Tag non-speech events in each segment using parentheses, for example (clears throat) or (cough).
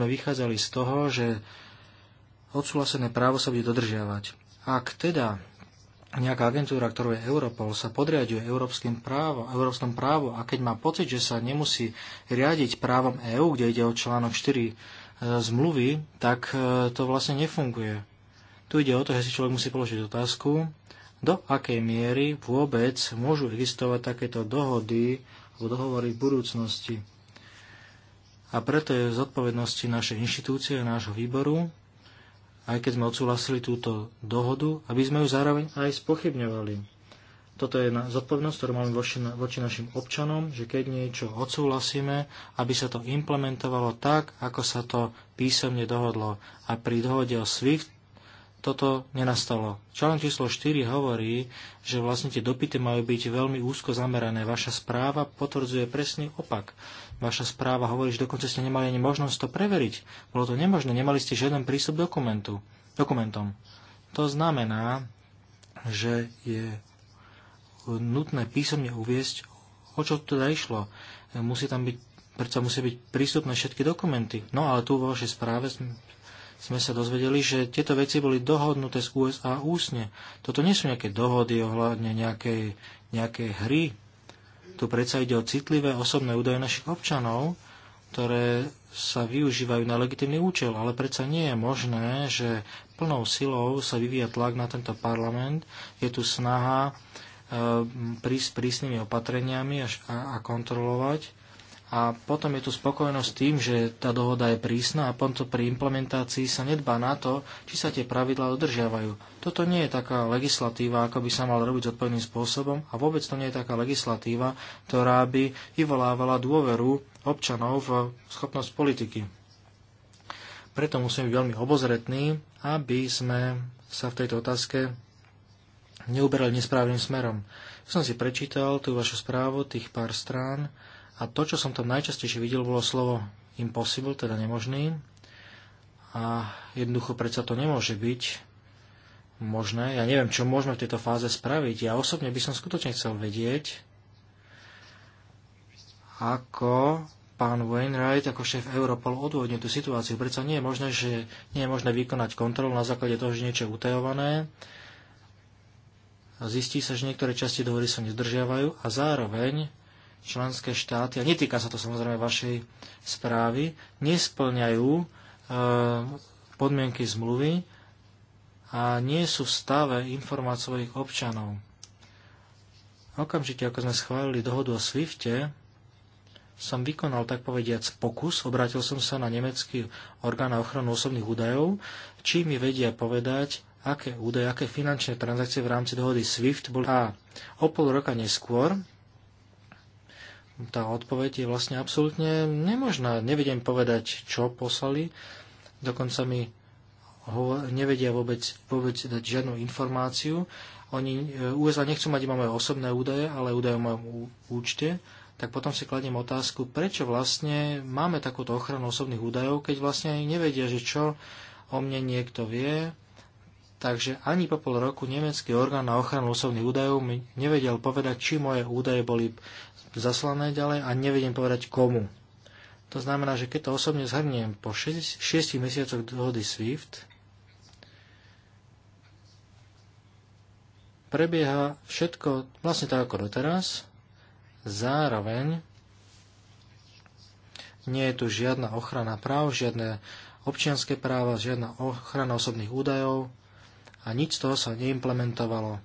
sme vychádzali z toho, že odsúhlasené právo sa bude dodržiavať. Ak teda nejaká agentúra, ktorú je Europol, sa podriaduje európskym právo, európskom právu a keď má pocit, že sa nemusí riadiť právom EÚ, kde ide o článok 4 e, zmluvy, tak e, to vlastne nefunguje. Tu ide o to, že si človek musí položiť otázku, do akej miery vôbec môžu existovať takéto dohody alebo dohovory v budúcnosti a preto je zodpovednosti našej inštitúcie, a nášho výboru, aj keď sme odsúhlasili túto dohodu, aby sme ju zároveň aj spochybňovali. Toto je zodpovednosť, ktorú máme voči, voči našim občanom, že keď niečo odsúhlasíme, aby sa to implementovalo tak, ako sa to písomne dohodlo. A pri dohode o SWIFT toto nenastalo. Článok číslo 4 hovorí, že vlastne tie dopity majú byť veľmi úzko zamerané. Vaša správa potvrdzuje presný opak. Vaša správa hovorí, že dokonca ste nemali ani možnosť to preveriť. Bolo to nemožné, nemali ste žiaden prístup dokumentu, dokumentom. To znamená, že je nutné písomne uviesť, o čo teda išlo. Musí tam byť, predsa musia byť prístupné všetky dokumenty. No ale tu vo vašej správe sme sa dozvedeli, že tieto veci boli dohodnuté z USA úsne. Toto nie sú nejaké dohody ohľadne nejakej, nejakej hry. Tu predsa ide o citlivé osobné údaje našich občanov, ktoré sa využívajú na legitimný účel, ale predsa nie je možné, že plnou silou sa vyvíja tlak na tento parlament. Je tu snaha eh, prísť prísnymi opatreniami a kontrolovať a potom je tu spokojnosť tým, že tá dohoda je prísna a potom pri implementácii sa nedbá na to, či sa tie pravidlá dodržiavajú. Toto nie je taká legislatíva, ako by sa mal robiť odpovedným spôsobom a vôbec to nie je taká legislatíva, ktorá by vyvolávala dôveru občanov v schopnosť politiky. Preto musíme byť veľmi obozretní, aby sme sa v tejto otázke neuberali nesprávnym smerom. Som si prečítal tú vašu správu, tých pár strán, a to, čo som tam najčastejšie videl, bolo slovo impossible, teda nemožný. A jednoducho predsa to nemôže byť možné. Ja neviem, čo môžeme v tejto fáze spraviť. Ja osobne by som skutočne chcel vedieť, ako pán Wainwright ako šéf Europol odvodne tú situáciu. Predsa nie je možné, že nie je možné vykonať kontrolu na základe toho, že niečo je utajované. Zistí sa, že niektoré časti dohody sa nezdržiavajú a zároveň členské štáty, a netýka sa to samozrejme vašej správy, nesplňajú e, podmienky zmluvy a nie sú v stave informovať svojich občanov. Okamžite, ako sme schválili dohodu o Swifte, som vykonal, tak povediac, pokus, obrátil som sa na nemecký orgán na ochranu osobných údajov, či mi vedia povedať, aké údaje, aké finančné transakcie v rámci dohody SWIFT boli. A o pol roka neskôr tá odpoveď je vlastne absolútne nemožná. Nevedem povedať, čo poslali. Dokonca mi ho nevedia vôbec, vôbec dať žiadnu informáciu. Oni e, USA nechcú mať iba moje osobné údaje, ale údaje o mojom účte. Tak potom si kladiem otázku, prečo vlastne máme takúto ochranu osobných údajov, keď vlastne ani nevedia, že čo o mne niekto vie. Takže ani po pol roku nemecký orgán na ochranu osobných údajov mi nevedel povedať, či moje údaje boli zaslané ďalej a nevedem povedať komu. To znamená, že keď to osobne zhrniem po 6, 6 mesiacoch dohody SWIFT, prebieha všetko vlastne tak ako doteraz, zároveň nie je tu žiadna ochrana práv, žiadne občianské práva, žiadna ochrana osobných údajov a nič z toho sa neimplementovalo.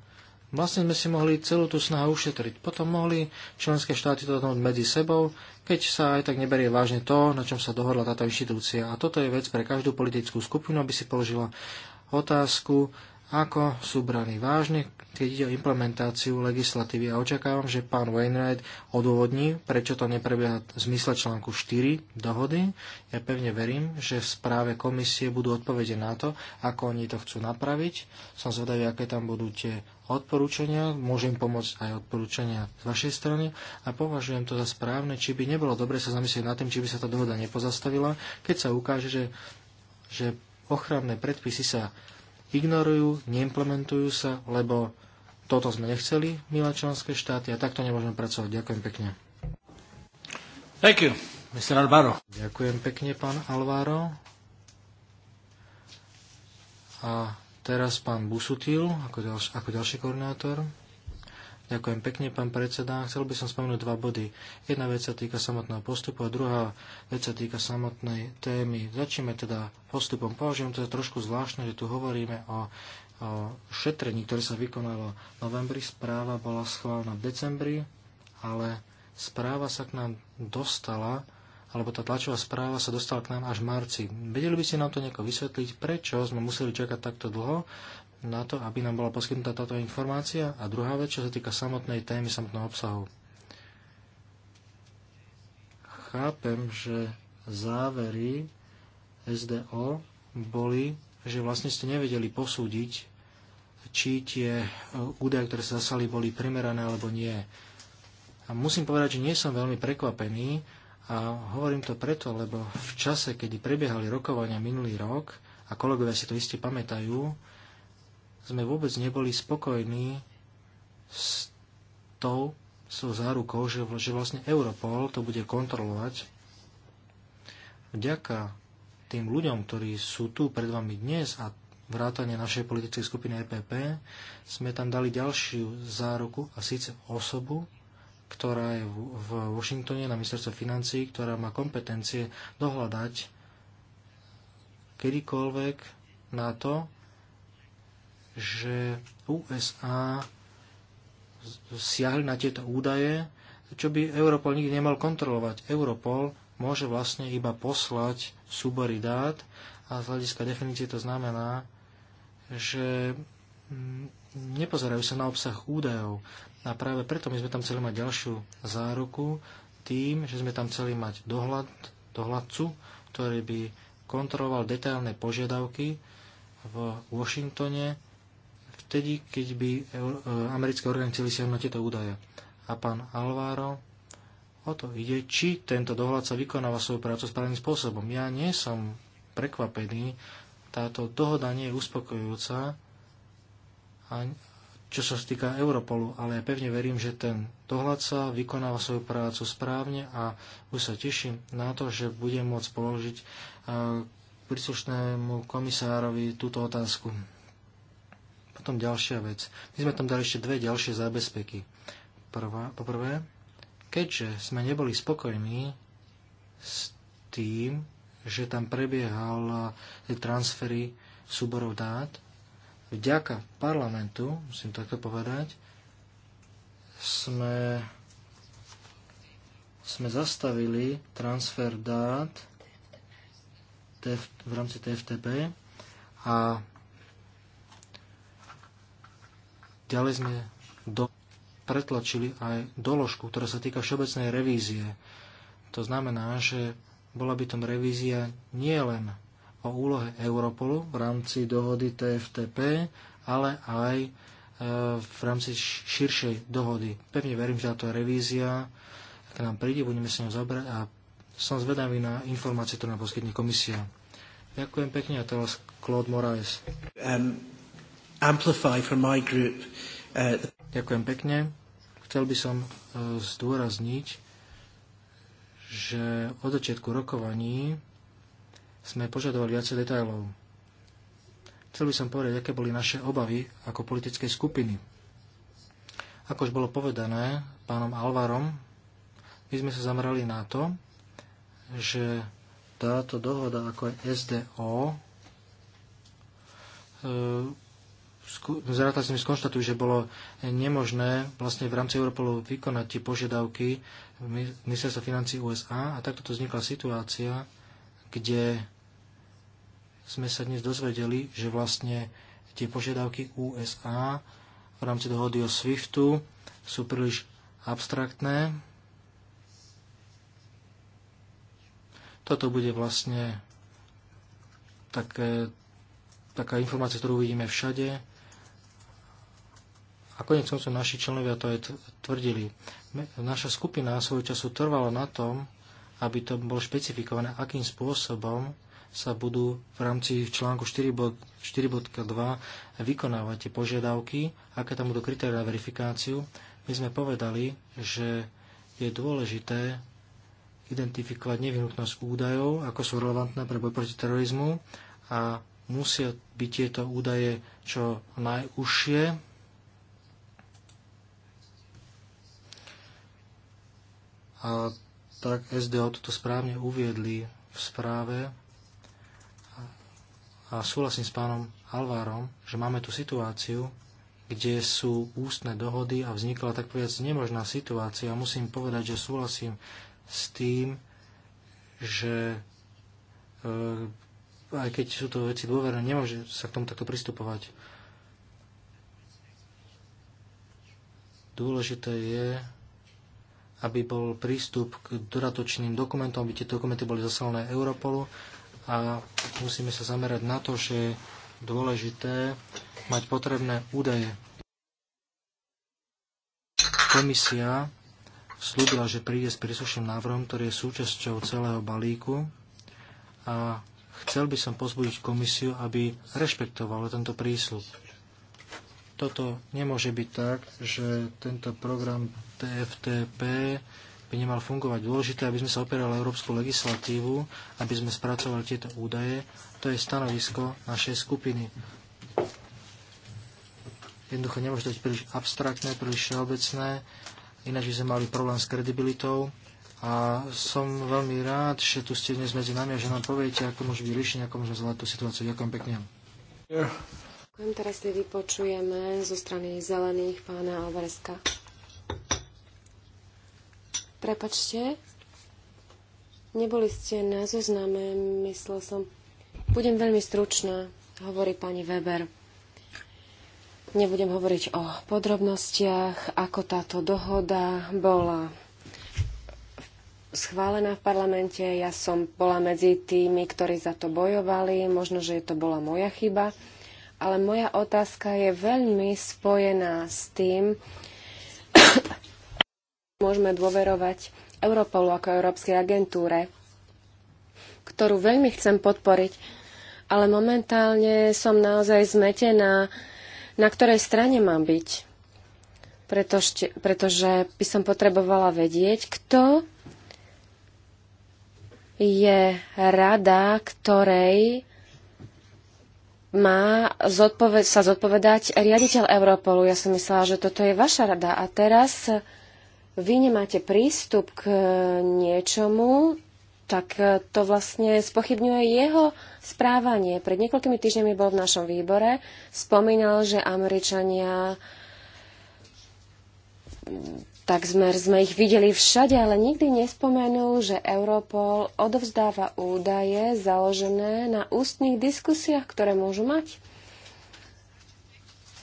Vlastne sme si mohli celú tú snahu ušetriť. Potom mohli členské štáty to dohodnúť medzi sebou, keď sa aj tak neberie vážne to, na čom sa dohodla táto inštitúcia. A toto je vec pre každú politickú skupinu, aby si položila otázku, ako sú braní vážne, keď ide o implementáciu legislatívy. A očakávam, že pán Wainwright odôvodní, prečo to neprebieha v zmysle článku 4 dohody. Ja pevne verím, že v správe komisie budú odpovede na to, ako oni to chcú napraviť. Som zvedavý, aké tam budú tie odporúčania, môžem pomôcť aj odporúčania z vašej strany a považujem to za správne, či by nebolo dobre sa zamyslieť nad tým, či by sa tá dohoda nepozastavila, keď sa ukáže, že, že ochranné predpisy sa ignorujú, neimplementujú sa, lebo toto sme nechceli, milé členské štáty, a takto nemôžeme pracovať. Ďakujem pekne. Thank you, Mr. Alvaro. Ďakujem pekne, pán Alvaro. A Teraz pán Busutil ako, ďalš- ako ďalší koordinátor. Ďakujem pekne, pán predseda. Chcel by som spomenúť dva body. Jedna vec sa týka samotného postupu a druhá vec sa týka samotnej témy. Začneme teda postupom. Považujem to trošku zvláštne, že tu hovoríme o, o šetrení, ktoré sa vykonalo v novembri. Správa bola schválená v decembri, ale správa sa k nám dostala alebo tá tlačová správa sa dostala k nám až v marci. Vedeli by ste nám to nejako vysvetliť, prečo sme museli čakať takto dlho na to, aby nám bola poskytnutá táto informácia? A druhá vec, čo sa týka samotnej témy, samotného obsahu. Chápem, že závery SDO boli, že vlastne ste nevedeli posúdiť, či tie e, údaje, ktoré sa zasali, boli primerané alebo nie. A musím povedať, že nie som veľmi prekvapený, a hovorím to preto, lebo v čase, kedy prebiehali rokovania minulý rok, a kolegovia si to iste pamätajú, sme vôbec neboli spokojní s tou, s zárukou, že, že vlastne Europol to bude kontrolovať. Vďaka tým ľuďom, ktorí sú tu pred vami dnes a vrátane našej politickej skupiny EPP, sme tam dali ďalšiu záruku a síce osobu, ktorá je v Washingtone na ministerstve financií, ktorá má kompetencie dohľadať kedykoľvek na to, že USA siahli na tieto údaje, čo by Europol nikdy nemal kontrolovať. Europol môže vlastne iba poslať súbory dát a z hľadiska definície to znamená, že mm, nepozerajú sa na obsah údajov. A práve preto my sme tam chceli mať ďalšiu záruku tým, že sme tam chceli mať dohľad, dohľadcu, ktorý by kontroloval detailné požiadavky v Washingtone vtedy, keď by e, americké orgány chceli siahnuť tieto údaje. A pán Alvaro, o to ide, či tento dohľad vykonáva svoju prácu správnym spôsobom. Ja nie som prekvapený, táto dohoda nie je uspokojujúca čo sa týka Europolu, ale ja pevne verím, že ten dohľad sa vykonáva svoju prácu správne a už sa teším na to, že budem môcť položiť e, príslušnému komisárovi túto otázku. Potom ďalšia vec. My sme tam dali ešte dve ďalšie zábezpeky. Prvá, poprvé, keďže sme neboli spokojní s tým, že tam prebiehal e, transfery súborov dát, vďaka parlamentu, musím takto povedať, sme, sme zastavili transfer dát v rámci TFTP a ďalej sme do, pretlačili aj doložku, ktorá sa týka všeobecnej revízie. To znamená, že bola by tom revízia nie len o úlohe Europolu v rámci dohody TFTP, ale aj e, v rámci širšej dohody. Pevne verím, že táto revízia k nám príde, budeme sa ňou zaoberať a som zvedavý na informácie, ktoré nám poskytne komisia. Ďakujem pekne a teraz Claude Moraes. Um, for my group. Uh, the... Ďakujem pekne. Chcel by som uh, zdôrazniť, že od začiatku rokovaní sme požadovali viacej detajlov. Chcel by som povedať, aké boli naše obavy ako politickej skupiny. Ako už bolo povedané pánom Alvarom, my sme sa zamerali na to, že táto dohoda ako je SDO mi skonštatujú, že bolo nemožné vlastne v rámci Europolu vykonať tie požiadavky ministerstva financí USA a takto to vznikla situácia, kde sme sa dnes dozvedeli, že vlastne tie požiadavky USA v rámci dohody o SWIFTu sú príliš abstraktné. Toto bude vlastne také, taká informácia, ktorú vidíme všade. A konec koncov naši členovia to aj tvrdili. Naša skupina svojho času trvala na tom, aby to bolo špecifikované, akým spôsobom sa budú v rámci článku 4.2 vykonávať tie požiadavky, aké tam budú kritéria na verifikáciu. My sme povedali, že je dôležité identifikovať nevyhnutnosť údajov, ako sú relevantné pre boj proti terorizmu a musia byť tieto údaje čo najúžšie. A tak SDO toto správne uviedli v správe a súhlasím s pánom Alvárom, že máme tú situáciu, kde sú ústne dohody a vznikla tak povedať nemožná situácia. Musím povedať, že súhlasím s tým, že e, aj keď sú to veci dôverné, nemôže sa k tomu takto pristupovať. Dôležité je, aby bol prístup k dodatočným dokumentom, aby tie dokumenty boli zaslané Europolu a musíme sa zamerať na to, že je dôležité mať potrebné údaje. Komisia slúbila, že príde s príslušným návrhom, ktorý je súčasťou celého balíku a chcel by som pozbudiť komisiu, aby rešpektovala tento prísľub. Toto nemôže byť tak, že tento program TFTP by nemal fungovať. Dôležité, aby sme sa opierali európsku legislatívu, aby sme spracovali tieto údaje. To je stanovisko našej skupiny. Jednoducho nemôže to byť príliš abstraktné, príliš všeobecné, ináč by sme mali problém s kredibilitou. A som veľmi rád, že tu ste dnes medzi nami a že nám poviete, ako môže byť riešenie, ako môžeme zvládať tú situáciu. Ďakujem pekne. Yeah. Ďakujem, teraz si vypočujeme zo strany zelených pána Alvareska. Prepačte, neboli ste na zozname, myslel som. Budem veľmi stručná, hovorí pani Weber. Nebudem hovoriť o podrobnostiach, ako táto dohoda bola schválená v parlamente. Ja som bola medzi tými, ktorí za to bojovali. Možno, že je to bola moja chyba. Ale moja otázka je veľmi spojená s tým, môžeme dôverovať Europolu ako Európskej agentúre, ktorú veľmi chcem podporiť, ale momentálne som naozaj zmetená, na ktorej strane mám byť. Pretože, pretože by som potrebovala vedieť, kto je rada, ktorej má zodpoved- sa zodpovedať riaditeľ Europolu. Ja som myslela, že toto je vaša rada. A teraz vy nemáte prístup k niečomu, tak e, to vlastne spochybňuje jeho správanie. Pred niekoľkými týždňami bol v našom výbore, spomínal, že Američania tak sme, sme ich videli všade, ale nikdy nespomenul, že Europol odovzdáva údaje založené na ústnych diskusiách, ktoré môžu mať.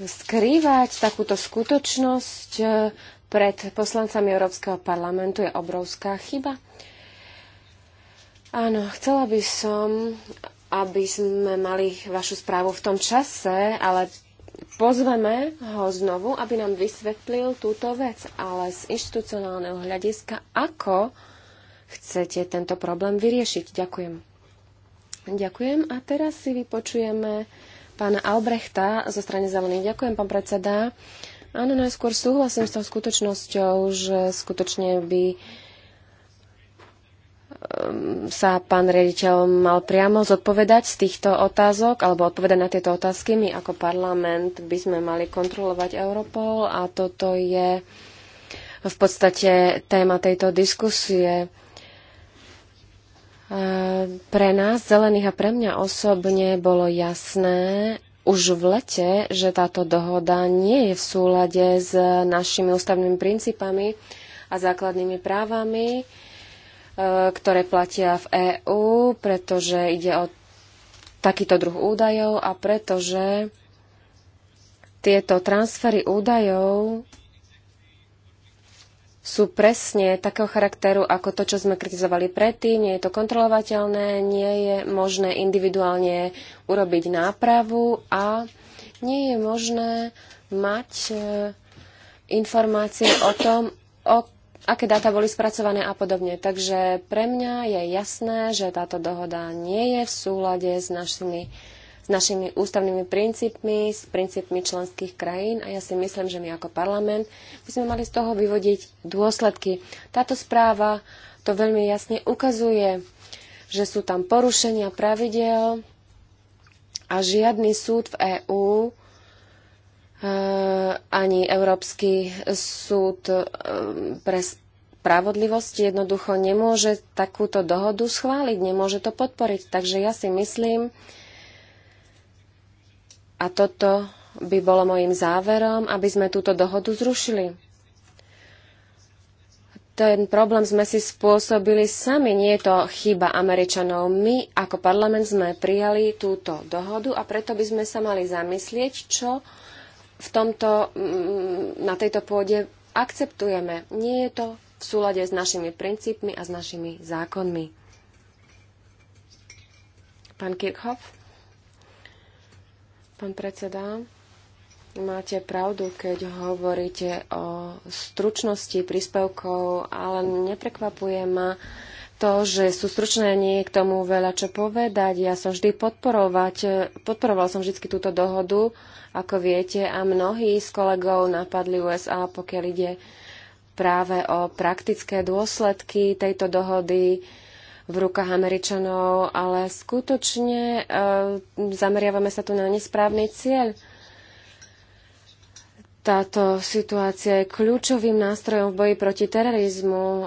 Skrývať takúto skutočnosť e, pred poslancami Európskeho parlamentu je obrovská chyba. Áno, chcela by som, aby sme mali vašu správu v tom čase, ale pozveme ho znovu, aby nám vysvetlil túto vec, ale z inštitucionálneho hľadiska, ako chcete tento problém vyriešiť. Ďakujem. Ďakujem a teraz si vypočujeme pána Albrechta zo strany Zelených. Ďakujem, pán predseda. Áno, najskôr súhlasím s tou skutočnosťou, že skutočne by um, sa pán riaditeľ mal priamo zodpovedať z týchto otázok alebo odpovedať na tieto otázky. My ako parlament by sme mali kontrolovať Europol a toto je v podstate téma tejto diskusie. Pre nás, zelených a pre mňa osobne bolo jasné, už v lete, že táto dohoda nie je v súlade s našimi ústavnými princípami a základnými právami, e, ktoré platia v EÚ, pretože ide o takýto druh údajov a pretože tieto transfery údajov sú presne takého charakteru ako to, čo sme kritizovali predtým. Nie je to kontrolovateľné, nie je možné individuálne urobiť nápravu a nie je možné mať e, informácie o tom, o aké dáta boli spracované a podobne. Takže pre mňa je jasné, že táto dohoda nie je v súlade s našimi našimi ústavnými princípmi, s princípmi členských krajín a ja si myslím, že my ako parlament by sme mali z toho vyvodiť dôsledky. Táto správa to veľmi jasne ukazuje, že sú tam porušenia pravidel a žiadny súd v EÚ e, ani Európsky súd e, pre spravodlivosť jednoducho nemôže takúto dohodu schváliť, nemôže to podporiť. Takže ja si myslím, a toto by bolo mojim záverom, aby sme túto dohodu zrušili. Ten problém sme si spôsobili sami, nie je to chyba Američanov. My ako parlament sme prijali túto dohodu a preto by sme sa mali zamyslieť, čo v tomto, mm, na tejto pôde akceptujeme. Nie je to v súlade s našimi princípmi a s našimi zákonmi. Pán Kirchhoff? Pán predseda, máte pravdu, keď hovoríte o stručnosti príspevkov, ale neprekvapuje ma to, že sú stručné, nie k tomu veľa čo povedať. Ja som vždy podporovať, podporoval som vždy túto dohodu, ako viete, a mnohí z kolegov napadli USA, pokiaľ ide práve o praktické dôsledky tejto dohody v rukách Američanov, ale skutočne e, zameriavame sa tu na nesprávny cieľ. Táto situácia je kľúčovým nástrojom v boji proti terorizmu. E,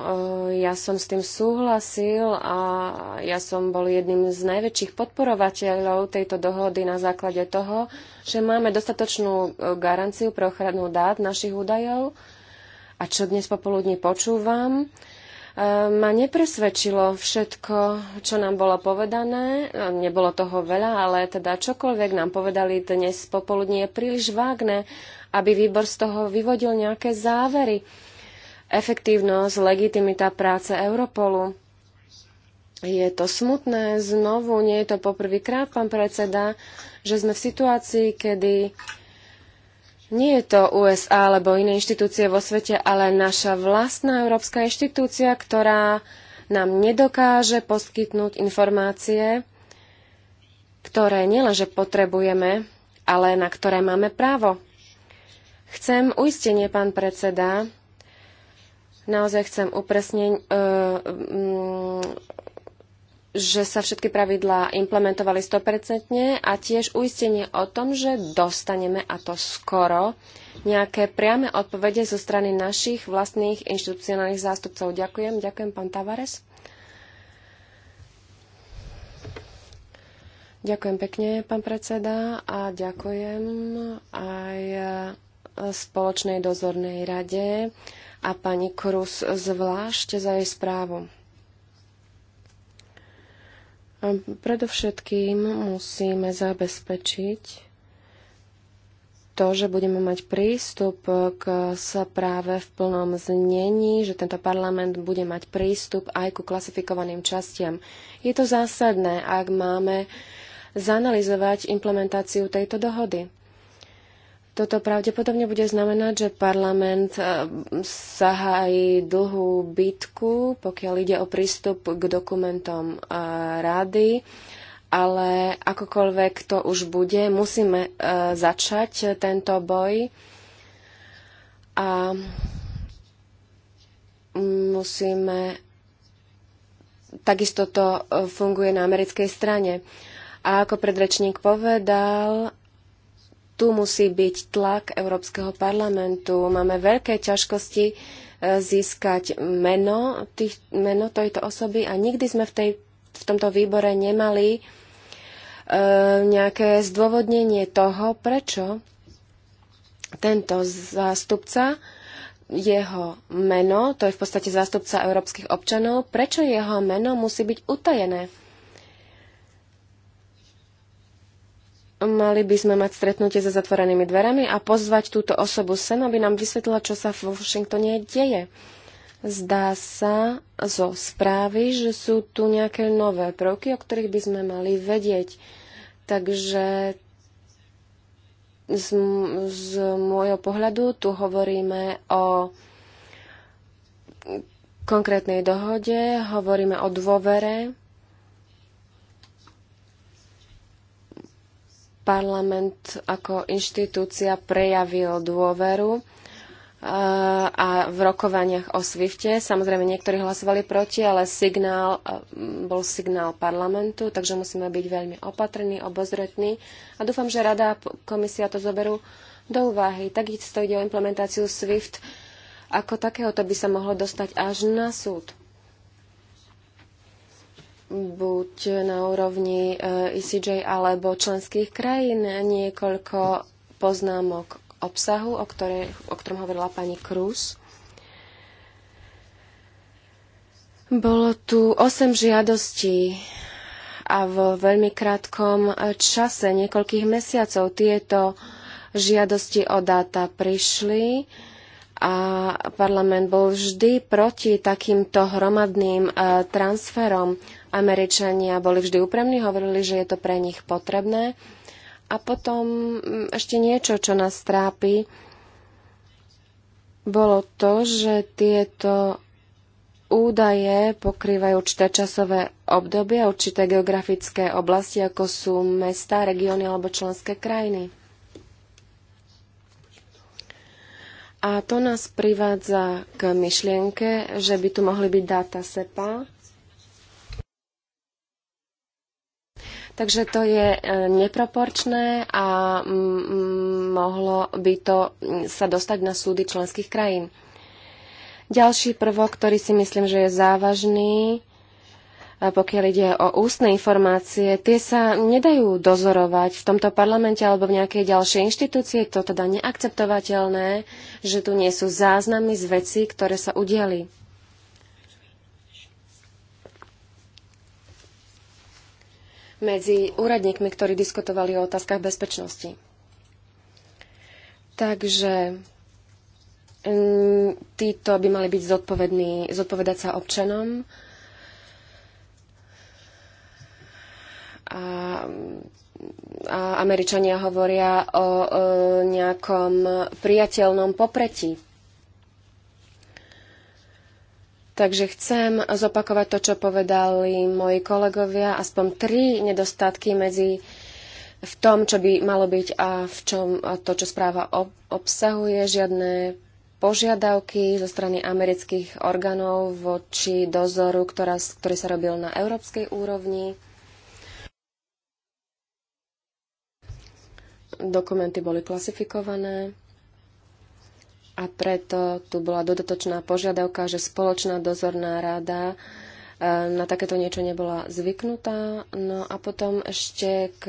ja som s tým súhlasil a ja som bol jedným z najväčších podporovateľov tejto dohody na základe toho, že máme dostatočnú e, garanciu pre ochranu dát našich údajov. A čo dnes popoludní počúvam, Ehm, ma nepresvedčilo všetko, čo nám bolo povedané. Ehm, nebolo toho veľa, ale teda čokoľvek nám povedali dnes popoludní je príliš vágne, aby výbor z toho vyvodil nejaké závery. Efektívnosť, legitimita práce Europolu. Je to smutné, znovu nie je to poprvýkrát, pán predseda, že sme v situácii, kedy nie je to USA alebo iné inštitúcie vo svete, ale naša vlastná európska inštitúcia, ktorá nám nedokáže poskytnúť informácie, ktoré nielenže potrebujeme, ale na ktoré máme právo. Chcem uistenie, pán predseda, naozaj chcem upresne, e, že sa všetky pravidlá implementovali 100% a tiež uistenie o tom, že dostaneme, a to skoro, nejaké priame odpovede zo strany našich vlastných inštitucionálnych zástupcov. Ďakujem, ďakujem, pán Tavares. Ďakujem pekne, pán predseda, a ďakujem aj e, spoločnej dozornej rade a pani Krus zvlášť za jej správu. Predovšetkým musíme zabezpečiť to, že budeme mať prístup k sa práve v plnom znení, že tento parlament bude mať prístup aj ku klasifikovaným častiam. Je to zásadné, ak máme zanalizovať implementáciu tejto dohody. Toto pravdepodobne bude znamenať, že parlament e, zahájí dlhú bitku, pokiaľ ide o prístup k dokumentom e, rády, ale akokoľvek to už bude, musíme e, začať tento boj a musíme. Takisto to funguje na americkej strane. A ako predrečník povedal, tu musí byť tlak Európskeho parlamentu. Máme veľké ťažkosti e, získať meno, tých, meno tejto osoby a nikdy sme v, tej, v tomto výbore nemali e, nejaké zdôvodnenie toho, prečo tento zástupca, jeho meno, to je v podstate zástupca európskych občanov, prečo jeho meno musí byť utajené. Mali by sme mať stretnutie so zatvorenými dverami a pozvať túto osobu sem, aby nám vysvetlila, čo sa v Washingtone deje. Zdá sa zo správy, že sú tu nejaké nové prvky, o ktorých by sme mali vedieť. Takže z, z môjho pohľadu tu hovoríme o konkrétnej dohode, hovoríme o dôvere parlament ako inštitúcia prejavil dôveru e, a v rokovaniach o Swifte. Samozrejme, niektorí hlasovali proti, ale signál, e, bol signál parlamentu, takže musíme byť veľmi opatrní, obozretní a dúfam, že rada a komisia to zoberú do úvahy. Takisto ide o implementáciu SWIFT. Ako takéhoto by sa mohlo dostať až na súd buď na úrovni ECJ e alebo členských krajín niekoľko poznámok obsahu, o, ktoré, o ktorom hovorila pani Krus. Bolo tu 8 žiadostí a v veľmi krátkom čase, niekoľkých mesiacov, tieto žiadosti o dáta prišli a parlament bol vždy proti takýmto hromadným e, transferom Američania boli vždy úprimní, hovorili, že je to pre nich potrebné. A potom mm, ešte niečo, čo nás trápi, bolo to, že tieto údaje pokrývajú určité časové obdobie, určité geografické oblasti, ako sú mesta, regióny alebo členské krajiny. A to nás privádza k myšlienke, že by tu mohli byť dáta SEPA, Takže to je e, neproporčné a mohlo by to sa dostať na súdy členských krajín. Ďalší prvok, ktorý si myslím, že je závažný, pokiaľ ide o ústne informácie, tie sa nedajú dozorovať v tomto parlamente alebo v nejakej ďalšej inštitúcii. Je to teda neakceptovateľné, že tu nie sú záznamy z vecí, ktoré sa udiali. medzi úradníkmi, ktorí diskutovali o otázkach bezpečnosti. Takže mm, títo by mali byť zodpovední, zodpovedať sa občanom a, a Američania hovoria o, o nejakom priateľnom popretí Takže chcem zopakovať to, čo povedali moji kolegovia, aspoň tri nedostatky medzi v tom, čo by malo byť a v čom a to, čo správa ob- obsahuje, žiadne požiadavky zo strany amerických orgánov voči dozoru, ktorá, ktorý sa robil na európskej úrovni. Dokumenty boli klasifikované. A preto tu bola dodatočná požiadavka, že spoločná dozorná rada e, na takéto niečo nebola zvyknutá. No a potom ešte k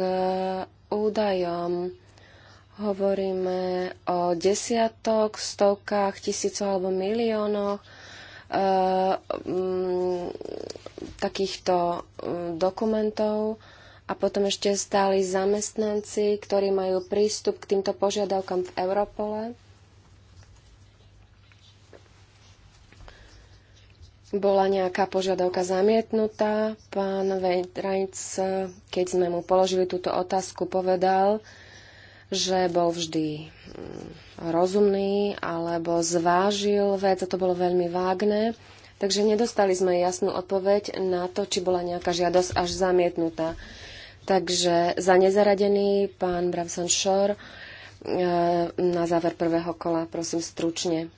údajom. Hovoríme o desiatok, stovkách, tisícoch alebo miliónoch e, mm, takýchto e, dokumentov. A potom ešte stáli zamestnanci, ktorí majú prístup k týmto požiadavkám v Europole bola nejaká požiadavka zamietnutá. Pán Vejtrajc, keď sme mu položili túto otázku, povedal, že bol vždy mm, rozumný alebo zvážil vec a to bolo veľmi vágne. Takže nedostali sme jasnú odpoveď na to, či bola nejaká žiadosť až zamietnutá. Takže za nezaradený pán Bravson Shore e, na záver prvého kola, prosím stručne.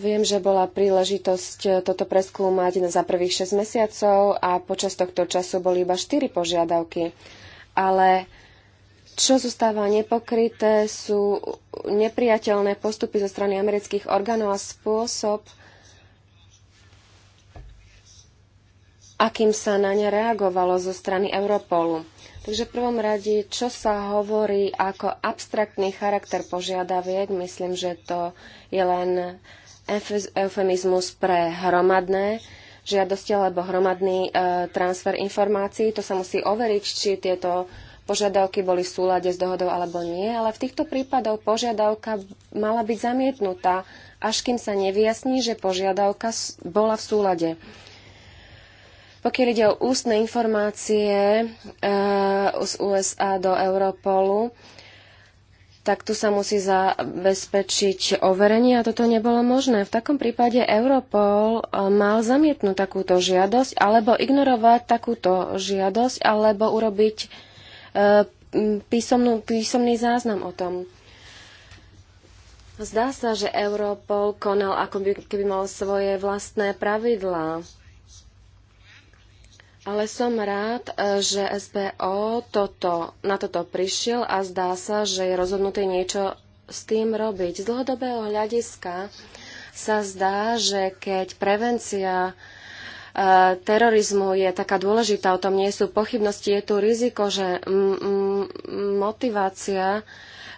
Viem, že bola príležitosť eh, toto preskúmať za prvých 6 mesiacov a počas tohto času boli iba 4 požiadavky. Ale čo zostáva nepokryté, sú nepriateľné postupy zo strany amerických orgánov a spôsob, akým sa na ne reagovalo zo strany Europolu. Takže v prvom rade, čo sa hovorí ako abstraktný charakter požiadaviek, myslím, že to je len eufemizmus pre hromadné žiadosti alebo hromadný e, transfer informácií. To sa musí overiť, či tieto požiadavky boli v súlade s dohodou alebo nie, ale v týchto prípadoch požiadavka mala byť zamietnutá, až kým sa nevyjasní, že požiadavka bola v súlade. Pokiaľ ide o ústne informácie eh, z USA do Europolu, tak tu sa musí zabezpečiť overenie a toto nebolo možné. V takom prípade Europol eh, mal zamietnúť takúto žiadosť alebo ignorovať takúto žiadosť alebo urobiť eh, písomnú, písomný záznam o tom. Zdá sa, že Europol konal, ako by, keby mal svoje vlastné pravidlá. Ale som rád, e, že SPO toto, na toto prišiel a zdá sa, že je rozhodnutý niečo s tým robiť. Z dlhodobého hľadiska sa zdá, že keď prevencia e, terorizmu je taká dôležitá, o tom nie sú pochybnosti, je tu riziko, že motivácia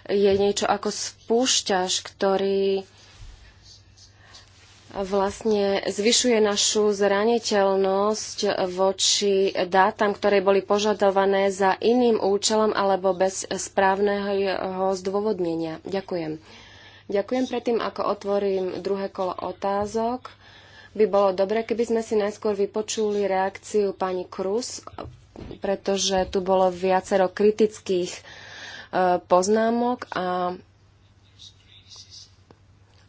je niečo ako spúšťač, ktorý vlastne zvyšuje našu zraniteľnosť voči dátam, ktoré boli požadované za iným účelom alebo bez správneho zdôvodnenia. Ďakujem. Ďakujem predtým, ako otvorím druhé kolo otázok. By bolo dobre, keby sme si najskôr vypočuli reakciu pani Krus, pretože tu bolo viacero kritických eh, poznámok a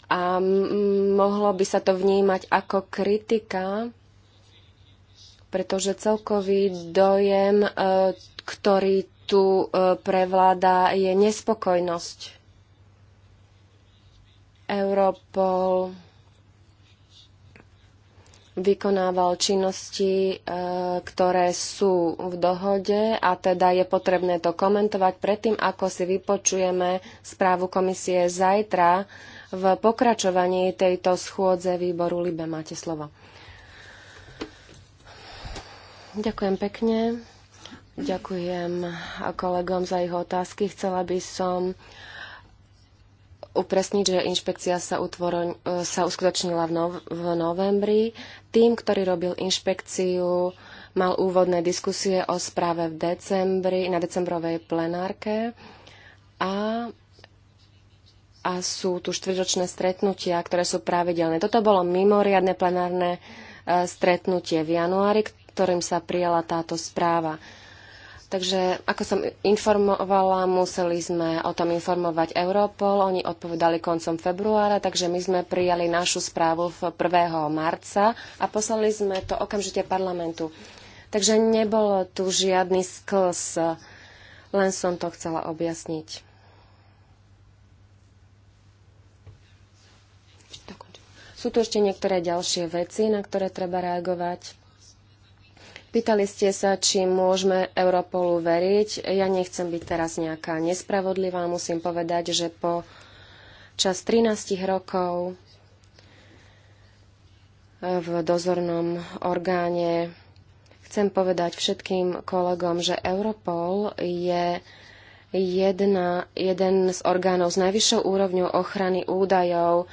a mohlo by sa to vnímať ako kritika, pretože celkový dojem, e, ktorý tu e, prevláda, je nespokojnosť. Europol vykonával činnosti, e, ktoré sú v dohode a teda je potrebné to komentovať predtým, ako si vypočujeme správu komisie zajtra v pokračovaní tejto schôdze výboru Libe. Máte slovo. Ďakujem pekne. Ďakujem kolegom za ich otázky. Chcela by som upresniť, že inšpekcia sa, utvoro, sa uskutočnila v, nov, v novembri. Tým, ktorý robil inšpekciu, mal úvodné diskusie o správe v decembri, na decembrovej plenárke a a sú tu štvrťročné stretnutia, ktoré sú pravidelné. Toto bolo mimoriadne plenárne e, stretnutie v januári, ktorým sa prijala táto správa. Takže, ako som informovala, museli sme o tom informovať Europol. Oni odpovedali koncom februára, takže my sme prijali našu správu 1. marca a poslali sme to okamžite parlamentu. Takže nebolo tu žiadny sklz, len som to chcela objasniť. Sú tu ešte niektoré ďalšie veci, na ktoré treba reagovať. Pýtali ste sa, či môžeme Europolu veriť. Ja nechcem byť teraz nejaká nespravodlivá. Musím povedať, že po čas 13 rokov v dozornom orgáne chcem povedať všetkým kolegom, že Europol je jedna, jeden z orgánov s najvyššou úrovňou ochrany údajov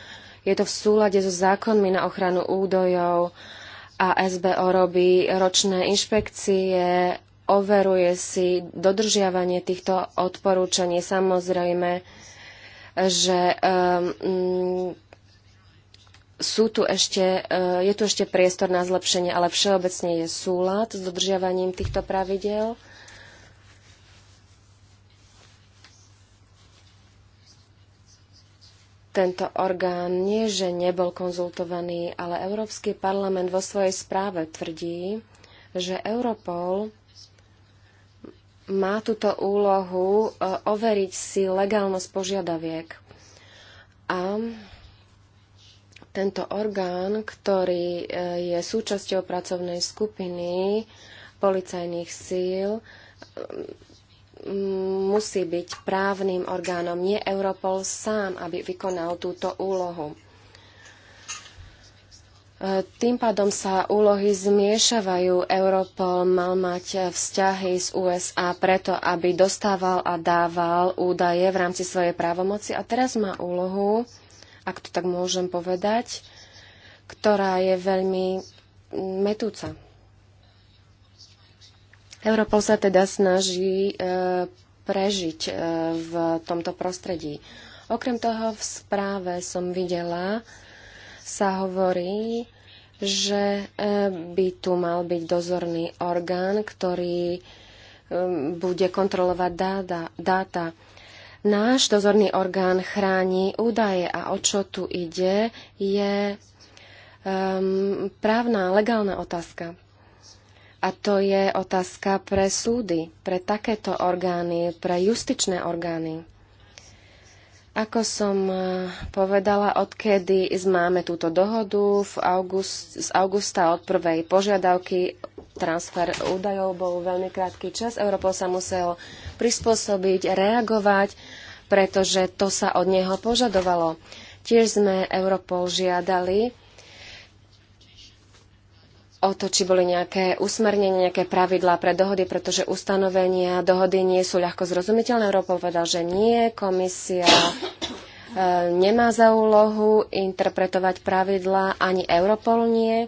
je to v súlade so zákonmi na ochranu údajov a SBO robí ročné inšpekcie, overuje si dodržiavanie týchto odporúčaní. Samozrejme, že um, sú tu ešte, e, je tu ešte priestor na zlepšenie, ale všeobecne je súlad s dodržiavaním týchto pravidel. tento orgán nie, že nebol konzultovaný, ale Európsky parlament vo svojej správe tvrdí, že Europol má túto úlohu e, overiť si legálnosť požiadaviek. A tento orgán, ktorý e, je súčasťou pracovnej skupiny policajných síl, musí byť právnym orgánom, nie Europol sám, aby vykonal túto úlohu. E, tým pádom sa úlohy zmiešavajú. Europol mal mať vzťahy s USA preto, aby dostával a dával údaje v rámci svojej právomoci. A teraz má úlohu, ak to tak môžem povedať, ktorá je veľmi metúca. Europol sa teda snaží e, prežiť e, v tomto prostredí. Okrem toho v správe som videla, sa hovorí, že e, by tu mal byť dozorný orgán, ktorý bude kontrolovať dáta. dáta. Náš dozorný orgán chráni údaje a o čo tu ide, je um, právna, legálna otázka. A to je otázka pre súdy, pre takéto orgány, pre justičné orgány. Ako som eh, povedala, odkedy máme túto dohodu v august, z augusta od prvej požiadavky, transfer údajov bol veľmi krátky čas. Europol sa musel prispôsobiť, reagovať, pretože to sa od neho požadovalo. Tiež sme Europol žiadali, o to, či boli nejaké usmernenia, nejaké pravidlá pre dohody, pretože ustanovenia dohody nie sú ľahko zrozumiteľné. Európa povedal, že nie, komisia e, nemá za úlohu interpretovať pravidlá, ani Europol nie.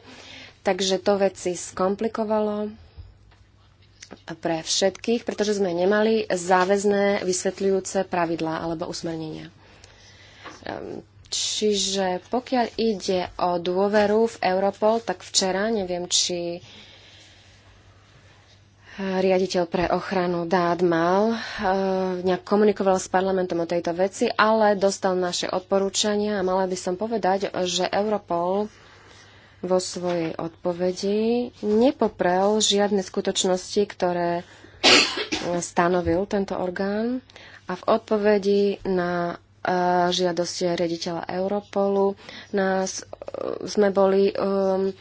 Takže to veci skomplikovalo pre všetkých, pretože sme nemali záväzné vysvetľujúce pravidlá alebo usmernenia ehm, Čiže pokiaľ ide o dôveru v Europol, tak včera, neviem, či eh, riaditeľ pre ochranu dát mal, eh, nejak komunikoval s parlamentom o tejto veci, ale dostal naše odporúčania a mala by som povedať, že Europol vo svojej odpovedi nepoprel žiadne skutočnosti, ktoré (coughs) stanovil tento orgán a v odpovedi na žiadosti rediteľa Europolu. Nás e, sme boli um,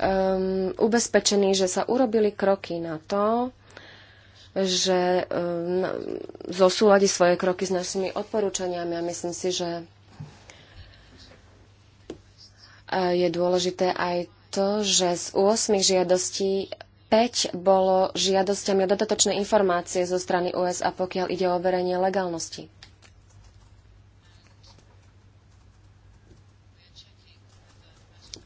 um, ubezpečení, že sa urobili kroky na to, že um, zosúladi svoje kroky s našimi odporúčaniami a myslím si, že e, je dôležité aj to, že z 8 žiadostí 5 bolo žiadosťami o dodatočné informácie zo strany USA, pokiaľ ide o overenie legálnosti.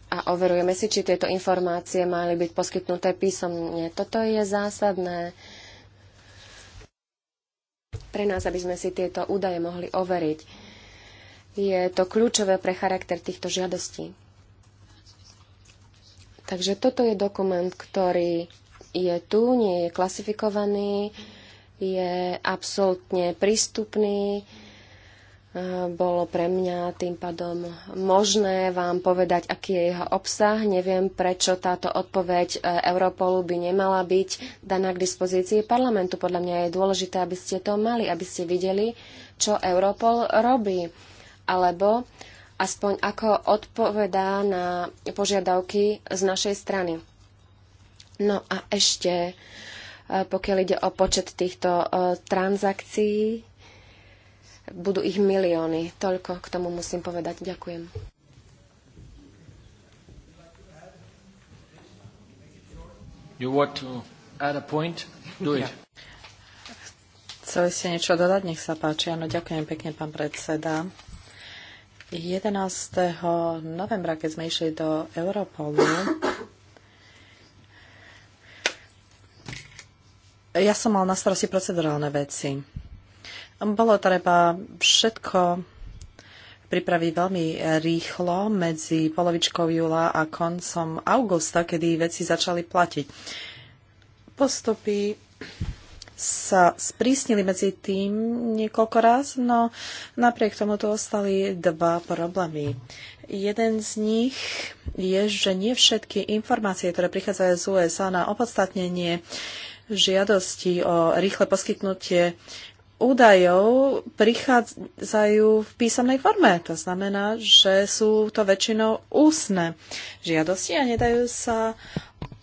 a overujeme si, či tieto informácie mali byť poskytnuté písomne. Toto je zásadné pre nás, aby sme si tieto údaje mohli overiť. Je to kľúčové pre charakter týchto žiadostí. Takže toto je dokument, ktorý je tu, nie je klasifikovaný, je absolútne prístupný, bolo pre mňa tým pádom možné vám povedať, aký je jeho obsah. Neviem, prečo táto odpoveď e, Europolu by nemala byť daná k dispozícii parlamentu. Podľa mňa je dôležité, aby ste to mali, aby ste videli, čo Europol robí. Alebo aspoň ako odpovedá na požiadavky z našej strany. No a ešte, e, pokiaľ ide o počet týchto e, transakcií, budú ich milióny. Toľko k tomu musím povedať. Ďakujem. You want to add a point? Do it. Chceli ste niečo dodať? Nech sa páči. Áno, ďakujem pekne, pán predseda. 11. novembra, keď sme išli do Europolu, ja som mal na starosti procedurálne veci. Bolo treba všetko pripraviť veľmi rýchlo medzi polovičkou júla a koncom augusta, kedy veci začali platiť. Postupy sa sprísnili medzi tým niekoľko raz, no napriek tomu tu ostali dva problémy. Jeden z nich je, že nie všetky informácie, ktoré prichádzajú z USA na opodstatnenie žiadosti o rýchle poskytnutie údajov prichádzajú v písomnej forme. To znamená, že sú to väčšinou úsne žiadosti a nedajú sa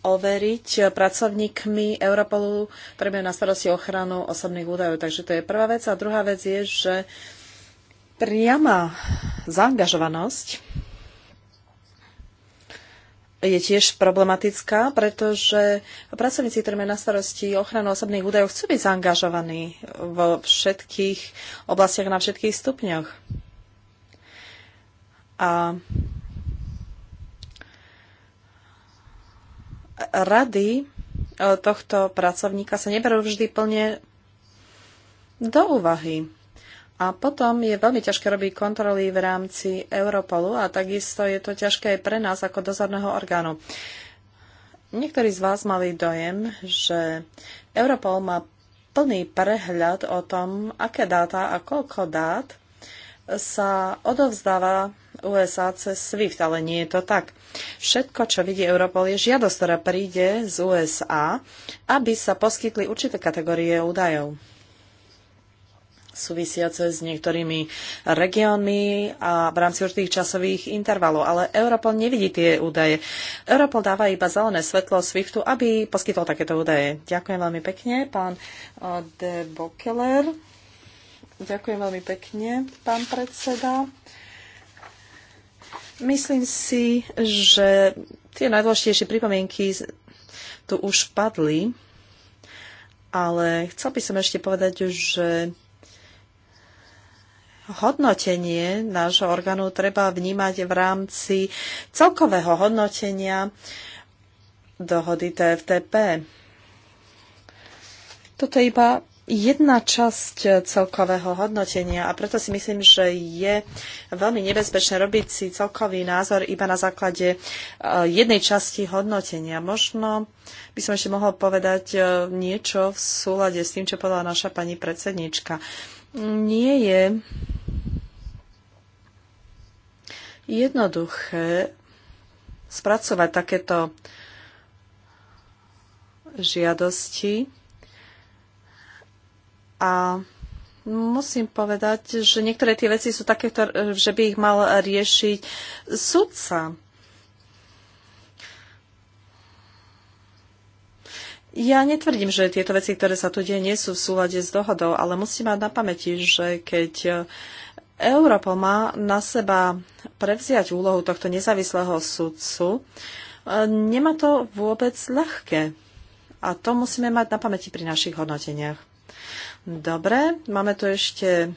overiť pracovníkmi Europolu, ktoré majú na starosti ochranu osobných údajov. Takže to je prvá vec. A druhá vec je, že priama zaangažovanosť je tiež problematická, pretože pracovníci, ktorí majú na starosti ochranu osobných údajov, chcú byť zaangažovaní vo všetkých oblastiach na všetkých stupňoch. A rady tohto pracovníka sa neberú vždy plne do úvahy. A potom je veľmi ťažké robiť kontroly v rámci Europolu a takisto je to ťažké aj pre nás ako dozorného orgánu. Niektorí z vás mali dojem, že Europol má plný prehľad o tom, aké dáta a koľko dát sa odovzdáva USA cez SWIFT, ale nie je to tak. Všetko, čo vidí Europol, je žiadosť, ktorá príde z USA, aby sa poskytli určité kategórie údajov súvisiace s niektorými regiónmi a v rámci určitých časových intervalov. Ale Europol nevidí tie údaje. Europol dáva iba zelené svetlo SWIFTu, aby poskytol takéto údaje. Ďakujem veľmi pekne, pán eh, De Bokeler. Ďakujem veľmi pekne, pán predseda. Myslím si, že tie najdôležitejšie pripomienky tu už padli, ale chcel by som ešte povedať, že hodnotenie nášho orgánu treba vnímať v rámci celkového hodnotenia dohody TFTP. Toto je iba jedna časť celkového hodnotenia a preto si myslím, že je veľmi nebezpečné robiť si celkový názor iba na základe e, jednej časti hodnotenia. Možno by som ešte mohol povedať e, niečo v súlade s tým, čo povedala naša pani predsednička. Nie je jednoduché spracovať takéto žiadosti a musím povedať, že niektoré tie veci sú také, že by ich mal riešiť sudca. Ja netvrdím, že tieto veci, ktoré sa tu deje, nie sú v súlade s dohodou, ale musím mať na pamäti, že keď uh, Europol má na seba prevziať úlohu tohto nezávislého sudcu, e, nemá to vôbec ľahké. A to musíme mať na pamäti pri našich hodnoteniach. Dobre, máme tu ešte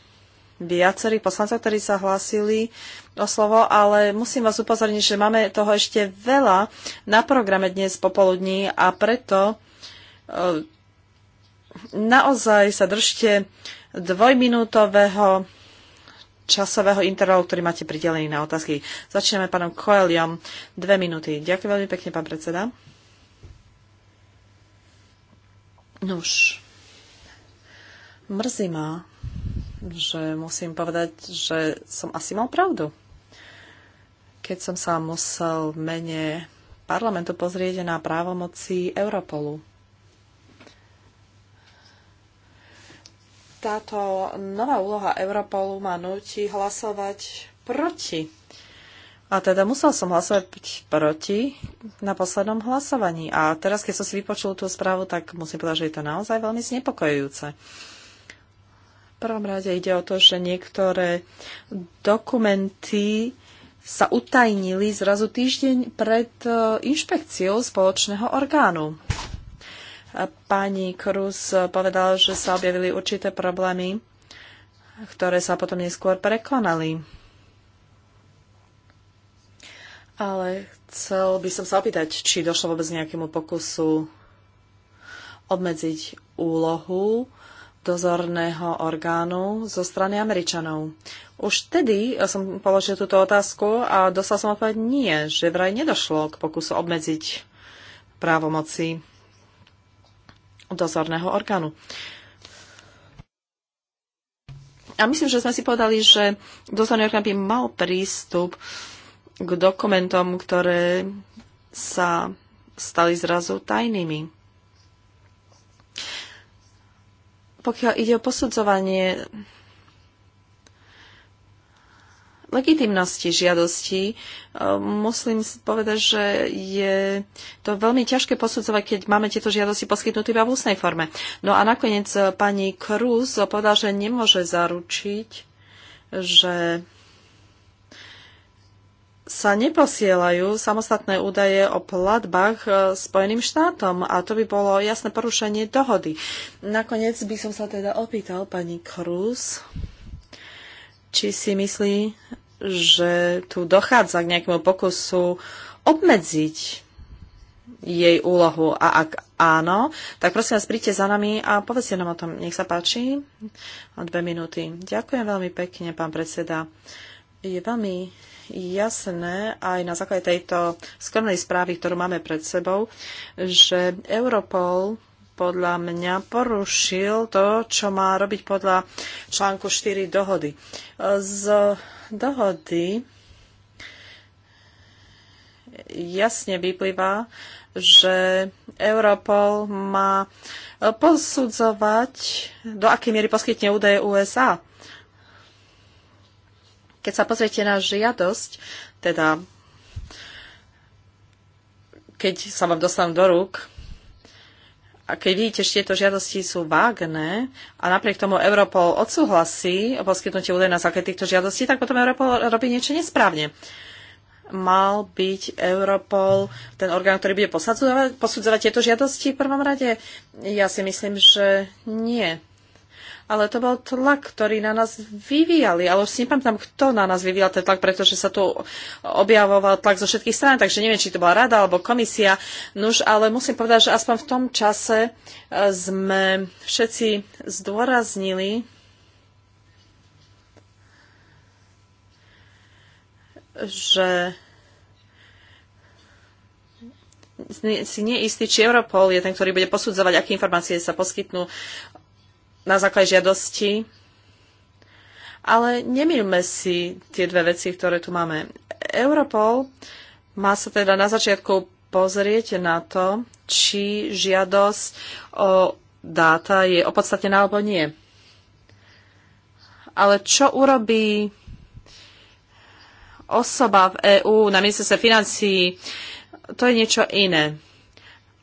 viacerých poslancov, ktorí sa hlásili o slovo, ale musím vás upozorniť, že máme toho ešte veľa na programe dnes popoludní a preto e, naozaj sa držte dvojminútového časového intervalu, ktorý máte pridelený na otázky. Začneme pánom Koeliom. Dve minúty. Ďakujem veľmi pekne, pán predseda. Nuž. Mrzí ma, že musím povedať, že som asi mal pravdu. Keď som sa musel mene parlamentu pozrieť na právomoci Europolu. táto nová úloha Europolu ma nutí hlasovať proti. A teda musel som hlasovať proti na poslednom hlasovaní. A teraz, keď som si vypočul tú správu, tak musím povedať, že je to naozaj veľmi znepokojujúce. V prvom rade ide o to, že niektoré dokumenty sa utajnili zrazu týždeň pred eh, inšpekciou spoločného orgánu. Pani Cruz povedala, že sa objavili určité problémy, ktoré sa potom neskôr prekonali. Ale chcel by som sa opýtať, či došlo vôbec nejakému pokusu obmedziť úlohu dozorného orgánu zo strany Američanov. Už vtedy som položil túto otázku a dostal som odpoveď nie, že vraj nedošlo k pokusu obmedziť právomoci dozorného orgánu. A myslím, že sme si povedali, že dozorný orgán by mal prístup k dokumentom, ktoré sa stali zrazu tajnými. Pokiaľ ide o posudzovanie legitimnosti žiadosti, e, musím povedať, že je to veľmi ťažké posudzovať, keď máme tieto žiadosti poskytnuté iba v ústnej forme. No a nakoniec e, pani Cruz povedal, že nemôže zaručiť, že sa neposielajú samostatné údaje o platbách e, Spojeným štátom a to by bolo jasné porušenie dohody. Nakoniec by som sa teda opýtal pani Cruz, či si myslí, že tu dochádza k nejakému pokusu obmedziť jej úlohu a ak áno, tak prosím vás, príďte za nami a povedzte nám o tom. Nech sa páči. O dve minúty. Ďakujem veľmi pekne, pán predseda. Je veľmi jasné aj na základe tejto skromnej správy, ktorú máme pred sebou, že Europol podľa mňa porušil to, čo má robiť podľa článku 4 dohody. Z dohody jasne vyplýva, že Europol má posudzovať, do akej miery poskytne údaje USA. Keď sa pozriete na žiadosť, teda keď sa vám dostanú do rúk a keď vidíte, že tieto žiadosti sú vágné a napriek tomu Europol odsúhlasí o poskytnutie údajov na základe týchto žiadostí, tak potom Europol robí niečo nesprávne. Mal byť Europol ten orgán, ktorý bude posudzovať tieto žiadosti v prvom rade? Ja si myslím, že nie ale to bol tlak, ktorý na nás vyvíjali. Ale už si nepamätám, kto na nás vyvíjal ten tlak, pretože sa tu objavoval tlak zo všetkých strán, takže neviem, či to bola rada alebo komisia. Nuž, ale musím povedať, že aspoň v tom čase e, sme všetci zdôraznili, že si nie istý, či Europol je ten, ktorý bude posudzovať, aké informácie sa poskytnú na základe žiadosti. Ale nemýlme si tie dve veci, ktoré tu máme. Europol má sa teda na začiatku pozrieť na to, či žiadosť o dáta je opodstatnená alebo nie. Ale čo urobí osoba v EÚ na ministerstve financií, to je niečo iné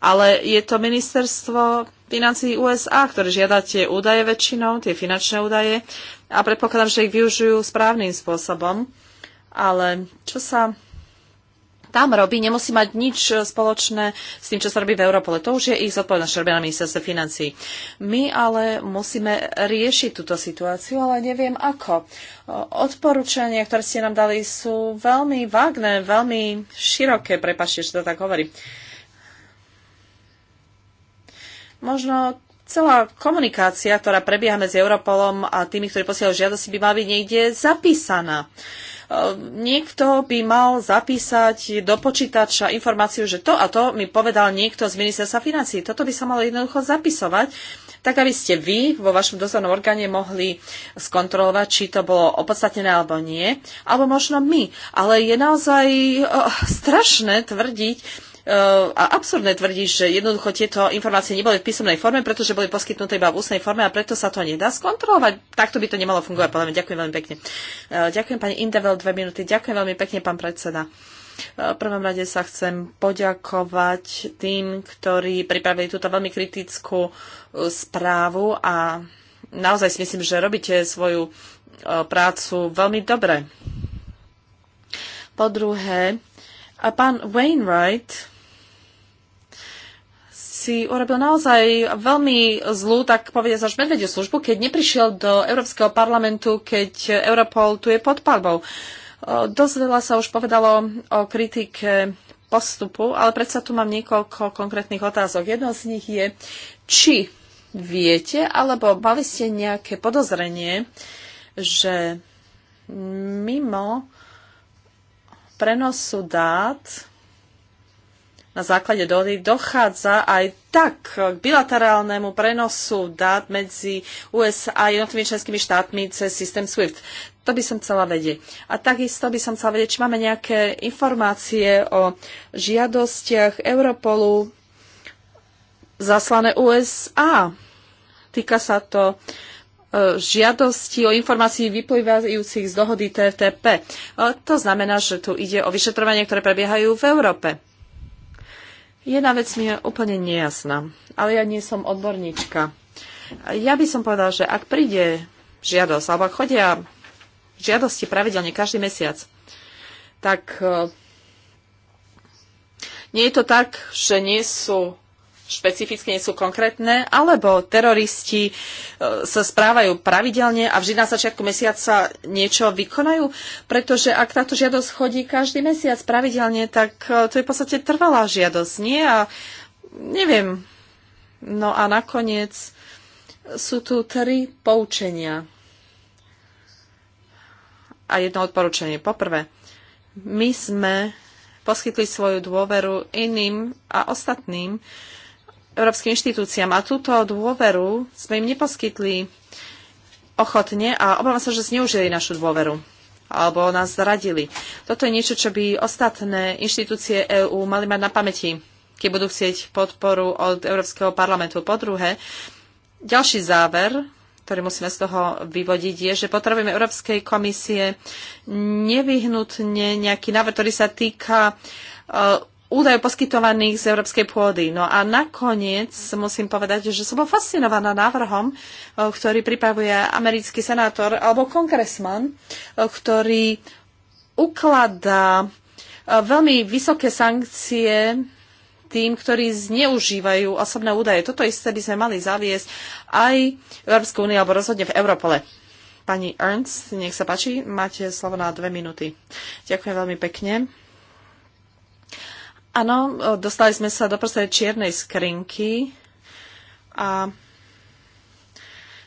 ale je to ministerstvo financí USA, ktoré žiada tie údaje väčšinou, tie finančné údaje a predpokladám, že ich využijú správnym spôsobom. Ale čo sa tam robí, nemusí mať nič spoločné s tým, čo sa robí v Európole. To už je ich zodpovednosť, čo robia na ministerstve financí. My ale musíme riešiť túto situáciu, ale neviem ako. Odporúčania, ktoré ste nám dali, sú veľmi vágne, veľmi široké, prepašte, že to tak hovorím. Uh, Možno celá komunikácia, ktorá prebieha medzi Europolom a tými, ktorí posielajú žiadosti, by mala byť niekde zapísaná. E, niekto by mal zapísať do počítača informáciu, že to a to mi povedal niekto z ministerstva financí. Toto by sa malo jednoducho zapisovať, tak aby ste vy vo vašom dozornom orgáne mohli skontrolovať, či to bolo opodstatnené alebo nie, alebo možno my. Ale je naozaj e, strašné tvrdiť, Eh, a absurdné tvrdiť, že jednoducho tieto informácie neboli v písomnej forme, pretože boli poskytnuté iba v ústnej forme a preto sa to nedá skontrolovať. Takto by to nemalo fungovať, podľa mňa. Ďakujem veľmi pekne. Eh, ďakujem pani Indevel, dve minúty. Ďakujem veľmi pekne, pán predseda. Eh, v prvom rade sa chcem poďakovať tým, ktorí pripravili túto veľmi kritickú správu a naozaj si myslím, že robíte svoju prácu veľmi dobre. Po druhé, pán Wainwright si urobil naozaj veľmi zlú, tak povedia až medvediu službu, keď neprišiel do Európskeho parlamentu, keď Europol tu je pod palbou. Dosť veľa sa už povedalo o kritike postupu, ale predsa tu mám niekoľko konkrétnych otázok. Jednou z nich je, či viete, alebo mali ste nejaké podozrenie, že mimo prenosu dát na základe dohody dochádza aj tak k bilaterálnemu prenosu dát medzi USA a jednotlivými členskými štátmi cez systém SWIFT. To by som chcela vedieť. A takisto by som chcela vedieť, či máme nejaké informácie o žiadostiach Europolu zaslané USA. Týka sa to e, žiadosti o informácií vyplývajúcich z dohody TTP. E, to znamená, že tu ide o vyšetrovanie, ktoré prebiehajú v Európe. Jedna vec mi je úplne nejasná, ale ja nie som odborníčka. Ja by som povedal, že ak príde žiadosť, alebo ak chodia žiadosti pravidelne každý mesiac, tak e, nie je to tak, že nie sú Špecificky nie sú konkrétne, alebo teroristi e, sa správajú pravidelne a vždy na začiatku mesiaca niečo vykonajú, pretože ak táto žiadosť chodí každý mesiac pravidelne, tak e, to je v podstate trvalá žiadosť, nie? A neviem. No a nakoniec sú tu tri poučenia a jedno odporúčanie. Poprvé, my sme poskytli svoju dôveru iným a ostatným, európskym inštitúciám. A túto dôveru sme im neposkytli ochotne a obávam sa, že zneužili našu dôveru alebo nás zradili. Toto je niečo, čo by ostatné inštitúcie EÚ mali mať na pamäti, keď budú chcieť podporu od Európskeho parlamentu. Po druhé, ďalší záver, ktorý musíme z toho vyvodiť, je, že potrebujeme Európskej komisie nevyhnutne nejaký návrh, ktorý sa týka uh, údajov poskytovaných z európskej pôdy. No a nakoniec musím povedať, že som bol fascinovaná návrhom, eh, ktorý pripravuje americký senátor alebo kongresman, eh, ktorý ukladá eh, veľmi vysoké sankcie tým, ktorí zneužívajú osobné údaje. Toto isté by sme mali zaviesť aj v Európskej únii alebo rozhodne v Europole. Pani Ernst, nech sa páči, máte slovo na dve minúty. Ďakujem veľmi pekne. Áno, dostali sme sa do prostredia čiernej skrinky a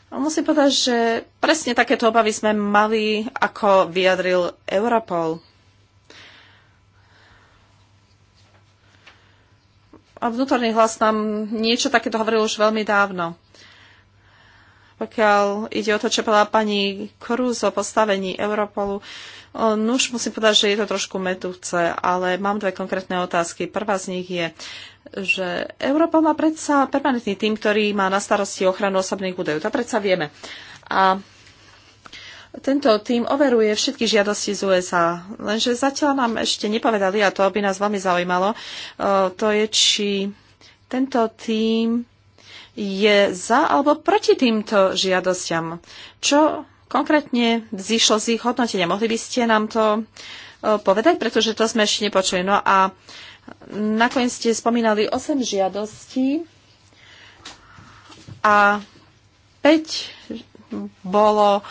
musím povedať, že presne takéto obavy sme mali, ako vyjadril Europol. A vnútorný hlas nám niečo takéto hovoril už veľmi dávno. Pokiaľ ide o to, čo povedala pani Krúz o postavení Europolu, uh, Nuž, no musím povedať, že je to trošku metúce, ale mám dve konkrétne otázky. Prvá z nich je, že Európa má predsa permanentný tým, ktorý má na starosti ochranu osobných údajov. To predsa vieme. A tento tým overuje všetky žiadosti z USA, lenže zatiaľ nám ešte nepovedali, a to by nás veľmi zaujímalo, to je, či tento tým je za alebo proti týmto žiadostiam. Čo konkrétne zišlo z ich hodnotenia. Mohli by ste nám to e, povedať, pretože to sme ešte nepočuli. No a nakoniec ste spomínali 8 žiadostí a 5 bolo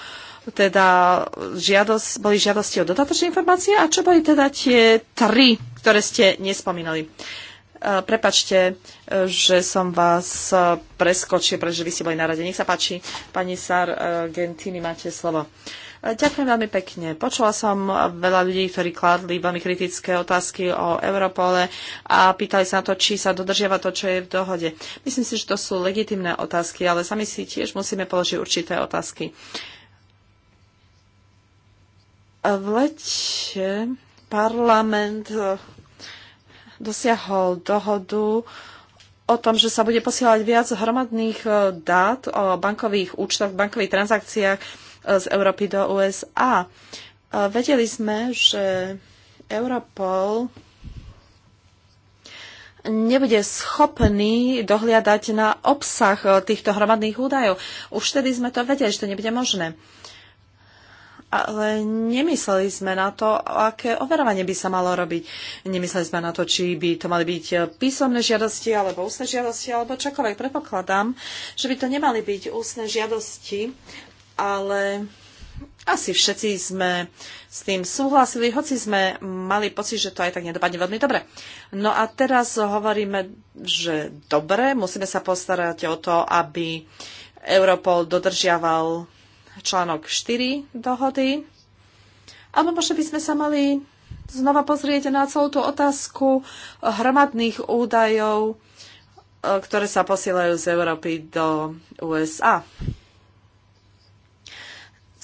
teda žiadosť, boli žiadosti o dodatočné informácie a čo boli teda tie tri, ktoré ste nespomínali. Uh, Prepačte, e, že som vás e, preskočil, pretože vy ste boli na rade. Nech sa páči, pani Sar e, Gentini, máte slovo. Ďakujem veľmi pekne. Počula som veľa ľudí, ktorí kladli veľmi kritické otázky o Europole a pýtali sa na to, či sa dodržiava to, čo je v dohode. Myslím si, že to sú legitimné otázky, ale sami si tiež musíme položiť určité otázky. V lete parlament dosiahol dohodu o tom, že sa bude posielať viac hromadných e, dát o bankových účtoch, bankových transakciách e, z Európy do USA. E, vedeli sme, že Europol nebude schopný dohliadať na obsah týchto hromadných údajov. Už vtedy sme to vedeli, že to nebude možné ale nemysleli sme na to, aké overovanie by sa malo robiť. Nemysleli sme na to, či by to mali byť písomné žiadosti, alebo ústne žiadosti, alebo čokoľvek. Predpokladám, že by to nemali byť ústne žiadosti, ale asi všetci sme s tým súhlasili, hoci sme mali pocit, že to aj tak nedopadne veľmi dobre. No a teraz hovoríme, že dobre, musíme sa postarať o to, aby Europol dodržiaval článok 4 dohody. Ale možno by sme sa mali znova pozrieť na celú tú otázku hromadných údajov, e, ktoré sa posielajú z Európy do USA.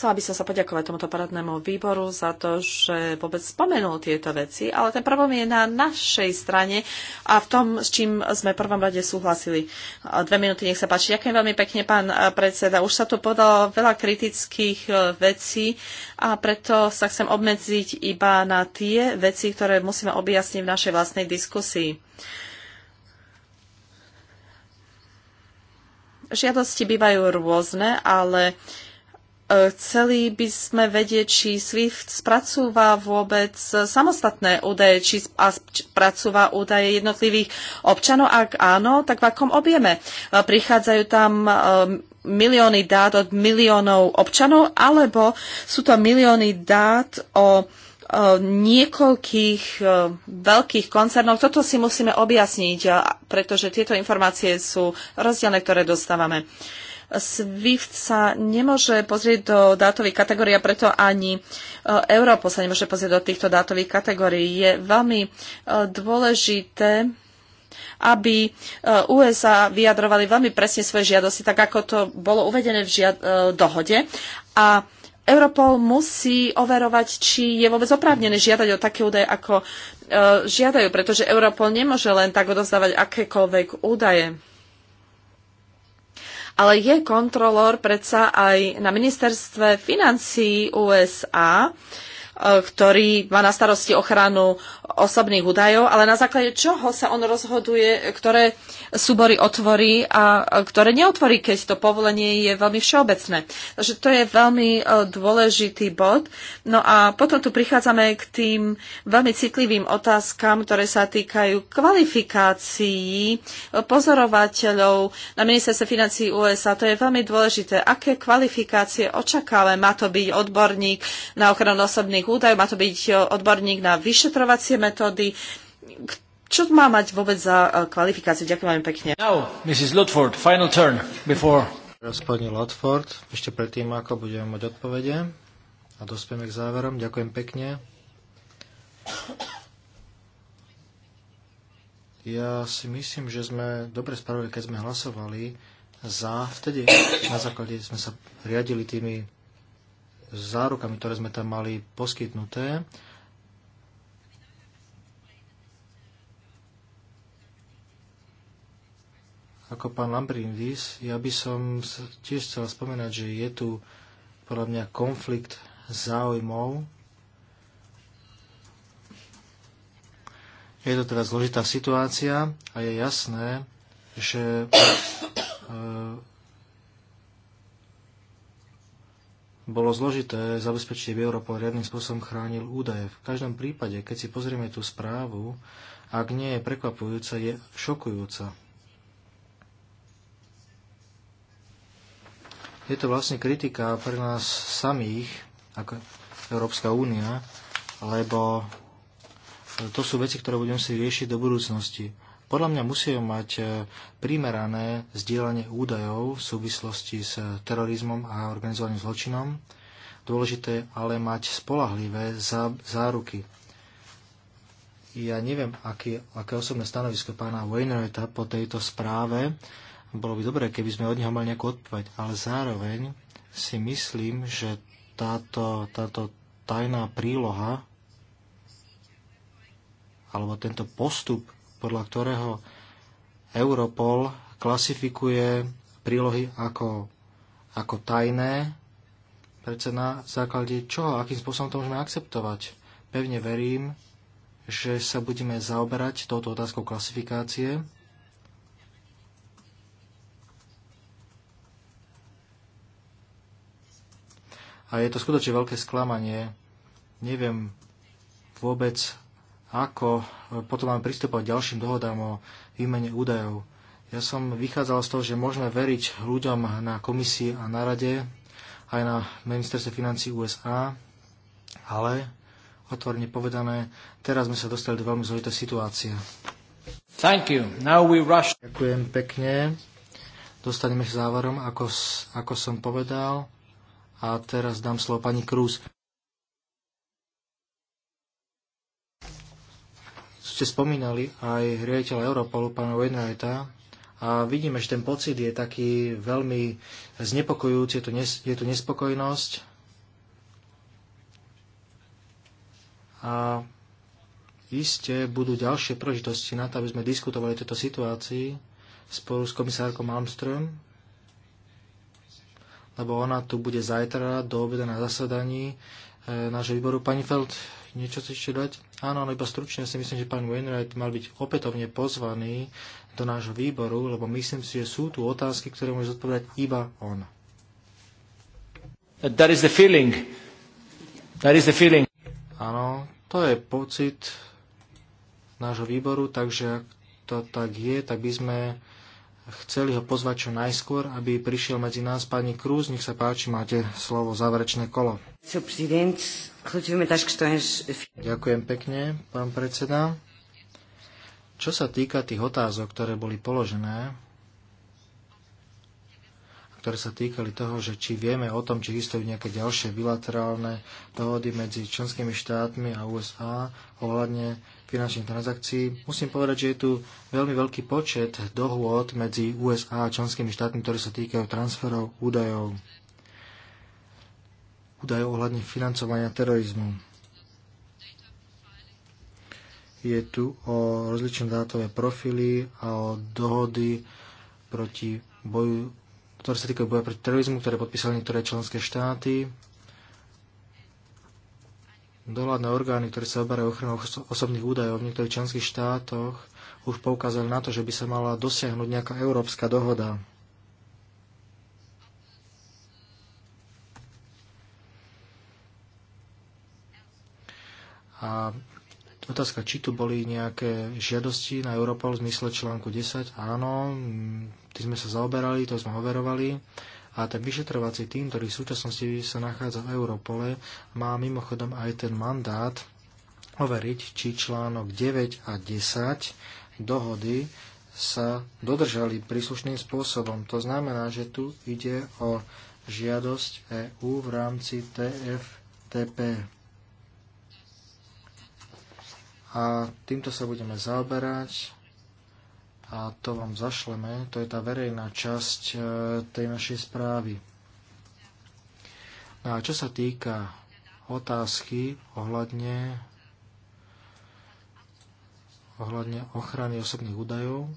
Chcela by som sa poďakovať tomuto poradnému výboru za to, že vôbec spomenul tieto veci, ale ten problém je na našej strane a v tom, s čím sme v prvom rade súhlasili. Dve minúty, nech sa páči. Ďakujem veľmi pekne, pán eh, predseda. Už sa tu podalo veľa kritických eh, vecí a preto sa chcem obmedziť iba na tie veci, ktoré musíme objasniť v našej vlastnej diskusii. Žiadosti bývajú rôzne, ale uh, E, chceli by sme vedieť, či SWIFT spracúva vôbec samostatné údaje, či spracúva údaje jednotlivých občanov. Ak áno, tak v akom objeme? E, prichádzajú tam e, milióny dát od miliónov občanov, alebo sú to milióny dát o niekoľkých veľkých koncernov. Toto si musíme objasniť, pretože tieto informácie sú rozdielne, ktoré dostávame. SWIFT sa nemôže pozrieť do dátových kategórií a preto ani e, Európa sa nemôže pozrieť do týchto dátových kategórií. Je veľmi e, dôležité, aby e, USA vyjadrovali veľmi presne svoje žiadosti, tak ako to bolo uvedené v dohode. A Europol musí overovať, či je vôbec oprávnené žiadať o také údaje, ako žiadajú, pretože Europol nemôže len tak odozdávať akékoľvek údaje ale je kontrolór predsa aj na ministerstve financií USA, e, ktorý má na starosti ochranu osobných údajov, ale na základe čoho sa on rozhoduje, ktoré súbory otvorí a ktoré neotvorí, keď to povolenie je veľmi všeobecné. Takže to je veľmi e, dôležitý bod. No a potom tu prichádzame k tým veľmi citlivým otázkam, ktoré sa týkajú kvalifikácií e, pozorovateľov na ministerstve financí USA. To je veľmi dôležité. Aké kvalifikácie očakávame? Má to byť odborník na ochranu osobných údajov, má to byť e, odborník na vyšetrovacie tie metódy. Čo má mať vôbec za e, kvalifikáciu? Ďakujem veľmi pekne. Now, Mrs. Ludford, final turn before... Teraz pani Ludford, ešte predtým, ako budeme mať odpovede a dospieme k záverom. Ďakujem pekne. Ja si myslím, že sme dobre spravili, keď sme hlasovali za, vtedy na základe sme sa riadili tými zárukami, ktoré sme tam mali poskytnuté. ako pán Lambrindis, ja by som tiež chcel spomenať, že je tu podľa mňa konflikt záujmov. Je to teda zložitá situácia a je jasné, že e, bolo zložité zabezpečiť, aby Europol riadnym spôsobom chránil údaje. V každom prípade, keď si pozrieme tú správu, ak nie je prekvapujúca, je šokujúca. Je to vlastne kritika pre nás samých, ako Európska únia, lebo to sú veci, ktoré budeme si riešiť do budúcnosti. Podľa mňa musíme mať e, primerané zdieľanie údajov v súvislosti s terorizmom a organizovaným zločinom. Dôležité ale mať spolahlivé záruky. Ja neviem, aké, aké osobné stanovisko pána Wainwrighta po tejto správe, bolo by dobré, keby sme od neho mali nejakú odpoveď, ale zároveň si myslím, že táto, táto tajná príloha alebo tento postup, podľa ktorého Europol klasifikuje prílohy ako, ako tajné, predsa na základe čoho, akým spôsobom to môžeme akceptovať. Pevne verím, že sa budeme zaoberať touto otázkou klasifikácie A je to skutočne veľké sklamanie. Neviem vôbec, ako e, potom mám pristúpať k ďalším dohodám o výmene údajov. Ja som vychádzal z toho, že môžeme veriť ľuďom na komisii a na rade, aj na ministerstve financí USA, ale otvorene povedané, teraz sme sa dostali do veľmi zložitej situácie. Thank you. Now we rush. Ďakujem pekne. Dostaneme sa záverom, ako, ako som povedal. A teraz dám slovo pani Krús. Ste spomínali aj riaditeľa Europolu, pána Wainwrighta, a vidíme, že ten pocit je taký veľmi znepokojujúci, je tu, nespokojnosť. A iste budú ďalšie príležitosti na to, aby sme diskutovali o tejto situácii spolu s komisárkom Malmström lebo ona tu bude zajtra do obeda na zasadaní e, nášho výboru. Pani Feld, niečo chcete ešte dať? Áno, ale iba stručne si myslím, že pán Wainwright mal byť opätovne pozvaný do nášho výboru, lebo myslím si, že sú tu otázky, ktoré môže zodpovedať iba on. That is the feeling. That is the feeling. Áno, to je pocit nášho výboru, takže ak to tak je, tak by sme chceli ho pozvať čo najskôr, aby prišiel medzi nás. Pani Krúz, nech sa páči, máte slovo záverečné kolo. Ďakujem pekne, pán predseda. Čo sa týka tých otázok, ktoré boli položené, ktoré sa týkali toho, že či vieme o tom, či existujú nejaké ďalšie bilaterálne dohody medzi členskými štátmi a USA ohľadne finančných transakcií. Musím povedať, že je tu veľmi veľký počet dohôd medzi USA a členskými štátmi, ktoré sa týkajú transferov údajov údajov ohľadne financovania terorizmu je tu o rozličné dátové profily a o dohody proti boju ktoré sa týkajú boja proti terorizmu, ktoré podpísali niektoré členské štáty. Dohľadné orgány, ktoré sa oberajú ochranou osobných údajov v niektorých členských štátoch, už poukázali na to, že by sa mala dosiahnuť nejaká európska dohoda. A Otázka, či tu boli nejaké žiadosti na Europol v zmysle článku 10. Áno, mm, tí sme sa zaoberali, to sme overovali. A ten vyšetrovací tým, ktorý v súčasnosti sa nachádza v Europole, má mimochodom aj ten mandát overiť, či článok 9 a 10 dohody sa dodržali príslušným spôsobom. To znamená, že tu ide o žiadosť EÚ v rámci TFTP a týmto sa budeme zaoberať a to vám zašleme. To je tá verejná časť e, tej našej správy. No a čo sa týka otázky ohľadne, ohľadne ochrany osobných údajov,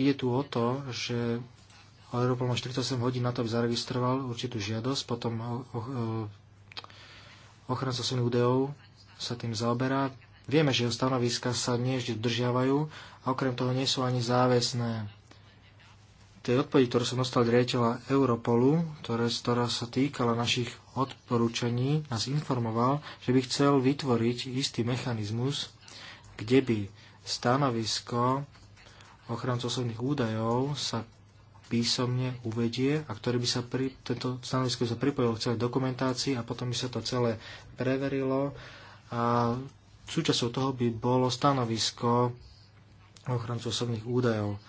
ide tu o to, že Europol má 48 hodín na to, aby zaregistroval určitú žiadosť, potom ochrana osobných údajov sa tým zaoberá, Vieme, že jeho stanoviska sa nie vždy držiavajú a okrem toho nie sú ani záväzné. Tej odpovedi, ktorú som dostal od riaditeľa Europolu, ktoré, ktorá sa týkala našich odporúčaní, nás informoval, že by chcel vytvoriť istý mechanizmus, kde by stanovisko ochrancu osobných údajov sa písomne uvedie a ktorý by sa pri, tento stanovisko sa pripojilo k celej dokumentácii a potom by sa to celé preverilo a Súčasťou toho by bolo stanovisko ochrancu osobných údajov.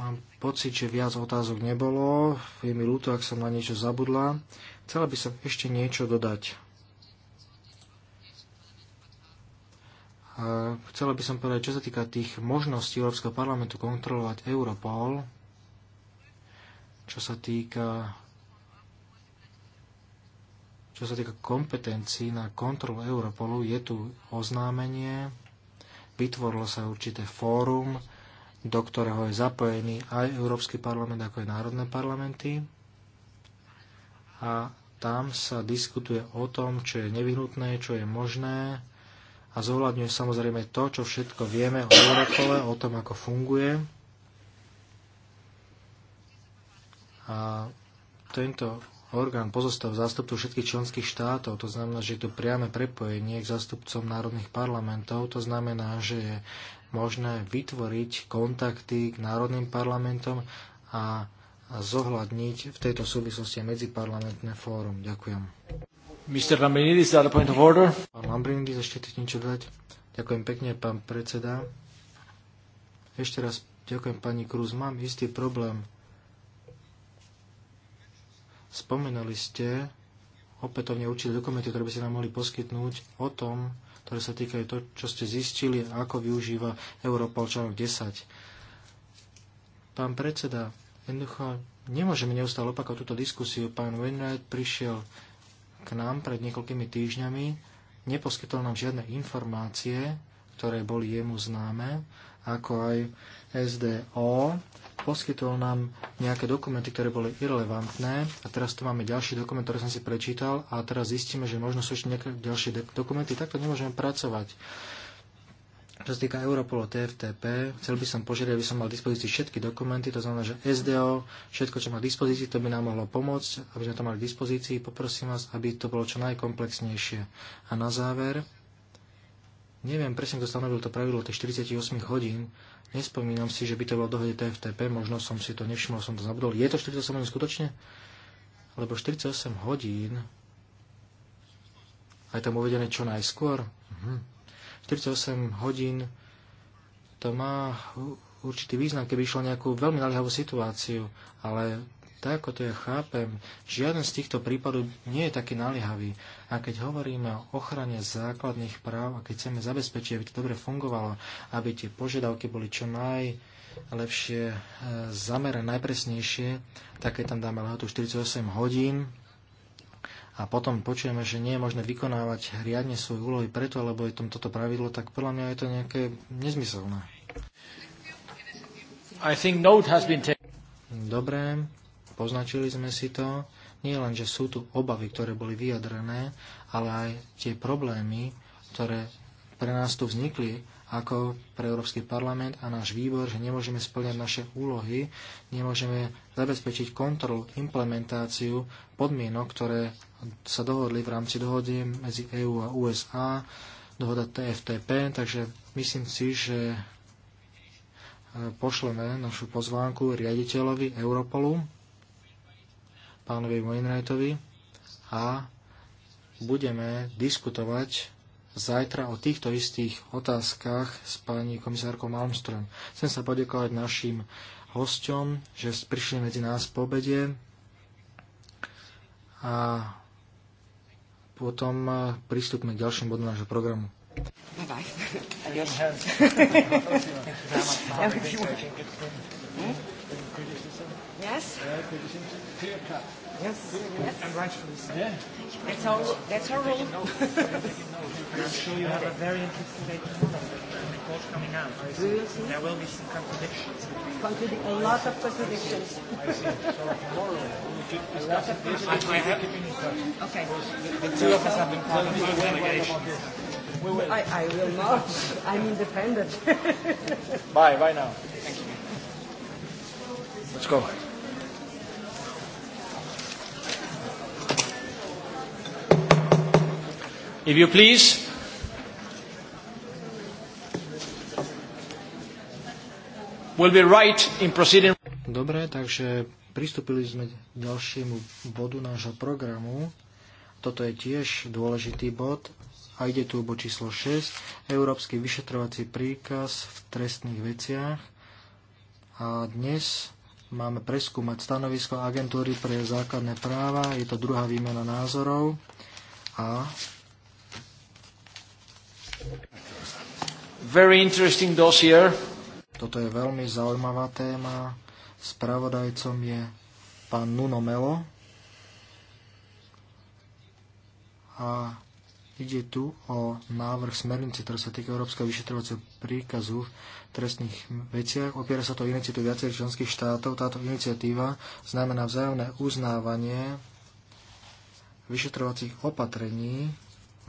Mám pocit, že viac otázok nebolo. Je mi ľúto, ak som na niečo zabudla. Chcela by som ešte niečo dodať. chcela by som povedať, čo sa týka tých možností Európskeho parlamentu kontrolovať Europol, čo sa týka čo sa týka kompetencií na kontrolu Europolu, je tu oznámenie, vytvorilo sa určité fórum, do ktorého je zapojený aj Európsky parlament, ako aj národné parlamenty. A tam sa diskutuje o tom, čo je nevyhnutné, čo je možné a zohľadňuje samozrejme to, čo všetko vieme o Europole, o tom, ako funguje. A tento orgán pozostav zástupcov všetkých členských štátov. To znamená, že je tu priame prepojenie k zástupcom národných parlamentov. To znamená, že je možné vytvoriť kontakty k národným parlamentom a zohľadniť v tejto súvislosti medziparlamentné fórum. Ďakujem. Mr. Lambrinidis, the point of order. Pán Lambrinidis, ešte chcete niečo dať. Ďakujem pekne, pán predseda. Ešte raz ďakujem pani Kruz. Mám istý problém Spomenuli ste opätovne určité dokumenty, ktoré by ste nám mohli poskytnúť o tom, ktoré sa týkajú to, čo ste zistili, ako využíva Europol článok 10. Pán predseda, jednoducho nemôžeme neustále opakovať túto diskusiu. Pán Wainwright prišiel k nám pred niekoľkými týždňami, neposkytol nám žiadne informácie, ktoré boli jemu známe, ako aj SDO. Poskytol nám nejaké dokumenty, ktoré boli irrelevantné a teraz tu máme ďalší dokument, ktorý som si prečítal a teraz zistíme, že možno sú ešte nejaké ďalšie dokumenty, takto nemôžeme pracovať. Čo sa týka Europolo TFTP, chcel by som požiadať, aby som mal dispozícii všetky dokumenty, to znamená, že SDO, všetko, čo má v dispozícii, to by nám mohlo pomôcť, aby sme to mali dispozícii. Poprosím vás, aby to bolo čo najkomplexnejšie. A na záver, Neviem presne, kto stanovil to pravidlo tých 48 hodín. Nespomínam si, že by to bolo dohode TFTP, možno som si to nevšimol, som to zabudol. Je to 48 hodín skutočne? Lebo 48 hodín... Aj tam uvedené čo najskôr? Mhm. 48 hodín to má určitý význam, keby išlo nejakú veľmi naliehavú situáciu, ale tak ako to ja chápem, žiaden z týchto prípadov nie je taký naliehavý. A keď hovoríme o ochrane základných práv a keď chceme zabezpečiť, aby to dobre fungovalo, aby tie požiadavky boli čo najlepšie e, zamerané, najpresnejšie, tak keď tam dáme lehotu 48 hodín, a potom počujeme, že nie je možné vykonávať riadne svoje úlohy preto, lebo je tam toto pravidlo, tak podľa mňa je to nejaké nezmyselné. I think note has been Dobre, Poznačili sme si to, nie len, že sú tu obavy, ktoré boli vyjadrené, ale aj tie problémy, ktoré pre nás tu vznikli ako pre Európsky parlament a náš výbor, že nemôžeme splňať naše úlohy, nemôžeme zabezpečiť kontrolu, implementáciu podmienok, ktoré sa dohodli v rámci dohody medzi EÚ a USA, dohoda TFTP, takže myslím si, že e, pošleme našu pozvánku riaditeľovi Europolu pánovi Wainwrightovi a budeme diskutovať zajtra o týchto istých otázkach s pani komisárkou Malmström. Chcem sa poďakovať našim hosťom, že prišli medzi nás po obede a potom e, pristúpme k ďalším bodom nášho programu. Bye bye. (laughs) (laughs) Yes. Yes. yes. And rightfully so. Yeah. That's our, that's our rule. I'm sure you have a very interesting day coming out. I see. Will see? There will be some contradictions. Contradic- a lot of contradictions. I see. So tomorrow we should discuss This I, in touch. Okay. the two of us have been part of the delegation. We will. I, I will not. I'm independent. bye. Bye now. Thank you. Let's go. If you please. We'll be right in proceeding. Dobre, takže pristúpili sme k ďalšiemu bodu nášho programu. Toto je tiež dôležitý bod a ide tu bod číslo 6, Európsky vyšetrovací príkaz v trestných veciach. A dnes máme preskúmať stanovisko agentúry pre základné práva, je to druhá výmena názorov a Very interesting dossier. Toto je veľmi zaujímavá téma. Spravodajcom je pán Nuno Melo. A ide tu o návrh smernice, ktorá sa týka Európskeho vyšetrovacieho príkazu v trestných veciach. Opiera sa to iniciatu viacerých členských štátov. Táto iniciatíva znamená vzájomné uznávanie vyšetrovacích opatrení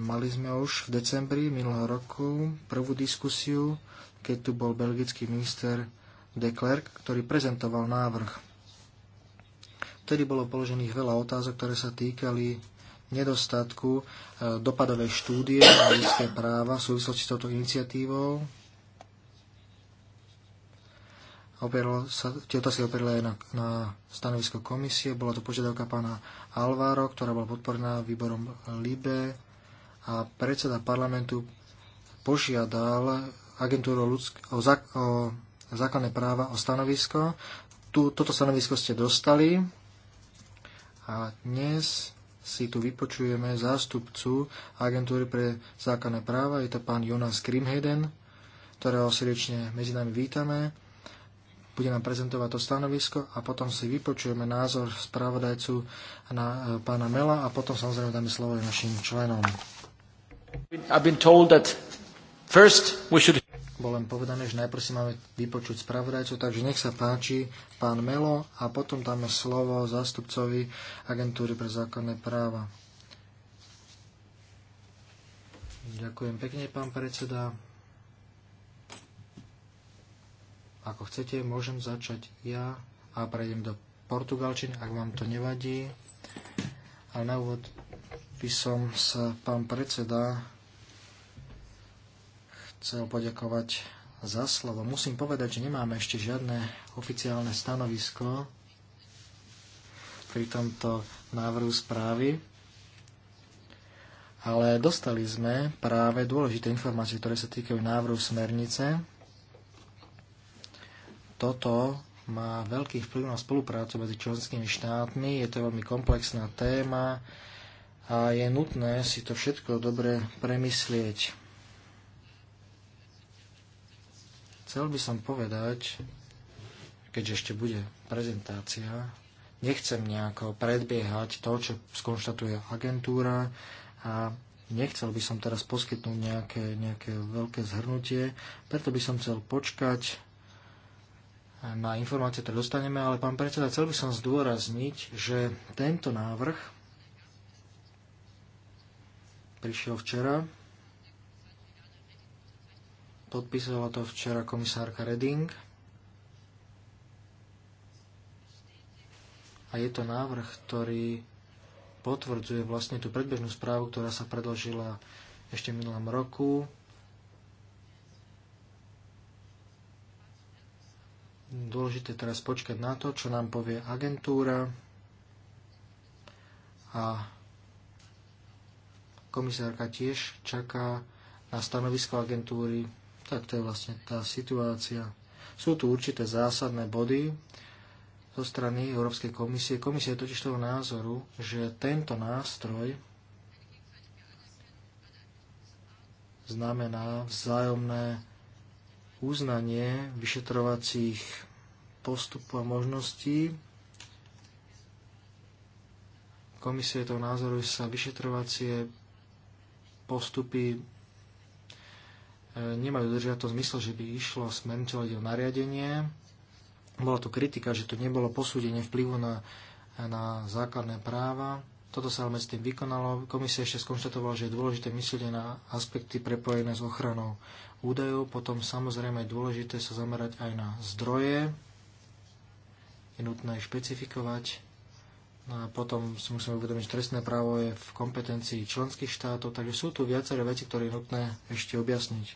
Mali sme už v decembri minulého roku prvú diskusiu, keď tu bol belgický minister de Klerk, ktorý prezentoval návrh. Vtedy bolo položených veľa otázok, ktoré sa týkali nedostatku e, dopadovej štúdie na ľudské práva v súvislosti s touto iniciatívou. sa, tie otázky opierali aj na, na stanovisko komisie. Bola to požiadavka pána Alvaro, ktorá bola podporená výborom LIBE a predseda parlamentu požiadal agentúru ľudsk- o, zá- o základné práva o stanovisko. Tu, toto stanovisko ste dostali a dnes si tu vypočujeme zástupcu agentúry pre základné práva. Je to pán Jonas Grimheden, ktorého srdečne medzi nami vítame bude nám prezentovať to stanovisko a potom si vypočujeme názor spravodajcu na e, pána Mela a potom samozrejme dáme slovo aj našim členom. Should... Bolo len povedané, že najprv si máme vypočuť spravodajcu, takže nech sa páči pán Melo a potom dáme slovo zástupcovi agentúry pre zákonné práva. Ďakujem pekne, pán predseda. Ako chcete, môžem začať ja a prejdem do portugalčiny, ak vám to nevadí. A na úvod by som sa, pán predseda, chcel poďakovať za slovo. Musím povedať, že nemáme ešte žiadne oficiálne stanovisko pri tomto návrhu správy, ale dostali sme práve dôležité informácie, ktoré sa týkajú návrhu smernice. Toto má veľký vplyv na spoluprácu medzi členskými štátmi, je to veľmi komplexná téma, a je nutné si to všetko dobre premyslieť. Chcel by som povedať, keďže ešte bude prezentácia, nechcem nejako predbiehať to, čo skonštatuje agentúra a nechcel by som teraz poskytnúť nejaké, nejaké veľké zhrnutie, preto by som chcel počkať na informácie, ktoré dostaneme, ale pán predseda, chcel by som zdôrazniť, že tento návrh prišiel včera. Podpísala to včera komisárka Reding. A je to návrh, ktorý potvrdzuje vlastne tú predbežnú správu, ktorá sa predložila ešte v minulom roku. Dôležité teraz počkať na to, čo nám povie agentúra a Komisárka tiež čaká na stanovisko agentúry. Tak to je vlastne tá situácia. Sú tu určité zásadné body zo strany Európskej komisie. Komisia je totiž toho názoru, že tento nástroj znamená vzájomné uznanie vyšetrovacích postupov a možností. Komisia je toho názoru, že sa vyšetrovacie postupy e, nemajú držať to zmysel, že by išlo smernicu o nariadenie. Bola tu kritika, že tu nebolo posúdenie vplyvu na, na základné práva. Toto sa ale medzi tým vykonalo. Komisia ešte skonštatovala, že je dôležité myslieť na aspekty prepojené s ochranou údajov. Potom samozrejme je dôležité sa zamerať aj na zdroje. Je nutné špecifikovať No a potom si musíme uvedomiť, že trestné právo je v kompetencii členských štátov, takže sú tu viaceré veci, ktoré je nutné ešte objasniť.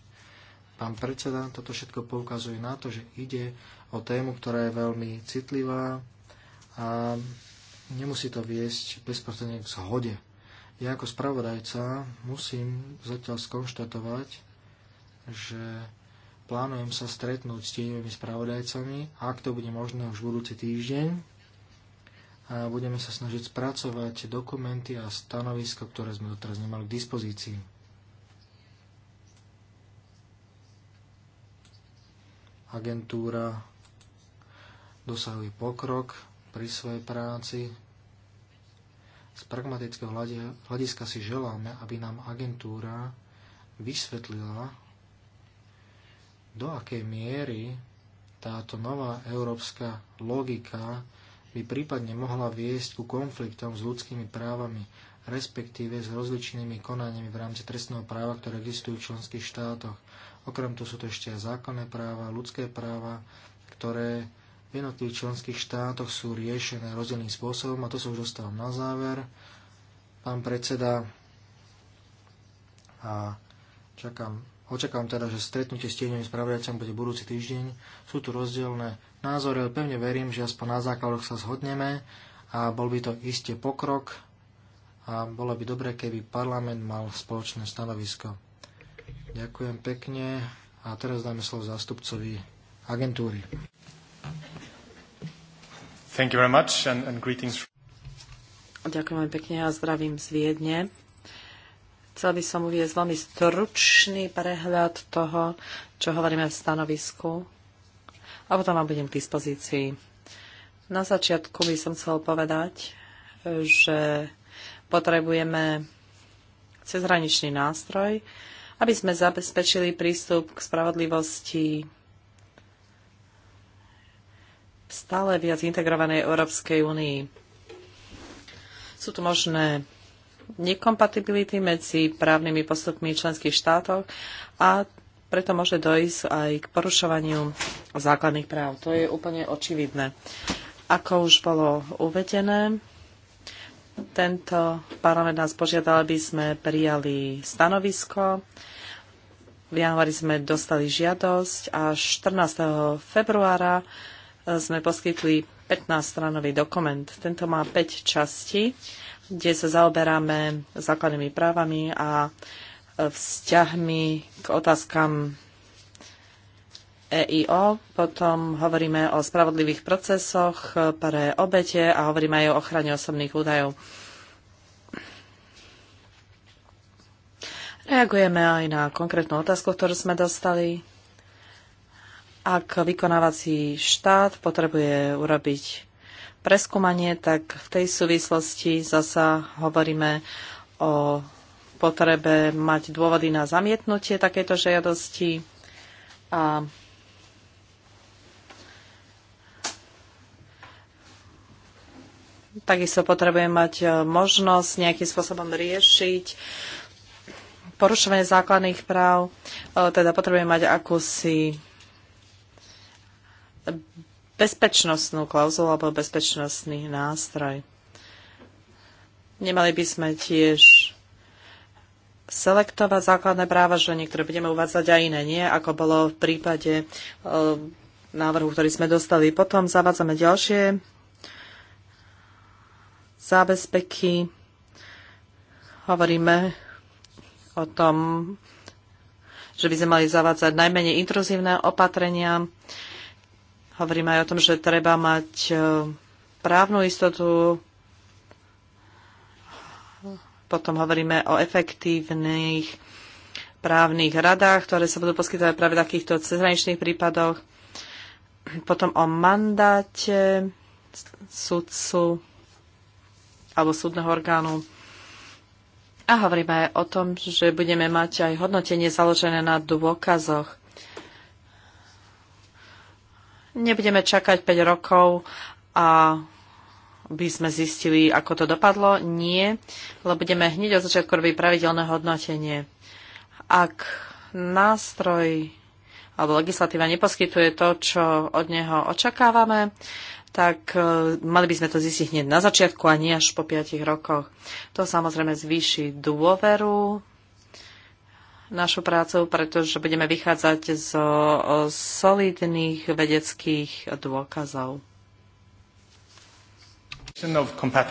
Pán predseda, toto všetko poukazuje na to, že ide o tému, ktorá je veľmi citlivá a nemusí to viesť bezprostredne k zhode. Ja ako spravodajca musím zatiaľ skonštatovať, že plánujem sa stretnúť s tými spravodajcami, ak to bude možné už v budúci týždeň, a budeme sa snažiť spracovať dokumenty a stanovisko, ktoré sme doteraz nemali k dispozícii. Agentúra dosahuje pokrok pri svojej práci. Z pragmatického hľadiska si želáme, aby nám agentúra vysvetlila, do akej miery táto nová európska logika by prípadne mohla viesť ku konfliktom s ľudskými právami, respektíve s rozličnými konaniami v rámci trestného práva, ktoré existujú v členských štátoch. Okrem toho sú to ešte aj zákonné práva, ľudské práva, ktoré v jednotlivých členských štátoch sú riešené rozdielným spôsobom a to sa už dostávam na záver. Pán predseda, a čakám Očakávam teda, že stretnutie s tieňovým spravodajcom bude budúci týždeň. Sú tu rozdielne názory, ale pevne verím, že aspoň na základoch sa zhodneme a bol by to iste pokrok a bolo by dobre, keby parlament mal spoločné stanovisko. Ďakujem pekne a teraz dáme slovo zástupcovi agentúry. Thank you very much and, and greetings. Ďakujem pekne a zdravím z Viedne. Chcel by som uvieť veľmi stručný prehľad toho, čo hovoríme v stanovisku a potom vám budem k dispozícii. Na začiatku by som chcel povedať, že potrebujeme cezhraničný nástroj, aby sme zabezpečili prístup k spravodlivosti v stále viac integrovanej Európskej únii. Sú tu možné nekompatibility medzi právnymi postupmi členských štátov a preto môže dojsť aj k porušovaniu základných práv. To je úplne očividné. Ako už bolo uvedené, tento parlament nás požiadal, aby sme prijali stanovisko. V januári sme dostali žiadosť a 14. februára sme poskytli 15-stranový dokument. Tento má 5 častí kde sa zaoberáme základnými právami a e, vzťahmi k otázkam EIO. Potom hovoríme o spravodlivých procesoch e, pre obete a hovoríme aj o ochrane osobných údajov. Reagujeme aj na konkrétnu otázku, ktorú sme dostali. Ak vykonávací štát potrebuje urobiť preskúmanie, tak v tej súvislosti zasa hovoríme o potrebe mať dôvody na zamietnutie takéto žiadosti a takisto potrebujeme mať e, možnosť nejakým spôsobom riešiť porušovanie základných práv, e, teda potrebuje mať akúsi bezpečnostnú klauzulu alebo bezpečnostný nástroj. Nemali by sme tiež selektovať základné práva, že niektoré budeme uvádzať a iné nie, ako bolo v prípade e, návrhu, ktorý sme dostali. Potom zavádzame ďalšie zábezpeky. Hovoríme o tom, že by sme mali zavádzať najmenej intruzívne opatrenia. Hovoríme aj o tom, že treba mať e, právnu istotu. Potom hovoríme o efektívnych právnych radách, ktoré sa budú poskytovať práve v takýchto cezhraničných prípadoch. Potom o mandáte sudcu alebo súdneho orgánu. A hovoríme aj o tom, že budeme mať aj hodnotenie založené na dôkazoch. Nebudeme čakať 5 rokov a by sme zistili, ako to dopadlo. Nie, lebo budeme hneď od začiatku robiť pravidelné hodnotenie. Ak nástroj alebo legislatíva neposkytuje to, čo od neho očakávame, tak e, mali by sme to zistiť hneď na začiatku a nie až po 5 rokoch. To samozrejme zvýši dôveru našu prácu, pretože budeme vychádzať zo solidných vedeckých dôkazov.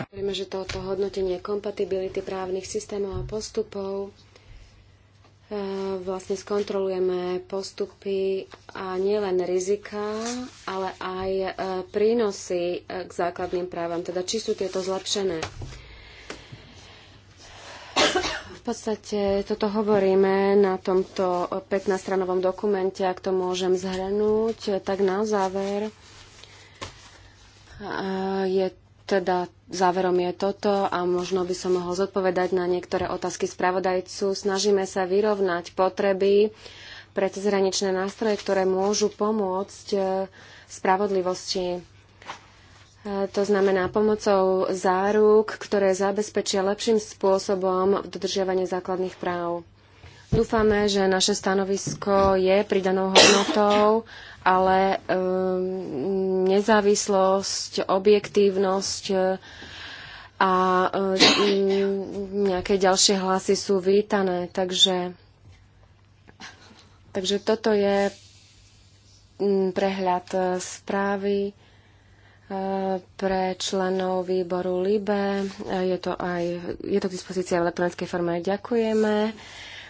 Vieme, že toto hodnotenie kompatibility právnych systémov a postupov e, vlastne skontrolujeme postupy a nielen rizika, ale aj e, prínosy e, k základným právam, teda či sú tieto zlepšené podstate toto hovoríme na tomto 15-stranovom dokumente, ak to môžem zhrnúť, tak na záver je teda záverom je toto a možno by som mohol zodpovedať na niektoré otázky spravodajcu. Snažíme sa vyrovnať potreby pre cezhraničné nástroje, ktoré môžu pomôcť e, spravodlivosti E, to znamená pomocou záruk, ktoré zabezpečia lepším spôsobom dodržiavanie základných práv. Dúfame, že naše stanovisko je pridanou hodnotou, ale e, nezávislosť, objektívnosť e, a nejaké ďalšie hlasy sú vítané. Takže, takže toto je prehľad správy pre členov výboru LIBE. Je to, aj, je to k dispozícii v elektronickej forme. Ďakujeme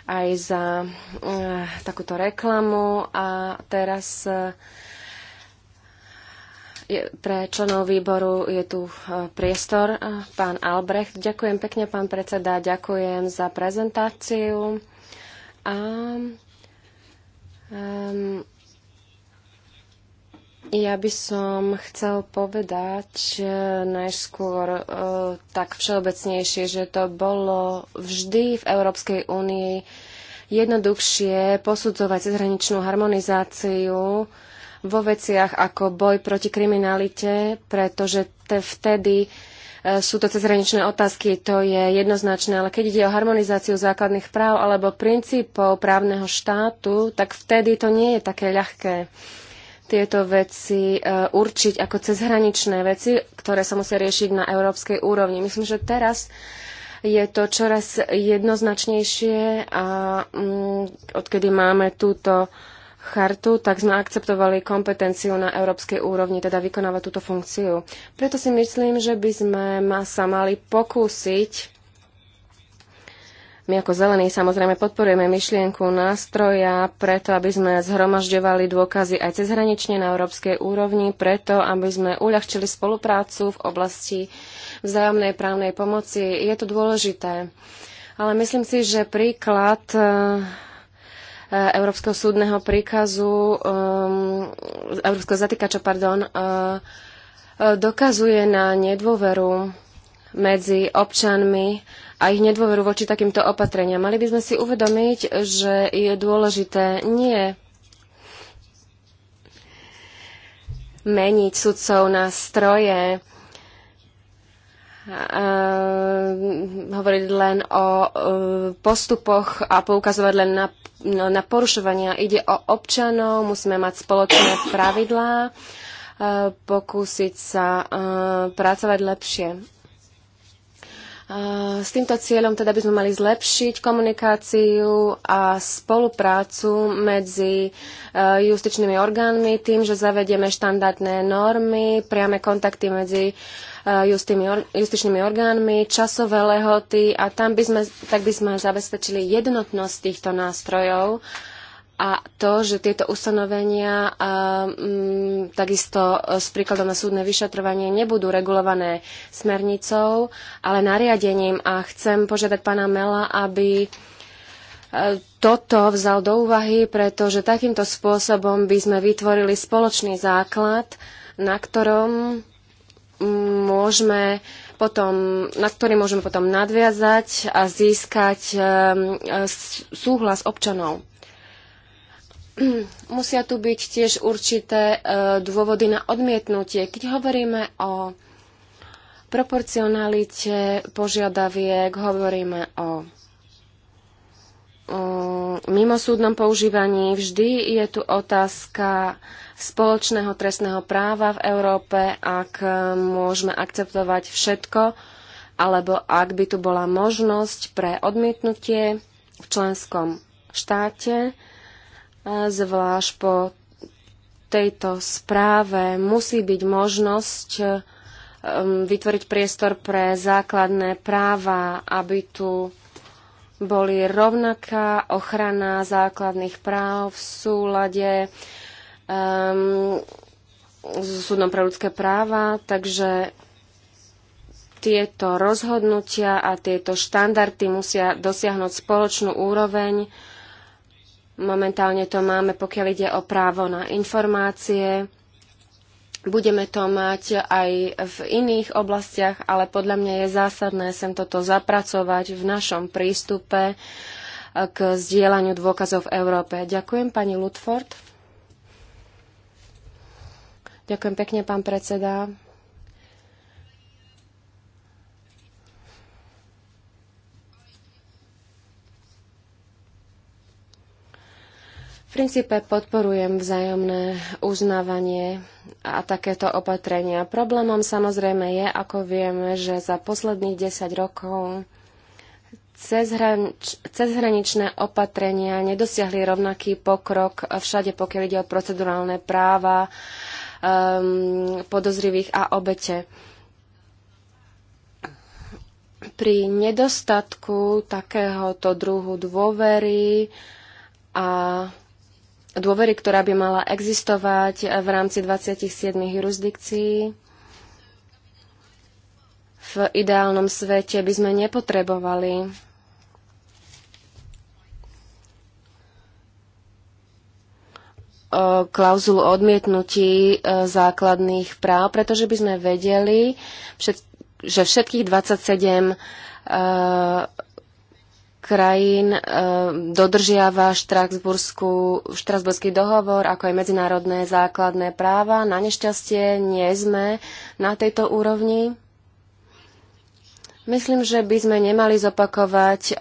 aj za eh, takúto reklamu. A teraz eh, je, pre členov výboru je tu eh, priestor. Pán Albrecht, ďakujem pekne, pán predseda, ďakujem za prezentáciu. A um, ja by som chcel povedať najskôr e, tak všeobecnejšie, že to bolo vždy v Európskej únii jednoduchšie posudzovať cezhraničnú harmonizáciu vo veciach ako boj proti kriminalite, pretože vtedy e, sú to cezhraničné otázky, to je jednoznačné, ale keď ide o harmonizáciu základných práv alebo princípov právneho štátu, tak vtedy to nie je také ľahké tieto veci e, určiť ako cezhraničné veci, ktoré sa musia riešiť na európskej úrovni. Myslím, že teraz je to čoraz jednoznačnejšie a mm, odkedy máme túto chartu, tak sme akceptovali kompetenciu na európskej úrovni, teda vykonávať túto funkciu. Preto si myslím, že by sme sa mali pokúsiť my ako zelení samozrejme podporujeme myšlienku nástroja preto, aby sme zhromažďovali dôkazy aj cezhranične na európskej úrovni, preto, aby sme uľahčili spoluprácu v oblasti vzájomnej právnej pomoci. Je to dôležité. Ale myslím si, že príklad e, Európskeho súdneho príkazu, e, Európskeho zatýkača, pardon, e, dokazuje na nedôveru medzi občanmi a ich nedôveru voči takýmto opatreniam. Mali by sme si uvedomiť, že je dôležité nie meniť sudcov na stroje, hovoriť len o e, postupoch a poukazovať len na, na porušovania. Ide o občanov, musíme mať spoločné pravidlá, e, pokúsiť sa e, pracovať lepšie. Eh, s týmto cieľom teda by sme mali zlepšiť komunikáciu a spoluprácu medzi eh, justičnými orgánmi tým, že zavedieme štandardné normy, priame kontakty medzi eh, justičnými orgánmi, časové lehoty a tam by sme, tak by sme zabezpečili jednotnosť týchto nástrojov a to, že tieto ustanovenia um, takisto e, s príkladom na súdne vyšetrovanie nebudú regulované smernicou, ale nariadením. A chcem požiadať pána Mela, aby e, toto vzal do úvahy, pretože takýmto spôsobom by sme vytvorili spoločný základ, na ktorom mm, môžeme potom, na ktorý môžeme potom nadviazať a získať e, súhlas občanov. (clears throat) musia tu byť tiež určité e, dôvody na odmietnutie. Keď hovoríme o proporcionalite požiadaviek, hovoríme o, mimosúdnom používaní. Vždy je tu otázka spoločného trestného práva v Európe, ak môžeme akceptovať všetko, alebo ak by tu bola možnosť pre odmietnutie v členskom štáte zvlášť po tejto správe musí byť možnosť um, vytvoriť priestor pre základné práva, aby tu boli rovnaká ochrana základných práv v súlade um, s súdom pre ľudské práva, takže tieto rozhodnutia a tieto štandardy musia dosiahnuť spoločnú úroveň Momentálne to máme, pokiaľ ide o právo na informácie. Budeme to mať aj v iných oblastiach, ale podľa mňa je zásadné sem toto zapracovať v našom prístupe eh, k zdieľaniu dôkazov v Európe. Ďakujem pani Ludford. Ďakujem pekne, pán predseda. V princípe podporujem vzájomné uznávanie a takéto opatrenia. Problémom samozrejme je, ako vieme, že za posledných 10 rokov cezhraničné opatrenia nedosiahli rovnaký pokrok všade, pokiaľ ide o procedurálne práva um, podozrivých a obete pri nedostatku takéhoto druhu dôvery a dôvery, ktorá by mala existovať v rámci 27 jurisdikcií. V ideálnom svete by sme nepotrebovali klauzulu odmietnutí e, základných práv, pretože by sme vedeli, že všetkých 27 krajín eh, dodržiava štrasburský dohovor, ako aj medzinárodné základné práva. Na nešťastie nie sme na tejto úrovni. Myslím, že by sme nemali zopakovať e,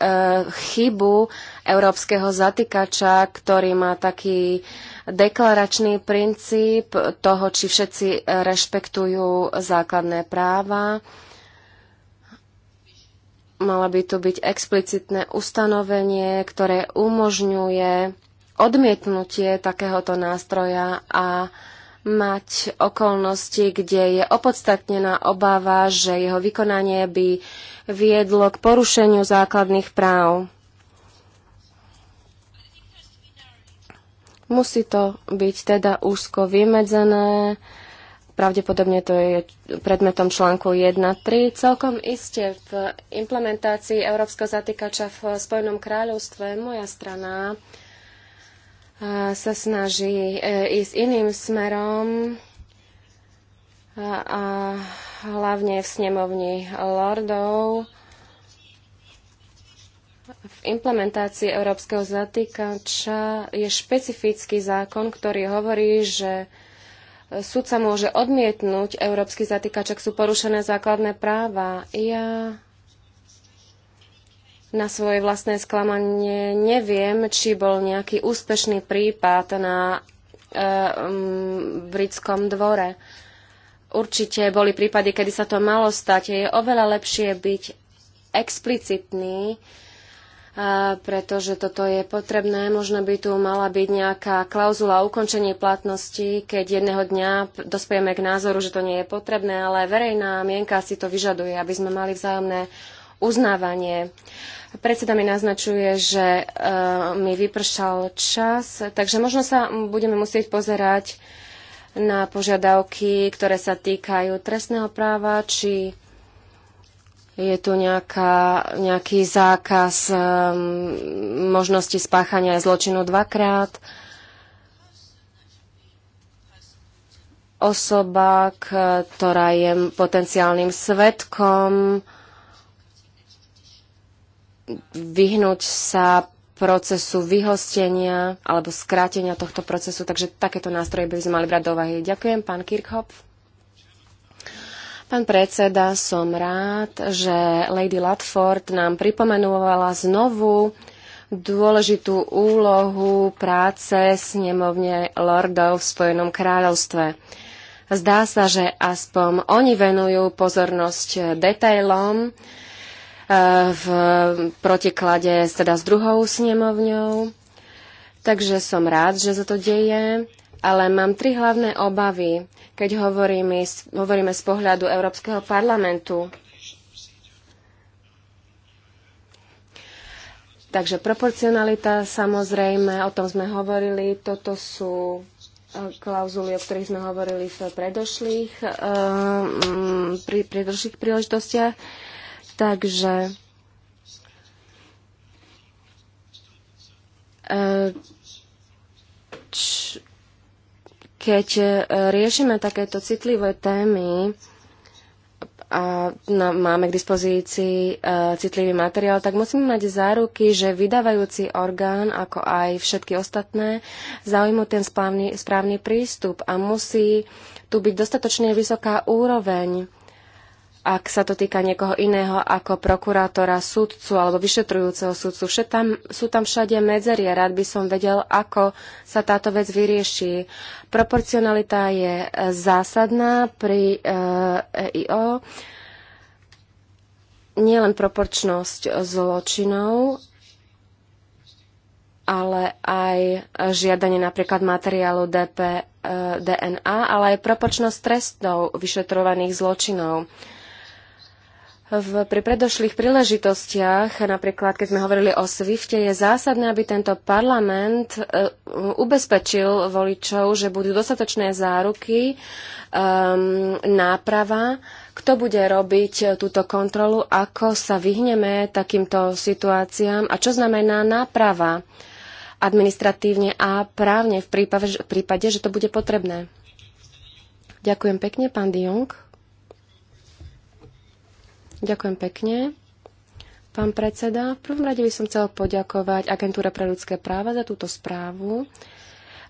chybu európskeho zatýkača, ktorý má taký deklaračný princíp toho, či všetci rešpektujú základné práva. Mala by tu byť explicitné ustanovenie, ktoré umožňuje odmietnutie takéhoto nástroja a mať okolnosti, kde je opodstatnená obava, že jeho vykonanie by viedlo k porušeniu základných práv. Musí to byť teda úzko vymedzené, Pravdepodobne to je predmetom článku 1.3. Celkom iste v implementácii Európskeho zatýkača v Spojenom kráľovstve moja strana sa snaží e, ísť iným smerom a hlavne v snemovni lordov. V implementácii európskeho zatýkača je špecifický zákon, ktorý hovorí, že sudca môže odmietnúť európsky zatýkač, ak sú porušené základné práva. Ja na svoje vlastné sklamanie neviem, či bol nejaký úspešný prípad na e, m, britskom dvore. Určite boli prípady, kedy sa to malo stať. Je oveľa lepšie byť explicitný, pretože toto je potrebné. Možno by tu mala byť nejaká klauzula o ukončení platnosti, keď jedného dňa dospejeme k názoru, že to nie je potrebné, ale verejná mienka si to vyžaduje, aby sme mali vzájomné uznávanie. Predseda mi naznačuje, že e, mi vypršal čas, takže možno sa budeme musieť pozerať na požiadavky, ktoré sa týkajú trestného práva či je tu nejaká, nejaký zákaz um, možnosti spáchania zločinu dvakrát. Osoba, ktorá je potenciálnym svetkom, vyhnúť sa procesu vyhostenia alebo skrátenia tohto procesu. Takže takéto nástroje by sme mali brať do uvahy. Ďakujem, pán Kirchhoff. Pán predseda, som rád, že Lady Latford nám pripomenovala znovu dôležitú úlohu práce snemovne lordov v Spojenom kráľovstve. Zdá sa, že aspoň oni venujú pozornosť detailom eh, v protiklade teda s druhou snemovňou. Takže som rád, že sa to deje. Ale mám tri hlavné obavy, keď hovoríme, hovoríme z pohľadu Európskeho parlamentu. Takže proporcionalita, samozrejme, o tom sme hovorili. Toto sú e, klauzuly, o ktorých sme hovorili v predošlých, e, pri predošlých príležitostiach. Takže e, č, keď e, riešime takéto citlivé témy a máme k dispozícii e, citlivý materiál, tak musíme mať záruky, že vydávajúci orgán, ako aj všetky ostatné, zaujmú ten správny, správny prístup a musí tu byť dostatočne vysoká úroveň ak sa to týka niekoho iného ako prokurátora, sudcu alebo vyšetrujúceho sudcu, Všet tam, sú tam všade medzerie. Rád by som vedel, ako sa táto vec vyrieši. Proporcionalita je e, zásadná pri EIO. E Nie len proporčnosť zločinov, ale aj žiadanie napríklad materiálu DP, e, DNA, ale aj proporčnosť trestov vyšetrovaných zločinov v, pri predošlých príležitostiach, napríklad keď sme hovorili o Swifte, je zásadné, aby tento parlament e, ubezpečil voličov, že budú dostatočné záruky, e, náprava, kto bude robiť túto kontrolu, ako sa vyhneme takýmto situáciám a čo znamená náprava administratívne a právne v prípade, v prípade že to bude potrebné. Ďakujem pekne, pán Diong. Ďakujem pekne. Pán predseda, v prvom rade by som chcel poďakovať Agentúre pre ľudské práva za túto správu.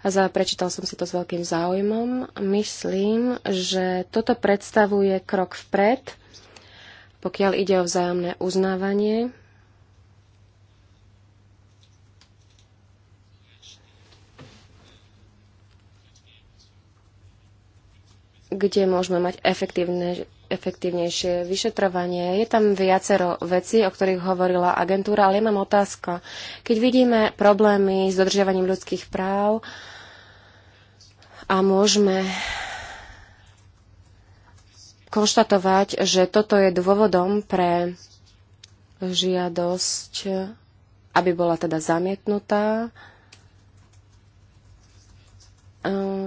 A za, prečítal som si to s veľkým záujmom. Myslím, že toto predstavuje krok vpred, pokiaľ ide o vzájomné uznávanie. kde môžeme mať efektívne efektívnejšie vyšetrovanie. Je tam viacero vecí, o ktorých hovorila agentúra, ale ja mám otázka. Keď vidíme problémy s dodržiavaním ľudských práv a môžeme konštatovať, že toto je dôvodom pre žiadosť, aby bola teda zamietnutá, eh,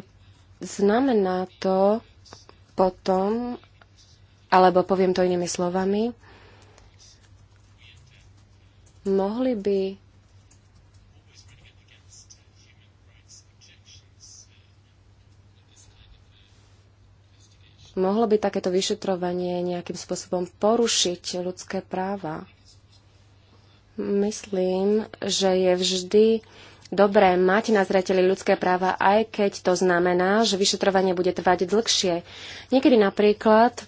znamená to potom, alebo poviem to inými slovami, mohli by mohlo by takéto vyšetrovanie nejakým spôsobom porušiť ľudské práva. Myslím, že je vždy dobré mať na zreteli ľudské práva, aj keď to znamená, že vyšetrovanie bude trvať dlhšie. Niekedy napríklad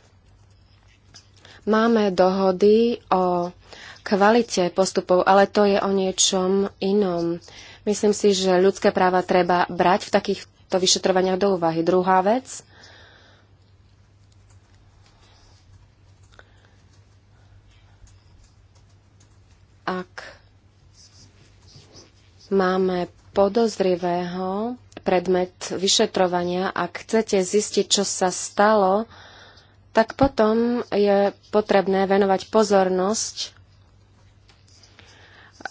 Máme dohody o kvalite postupov, ale to je o niečom inom. Myslím si, že ľudské práva treba brať v takýchto vyšetrovaniach do úvahy. Druhá vec, ak máme podozrivého predmet vyšetrovania, ak chcete zistiť, čo sa stalo, tak potom je potrebné venovať pozornosť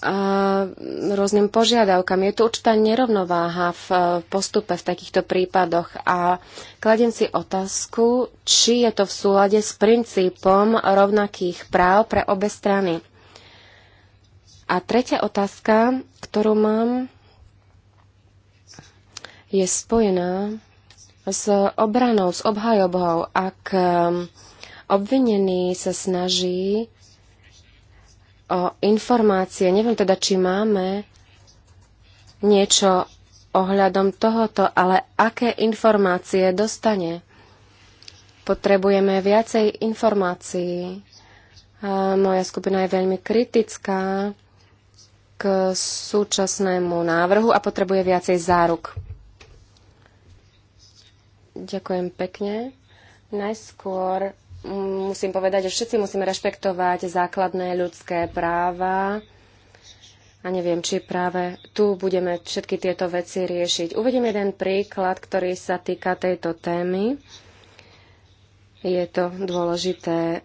a rôznym požiadavkám. Je tu určitá nerovnováha e, v postupe v takýchto prípadoch a kladiem si otázku, či je to v súlade s princípom rovnakých práv pre obe strany. A tretia otázka, ktorú mám, je spojená s obranou, s obhajobou, ak um, obvinený sa snaží o informácie, neviem teda, či máme niečo ohľadom tohoto, ale aké informácie dostane. Potrebujeme viacej informácií. Moja skupina je veľmi kritická k súčasnému návrhu a potrebuje viacej záruk. Ďakujem pekne. Najskôr musím povedať, že všetci musíme rešpektovať základné ľudské práva. A neviem, či práve tu budeme všetky tieto veci riešiť. Uvediem jeden príklad, ktorý sa týka tejto témy. Je to dôležité.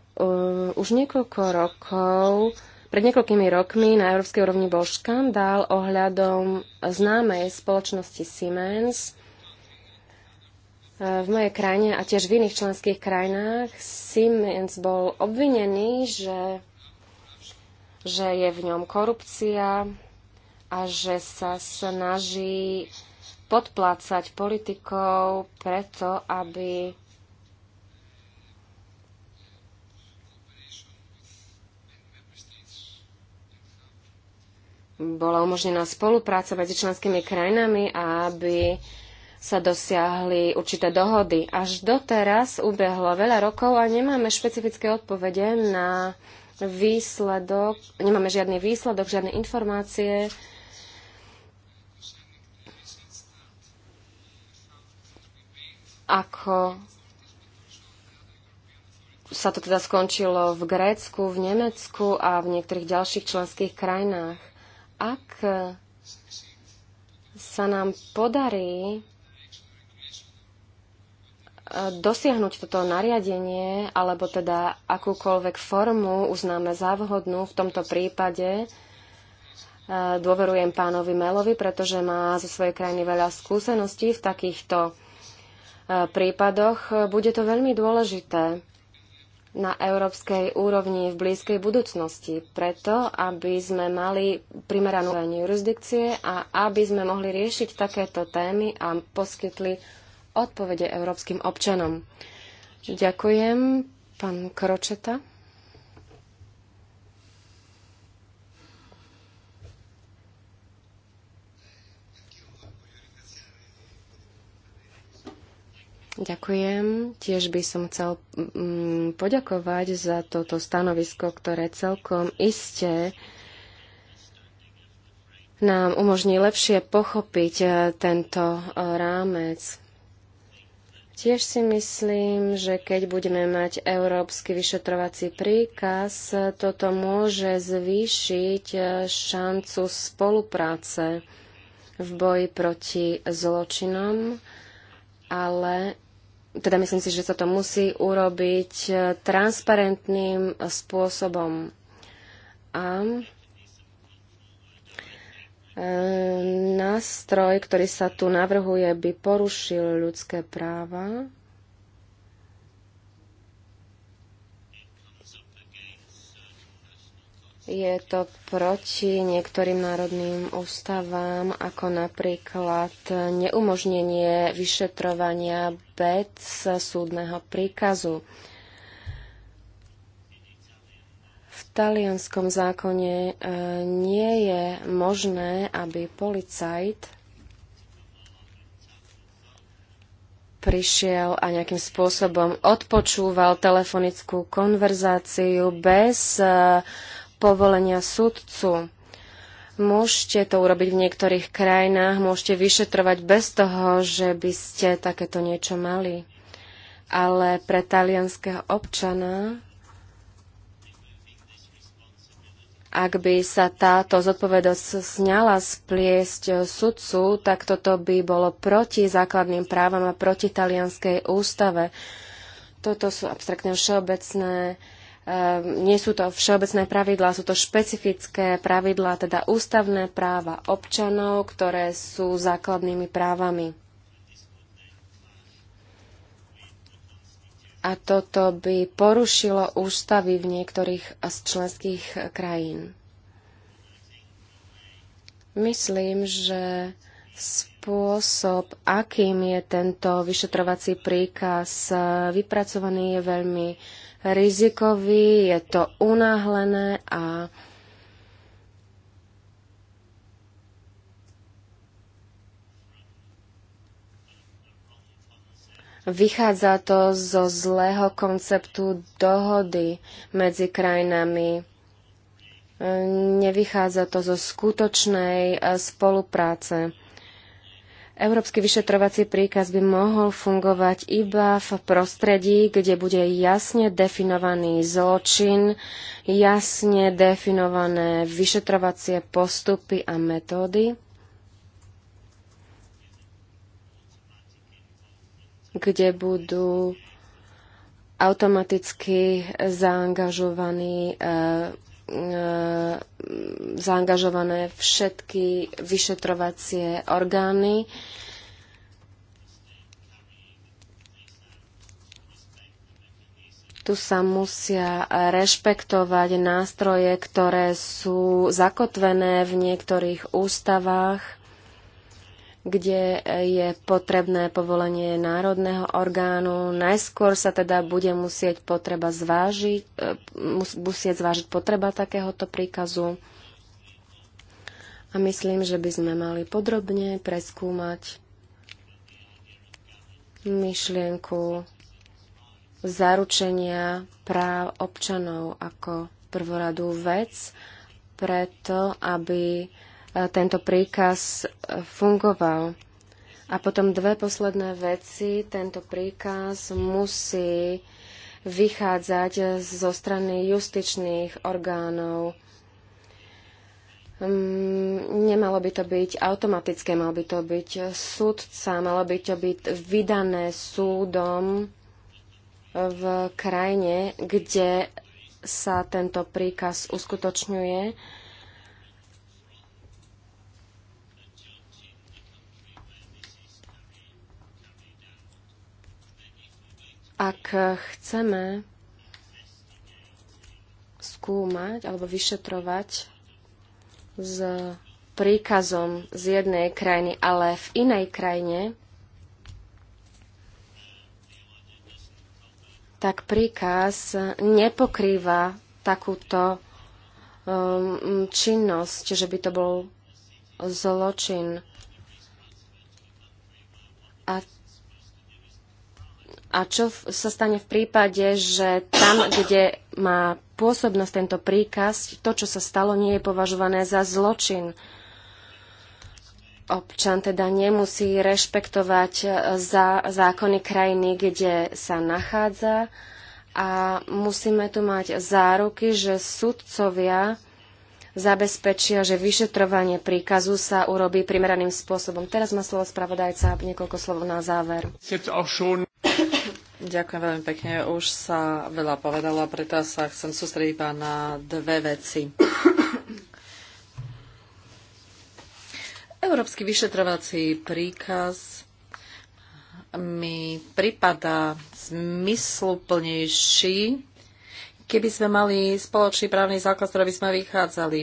Už niekoľko rokov, pred niekoľkými rokmi na európskej úrovni bol škandál ohľadom známej spoločnosti Siemens, v mojej krajine a tiež v iných členských krajinách Siemens bol obvinený, že, že je v ňom korupcia a že sa snaží podplácať politikov preto, aby bola umožnená spolupráca medzi členskými krajinami a aby sa dosiahli určité dohody. Až doteraz ubehlo veľa rokov a nemáme špecifické odpovede na výsledok, nemáme žiadny výsledok, žiadne informácie. Ako sa to teda skončilo v Grécku, v Nemecku a v niektorých ďalších členských krajinách. Ak sa nám podarí dosiahnuť toto nariadenie, alebo teda akúkoľvek formu uznáme za vhodnú, v tomto prípade e, dôverujem pánovi Melovi, pretože má zo svojej krajiny veľa skúseností v takýchto e, prípadoch. Bude to veľmi dôležité na európskej úrovni v blízkej budúcnosti, preto aby sme mali primeranú jurisdikcie a aby sme mohli riešiť takéto témy a poskytli odpovede európskym občanom. Ďakujem, pán Kročeta. Ďakujem. Tiež by som chcel mm, poďakovať za toto stanovisko, ktoré celkom iste nám umožní lepšie pochopiť eh, tento eh, rámec. Tiež si myslím, že keď budeme mať európsky vyšetrovací príkaz, toto môže zvýšiť e, šancu spolupráce v boji proti zločinom, ale teda myslím si, že sa to musí urobiť e, transparentným spôsobom. A Ehm, nástroj, ktorý sa tu navrhuje, by porušil ľudské práva. Je to proti niektorým národným ústavám, ako napríklad neumožnenie vyšetrovania bez súdneho príkazu. talianskom zákone e, nie je možné, aby policajt prišiel a nejakým spôsobom odpočúval telefonickú konverzáciu bez e, povolenia sudcu. Môžete to urobiť v niektorých krajinách, môžete vyšetrovať bez toho, že by ste takéto niečo mali. Ale pre talianského občana Ak by sa táto zodpovednosť sňala spliesť eh, sudcu, tak toto by bolo proti základným právam a proti talianskej ústave. Toto sú abstraktne všeobecné eh, nie sú to všeobecné pravidlá, sú to špecifické pravidlá, teda ústavné práva občanov, ktoré sú základnými právami. a toto by porušilo ústavy v niektorých z členských krajín. Myslím, že spôsob, akým je tento vyšetrovací príkaz vypracovaný, je veľmi rizikový, je to unáhlené a Vychádza to zo zlého konceptu dohody medzi krajinami. E, nevychádza to zo skutočnej e, spolupráce. Európsky vyšetrovací príkaz by mohol fungovať iba v prostredí, kde bude jasne definovaný zločin, jasne definované vyšetrovacie postupy a metódy kde budú automaticky zaangažovaní e, e, zaangažované všetky vyšetrovacie orgány. Tu sa musia rešpektovať nástroje, ktoré sú zakotvené v niektorých ústavách kde je potrebné povolenie národného orgánu. Najskôr sa teda bude musieť potreba zvážiť, e, musieť zvážiť potreba takéhoto príkazu. A myslím, že by sme mali podrobne preskúmať myšlienku zaručenia práv občanov ako prvoradú vec, preto aby tento príkaz e, fungoval. A potom dve posledné veci. Tento príkaz musí vychádzať zo strany justičných orgánov. Mm, nemalo by to byť automatické, mal by to byť súdca, malo by to byť vydané súdom v krajine, kde sa tento príkaz uskutočňuje Ak chceme skúmať alebo vyšetrovať s príkazom z jednej krajiny, ale v inej krajine, tak príkaz nepokrýva takúto um, činnosť, že by to bol zločin. A a čo sa stane v prípade, že tam, kde má pôsobnosť tento príkaz, to, čo sa stalo, nie je považované za zločin? Občan teda nemusí rešpektovať e, za zákony krajiny, kde sa nachádza a musíme tu mať záruky, že sudcovia zabezpečia, že vyšetrovanie príkazu sa urobí primeraným spôsobom. Teraz má slovo spravodajca a niekoľko slov na záver. Ďakujem veľmi pekne. Už sa veľa povedala, preto sa chcem sústrediť iba na dve veci. Európsky vyšetrovací príkaz mi pripadá zmysluplnejší, keby sme mali spoločný právny základ, ktorý by sme vychádzali.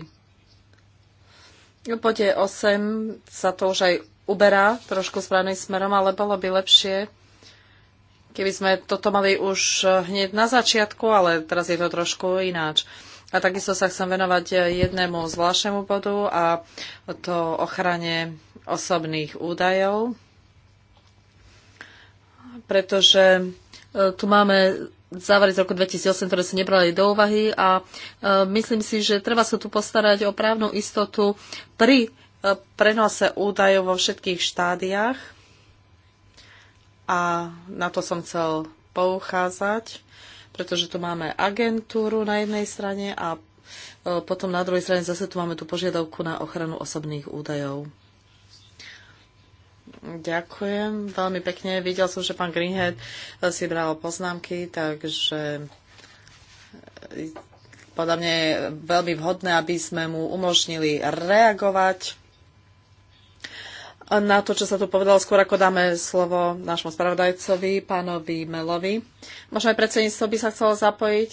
V bode 8 sa to už aj uberá trošku správnym smerom, ale bolo by lepšie, keby sme toto mali už eh, hneď na začiatku, ale teraz je to trošku ináč. A takisto sa chcem venovať eh, jednému zvláštnemu bodu a to ochrane osobných údajov, pretože eh, tu máme závery z roku 2008, ktoré sa nebrali do úvahy a myslím si, že treba sa tu postarať o právnu istotu pri prenose údajov vo všetkých štádiách a na to som chcel poucházať, pretože tu máme agentúru na jednej strane a e, potom na druhej strane zase tu máme tú požiadavku na ochranu osobných údajov. Ďakujem veľmi pekne. Videl som, že pán Greenhead e, si bral poznámky, takže e, podľa mňa je veľmi vhodné, aby sme mu umožnili reagovať na to, čo sa tu povedalo, skôr ako dáme slovo nášmu spravodajcovi, pánovi Melovi. Možno aj predsedníctvo by sa chcelo zapojiť,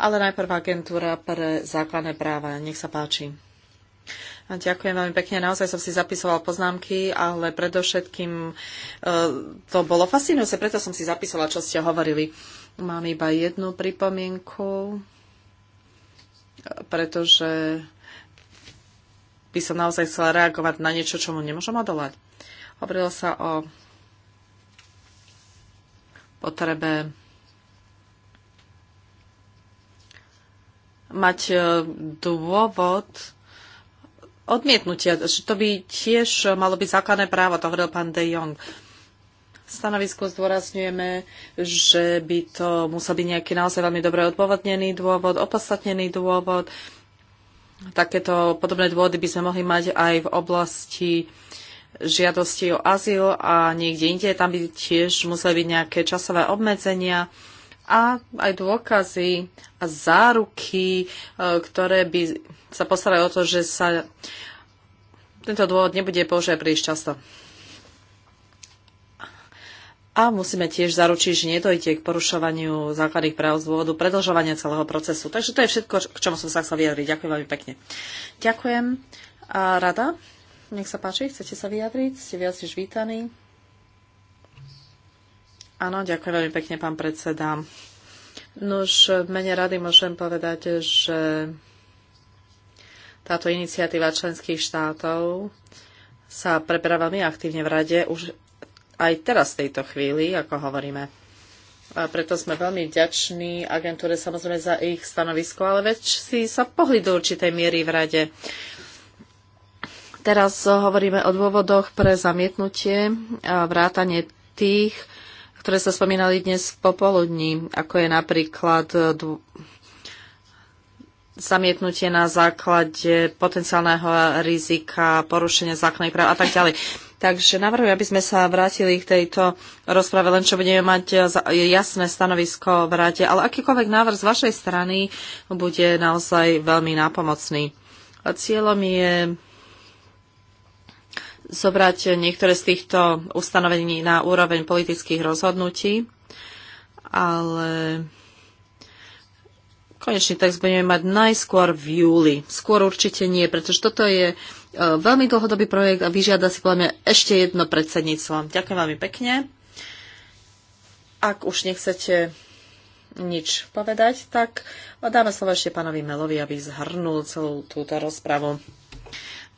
ale najprv agentúra pre základné práva. Nech sa páči. A ďakujem veľmi pekne, naozaj som si zapisoval poznámky, ale predovšetkým e, to bolo fascinujúce, preto som si zapisovala, čo ste hovorili. Mám iba jednu pripomienku, pretože by som naozaj chcela reagovať na niečo, mu nemôžem odolať. Hovorilo sa o potrebe mať e, dôvod odmietnutia, že to by tiež malo byť základné právo, to hovoril pán De Jong. V stanovisku zdôrazňujeme, že by to musel byť nejaký naozaj veľmi dobre odôvodnený dôvod, opodstatnený dôvod, Takéto podobné dôvody by sme mohli mať aj v oblasti žiadosti o azyl a niekde inde. Tam by tiež museli byť nejaké časové obmedzenia a aj dôkazy a záruky, e, ktoré by sa postarali o to, že sa tento dôvod nebude používať príliš často a musíme tiež zaručiť, že nedojde k porušovaniu základných práv z dôvodu predlžovania celého procesu. Takže to je všetko, k čomu som sa chcel vyjadriť. Ďakujem veľmi pekne. Ďakujem. A rada, nech sa páči, chcete sa vyjadriť? Ste viac než vítaní. Áno, ďakujem veľmi pekne, pán predseda. Nož, v mene rady môžem povedať, že táto iniciatíva členských štátov sa preberá veľmi aktívne v rade. Už aj teraz v tejto chvíli, ako hovoríme. A preto sme veľmi vďační agentúre samozrejme za ich stanovisko, ale veď si sa pohli do určitej miery v rade. Teraz hovoríme o dôvodoch pre zamietnutie a vrátanie tých, ktoré sa spomínali dnes v popoludní, ako je napríklad zamietnutie na základe potenciálneho rizika, porušenia základných práv a tak ďalej. Takže navrhujem, aby sme sa vrátili k tejto rozprave, len čo budeme mať eh, jasné stanovisko v rade. Ale akýkoľvek návrh z vašej strany bude naozaj veľmi nápomocný. Cieľom je zobrať niektoré z týchto ustanovení na úroveň politických rozhodnutí, ale konečný text budeme mať najskôr v júli. Skôr určite nie, pretože toto je E, veľmi dlhodobý projekt a vyžiada si podľa mňa ešte jedno predsedníctvo. Ďakujem veľmi pekne. Ak už nechcete nič povedať, tak dáme slovo ešte pánovi Melovi, aby zhrnul celú túto rozpravu.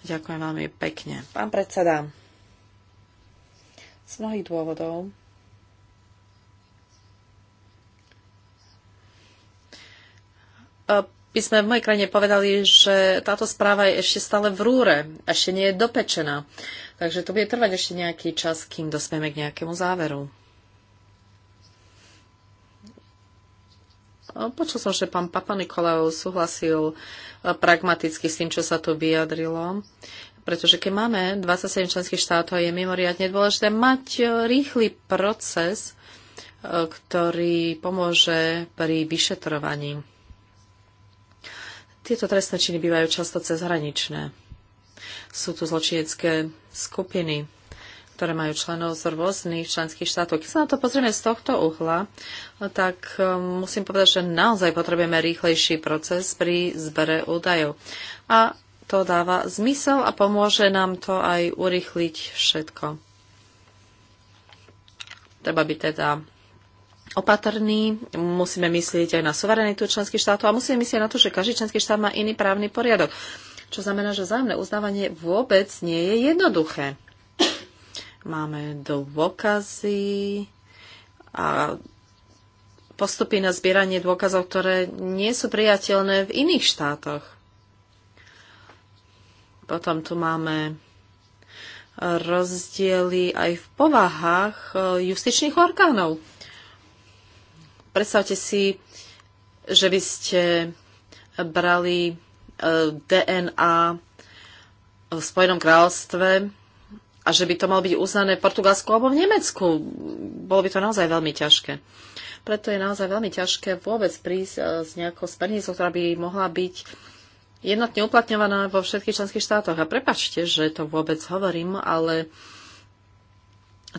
Ďakujem veľmi pekne. Pán predseda, z mnohých dôvodov by sme v mojej krajine povedali, že táto správa je ešte stále v rúre, ešte nie je dopečená. Takže to bude trvať ešte nejaký čas, kým dospieme k nejakému záveru. Počul som, že pán Papa Nikolaou súhlasil e, pragmaticky s tým, čo sa tu vyjadrilo, pretože keď máme 27 členských štátov, je mimoriadne dôležité mať e, rýchly proces, e, ktorý pomôže pri vyšetrovaní tieto trestné činy bývajú často cezhraničné. Sú tu zločinecké skupiny, ktoré majú členov z rôznych členských štátov. Keď sa na to pozrieme z tohto uhla, tak um, musím povedať, že naozaj potrebujeme rýchlejší proces pri zbere údajov. A to dáva zmysel a pomôže nám to aj urychliť všetko. Treba by teda opatrní, musíme myslieť aj na suverenitu členských štátov a musíme myslieť na to, že každý členský štát má iný právny poriadok. Čo znamená, že zájemné uznávanie vôbec nie je jednoduché. Máme dôkazy a postupy na zbieranie dôkazov, ktoré nie sú priateľné v iných štátoch. Potom tu máme rozdiely aj v povahách eh, justičných orgánov. Predstavte si, že by ste brali e, DNA v Spojenom kráľovstve a že by to malo byť uznané v Portugalsku alebo v Nemecku. Bolo by to naozaj veľmi ťažké. Preto je naozaj veľmi ťažké vôbec prísť e, s nejakou smernicou, ktorá by mohla byť jednotne uplatňovaná vo všetkých členských štátoch. A prepačte, že to vôbec hovorím, ale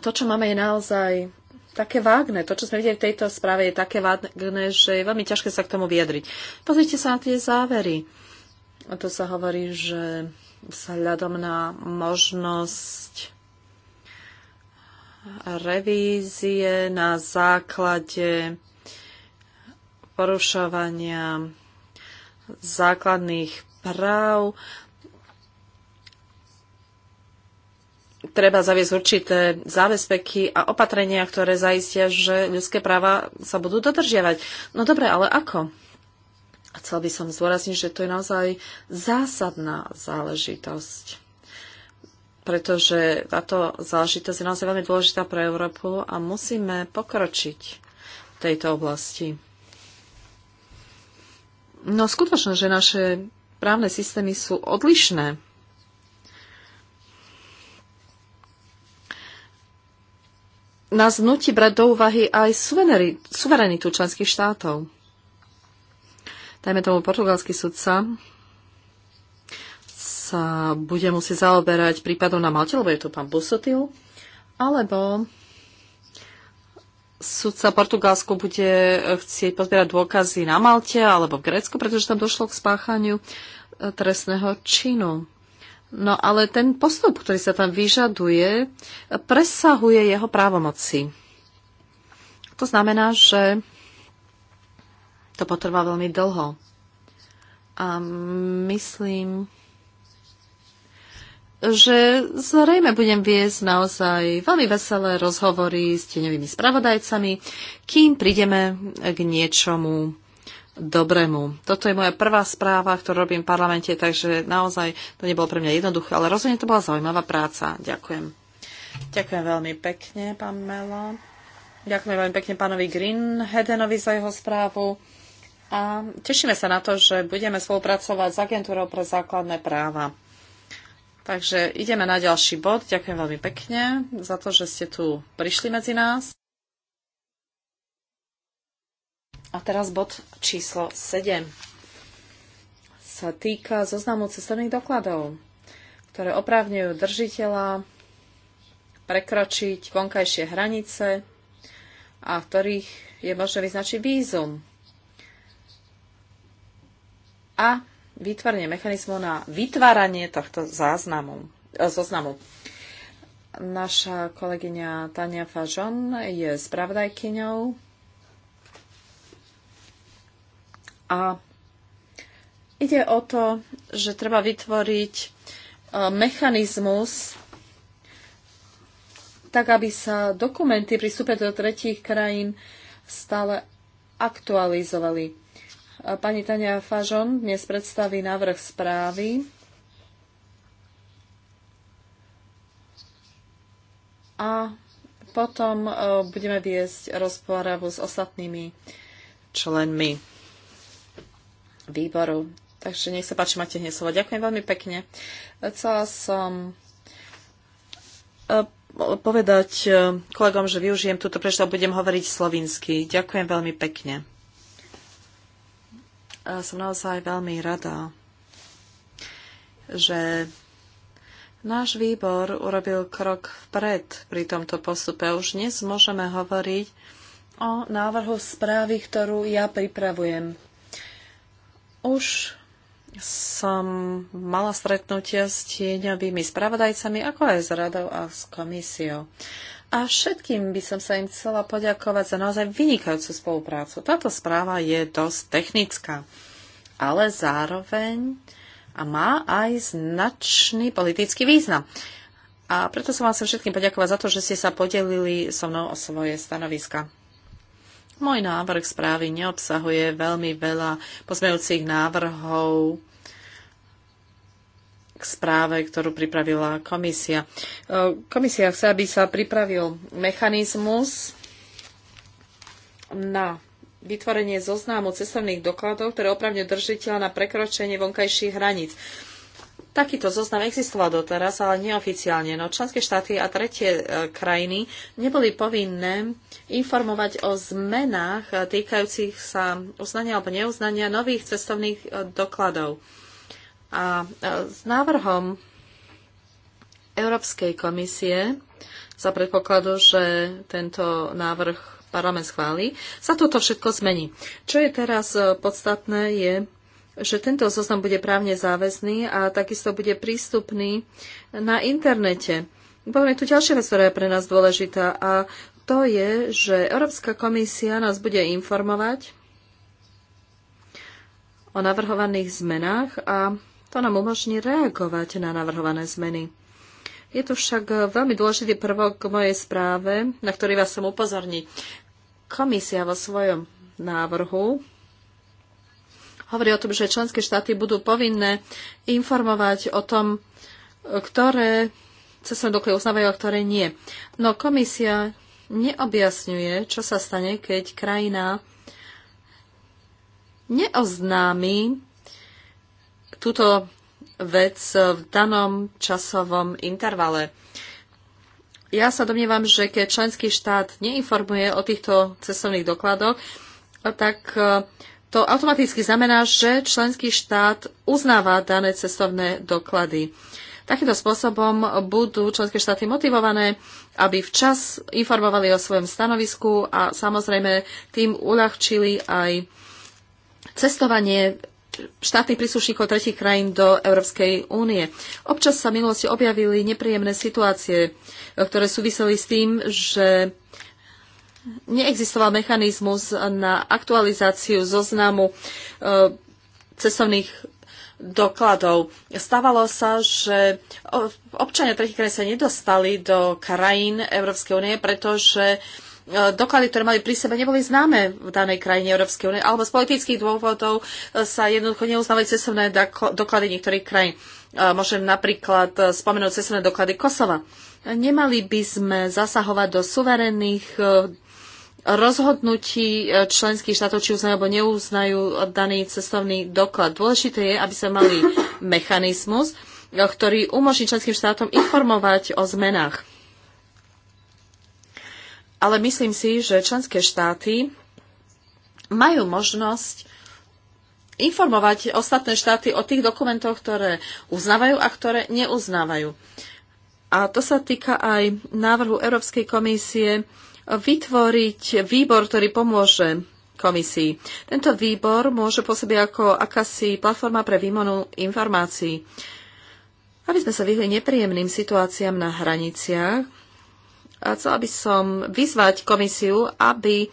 to, čo máme, je naozaj také vágne. To, čo sme videli v tejto správe, je také vágne, že je veľmi ťažké sa k tomu vyjadriť. Pozrite sa na tie závery. A tu sa hovorí, že vzhľadom na možnosť revízie na základe porušovania základných práv treba zaviesť určité záväzpeky a opatrenia, ktoré zaistia, že ľudské práva sa budú dodržiavať. No dobre, ale ako? Chcel by som zdôrazniť, že to je naozaj zásadná záležitosť. Pretože táto záležitosť je naozaj veľmi dôležitá pre Európu a musíme pokročiť v tejto oblasti. No skutočne, že naše právne systémy sú odlišné nás nutí brať do úvahy aj suverenitu členských štátov. Dajme tomu portugalský sudca sa bude musieť zaoberať prípadom na Malte, lebo je to pán Busotil, alebo sudca Portugalsku bude chcieť pozbierať dôkazy na Malte alebo v Grécku, pretože tam došlo k spáchaniu eh, trestného činu. No ale ten postup, ktorý sa tam vyžaduje, presahuje jeho právomoci. To znamená, že to potrvá veľmi dlho. A myslím, že zrejme budem viesť naozaj veľmi veselé rozhovory s tieňovými spravodajcami, kým prídeme k niečomu dobrému. Toto je moja prvá správa, ktorú robím v parlamente, takže naozaj to nebolo pre mňa jednoduché, ale rozhodne to bola zaujímavá práca. Ďakujem. Ďakujem veľmi pekne, pán Melo. Ďakujem veľmi pekne pánovi Greenhedenovi za jeho správu. A tešíme sa na to, že budeme spolupracovať s agentúrou pre základné práva. Takže ideme na ďalší bod. Ďakujem veľmi pekne za to, že ste tu prišli medzi nás. A teraz bod číslo 7 sa týka zoznamu cestovných dokladov, ktoré oprávňujú držiteľa prekročiť vonkajšie hranice a v ktorých je možné vyznačiť vízum. A vytvorenie mechanizmu na vytváranie tohto záznamu, e, zoznamu. Naša kolegyňa Tania Fažon je spravodajkyňou A ide o to, že treba vytvoriť e, mechanizmus, tak aby sa dokumenty pri do tretích krajín stále aktualizovali. E, pani Tania Fažon dnes predstaví návrh správy. A potom e, budeme viesť rozprávu s ostatnými členmi výboru. Takže nech sa páči, máte hneď slovo. Ďakujem veľmi pekne. Chcela som eh, povedať eh, kolegom, že využijem túto prečo budem hovoriť slovinsky. Ďakujem veľmi pekne. Som naozaj veľmi rada, že náš výbor urobil krok vpred pri tomto postupe. Už dnes môžeme hovoriť o návrhu správy, ktorú ja pripravujem už som mala stretnutia s tieňovými spravodajcami, ako aj s radou a s komisiou. A všetkým by som sa im chcela poďakovať za naozaj vynikajúcu spoluprácu. Táto správa je dosť technická, ale zároveň a má aj značný politický význam. A preto som vám sa všetkým poďakovať za to, že ste sa podelili so mnou o svoje stanoviska. Môj návrh správy neobsahuje veľmi veľa pozmejúcich návrhov k správe, ktorú pripravila komisia. E, komisia chce, aby sa pripravil mechanizmus na vytvorenie zoznámu cestovných dokladov, ktoré opravňujú držiteľa na prekročenie vonkajších hraníc. Takýto zoznam existoval doteraz, ale neoficiálne. No členské štáty a tretie e, krajiny neboli povinné informovať o zmenách e, týkajúcich sa uznania alebo neuznania nových cestovných e, dokladov. A s návrhom Európskej komisie za predpokladu, že tento návrh parlament schváli, sa toto všetko zmení. Čo je teraz podstatné, je že tento zoznam bude právne záväzný a takisto bude prístupný na internete. Poviem tu ďalšia vec, ktorá je pre nás dôležitá a to je, že Európska komisia nás bude informovať o navrhovaných zmenách a to nám umožní reagovať na navrhované zmeny. Je tu však veľmi dôležitý prvok k mojej správe, na ktorý vás som upozorniť. Komisia vo svojom návrhu hovorí o tom, že členské štáty budú povinné informovať o tom, ktoré cestné doklady uznávajú a ktoré nie. No komisia neobjasňuje, čo sa stane, keď krajina neoznámi túto vec v danom časovom intervale. Ja sa domnievam, že keď členský štát neinformuje o týchto cestovných dokladoch, tak to automaticky znamená, že členský štát uznáva dané cestovné doklady. Takýmto spôsobom budú členské štáty motivované, aby včas informovali o svojom stanovisku a samozrejme tým uľahčili aj cestovanie štátnych príslušníkov tretich krajín do Európskej únie. Občas sa v minulosti objavili nepríjemné situácie, ktoré súviseli s tým, že neexistoval mechanizmus na aktualizáciu zoznamu e, cestovných dokladov. Stávalo sa, že občania tretich krajín sa nedostali do krajín Európskej únie, pretože e, doklady, ktoré mali pri sebe, neboli známe v danej krajine Európskej únie, alebo z politických dôvodov e, sa jednoducho neuznávali cestovné doklady niektorých krajín. Môžem napríklad spomenúť cestovné doklady Kosova. Nemali by sme zasahovať do suverénnych rozhodnutí e, členských štátov, či uznajú alebo neuznajú daný cestovný doklad. Dôležité je, aby sa mali mechanizmus, e, ktorý umožní členským štátom informovať o zmenách. Ale myslím si, že členské štáty majú možnosť informovať ostatné štáty o tých dokumentoch, ktoré uznávajú a ktoré neuznávajú. A to sa týka aj návrhu Európskej komisie vytvoriť výbor, ktorý pomôže komisii. Tento výbor môže pôsobiť ako akási platforma pre výmonu informácií, aby sme sa vyhli nepríjemným situáciám na hraniciach. A chcela by som vyzvať komisiu, aby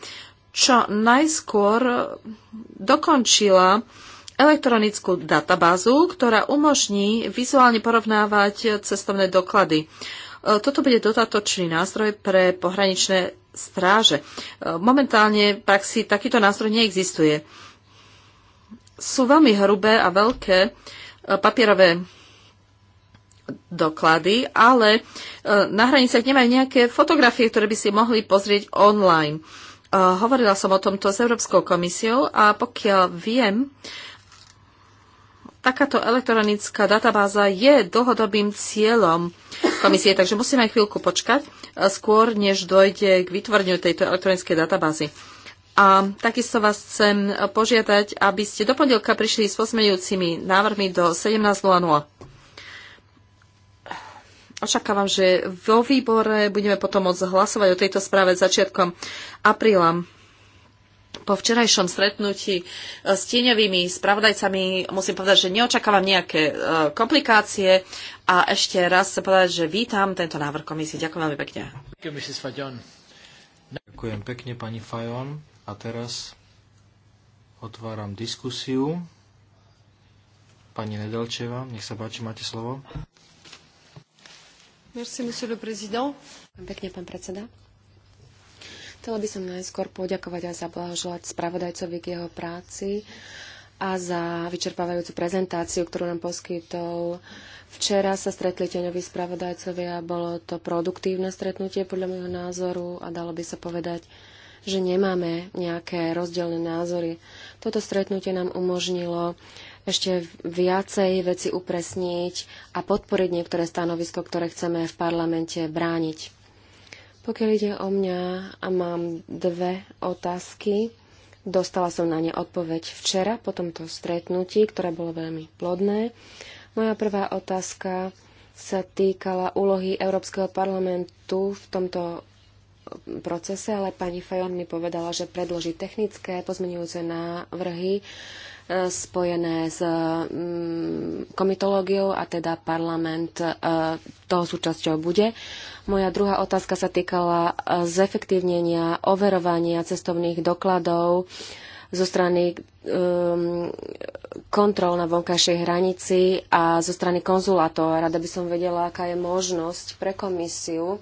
čo najskôr dokončila elektronickú databázu, ktorá umožní vizuálne porovnávať cestovné doklady. E, toto bude dodatočný nástroj pre pohraničné stráže. E, momentálne v praxi takýto nástroj neexistuje. Sú veľmi hrubé a veľké e, papierové doklady, ale e, na hraniciach nemajú nejaké fotografie, ktoré by si mohli pozrieť online. Hovorila som o tomto s Európskou komisiou a pokiaľ viem, takáto elektronická databáza je dlhodobým cieľom komisie, takže musíme aj chvíľku počkať, e, skôr než dojde k vytvoreniu tejto elektronickej databázy. A takisto vás chcem požiadať, aby ste do pondelka prišli s pozmeňujúcimi návrhmi do 17.00. Očakávam, že vo výbore budeme potom môcť hlasovať o tejto správe začiatkom apríla po včerajšom stretnutí e, s tieňovými spravodajcami musím povedať, že neočakávam nejaké e, komplikácie a ešte raz chcem povedať, že vítam tento návrh komisie. Ďakujem veľmi pekne. Ďakujem pekne, pani Fajon. A teraz otváram diskusiu. Pani Nedelčeva, nech sa páči, máte slovo. Merci, monsieur le président. Pekne, pán predseda. Chcela by som najskôr poďakovať a zablahoželať spravodajcovi k jeho práci a za vyčerpávajúcu prezentáciu, ktorú nám poskytol. Včera sa stretli teňoví spravodajcovia, bolo to produktívne stretnutie podľa môjho názoru a dalo by sa povedať, že nemáme nejaké rozdielne názory. Toto stretnutie nám umožnilo ešte viacej veci upresniť a podporiť niektoré stanovisko, ktoré chceme v parlamente brániť. Pokiaľ ide o mňa, a mám dve otázky. Dostala som na ne odpoveď včera po tomto stretnutí, ktoré bolo veľmi plodné. Moja prvá otázka sa týkala úlohy Európskeho parlamentu v tomto procese, ale pani Fajon mi povedala, že predloží technické pozmenujúce návrhy spojené s mm, komitológiou a teda parlament e, toho súčasťou bude. Moja druhá otázka sa týkala e, zefektívnenia overovania cestovných dokladov zo strany um, kontrol na vonkajšej hranici a zo strany konzulátov. Rada by som vedela, aká je možnosť pre komisiu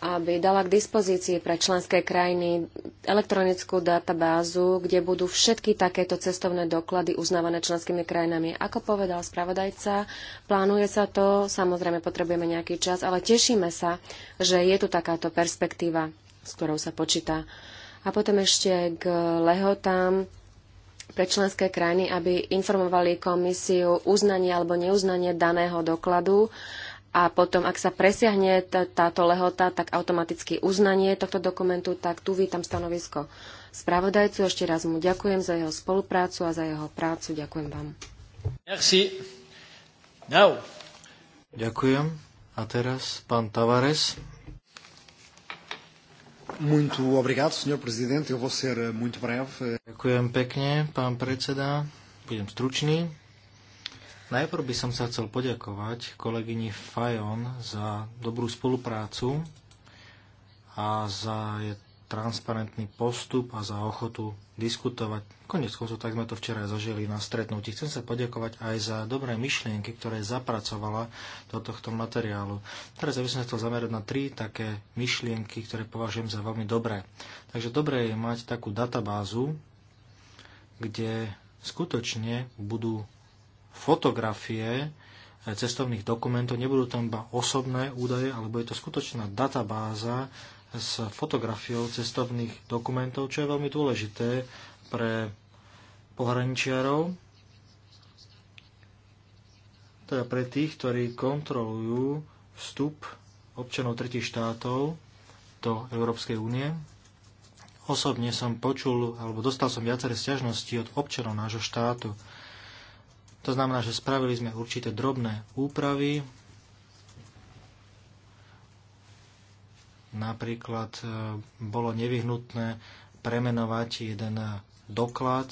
aby dala k dispozícii pre členské krajiny elektronickú databázu, kde budú všetky takéto cestovné doklady uznávané členskými krajinami. Ako povedal spravodajca, plánuje sa to, samozrejme potrebujeme nejaký čas, ale tešíme sa, že je tu takáto perspektíva, s ktorou sa počíta. A potom ešte k lehotám pre členské krajiny, aby informovali komisiu uznanie alebo neuznanie daného dokladu. Uh, a potom, ak sa presiahne táto lehota, tak automaticky uznanie tohto dokumentu, tak tu vítam stanovisko spravodajcu. Ešte raz mu ďakujem za jeho spoluprácu a za jeho prácu. Ďakujem vám. Merci. Now. Ďakujem. A teraz pán Tavares. Muito obrigado, senhor presidente. Eu vou ser eh, muito breve. Ďakujem pekne, pán predseda. Budem stručný. Najprv by som sa chcel poďakovať kolegyni Fajon za dobrú spoluprácu a za je transparentný postup a za ochotu diskutovať. Konec koncov, tak sme to včera zažili na stretnutí. Chcem sa poďakovať aj za dobré myšlienky, ktoré zapracovala do tohto materiálu. Teraz by som sa chcel zamerať na tri také myšlienky, ktoré považujem za veľmi dobré. Takže dobré je mať takú databázu, kde skutočne budú fotografie e, cestovných dokumentov, nebudú tam iba osobné údaje, alebo je to skutočná databáza s fotografiou cestovných dokumentov, čo je veľmi dôležité pre pohraničiarov, teda pre tých, ktorí kontrolujú vstup občanov tretich štátov do Európskej únie. Osobne som počul, alebo dostal som viaceré stiažnosti od občanov nášho štátu, to znamená, že spravili sme určité drobné úpravy, napríklad e, bolo nevyhnutné premenovať jeden e, doklad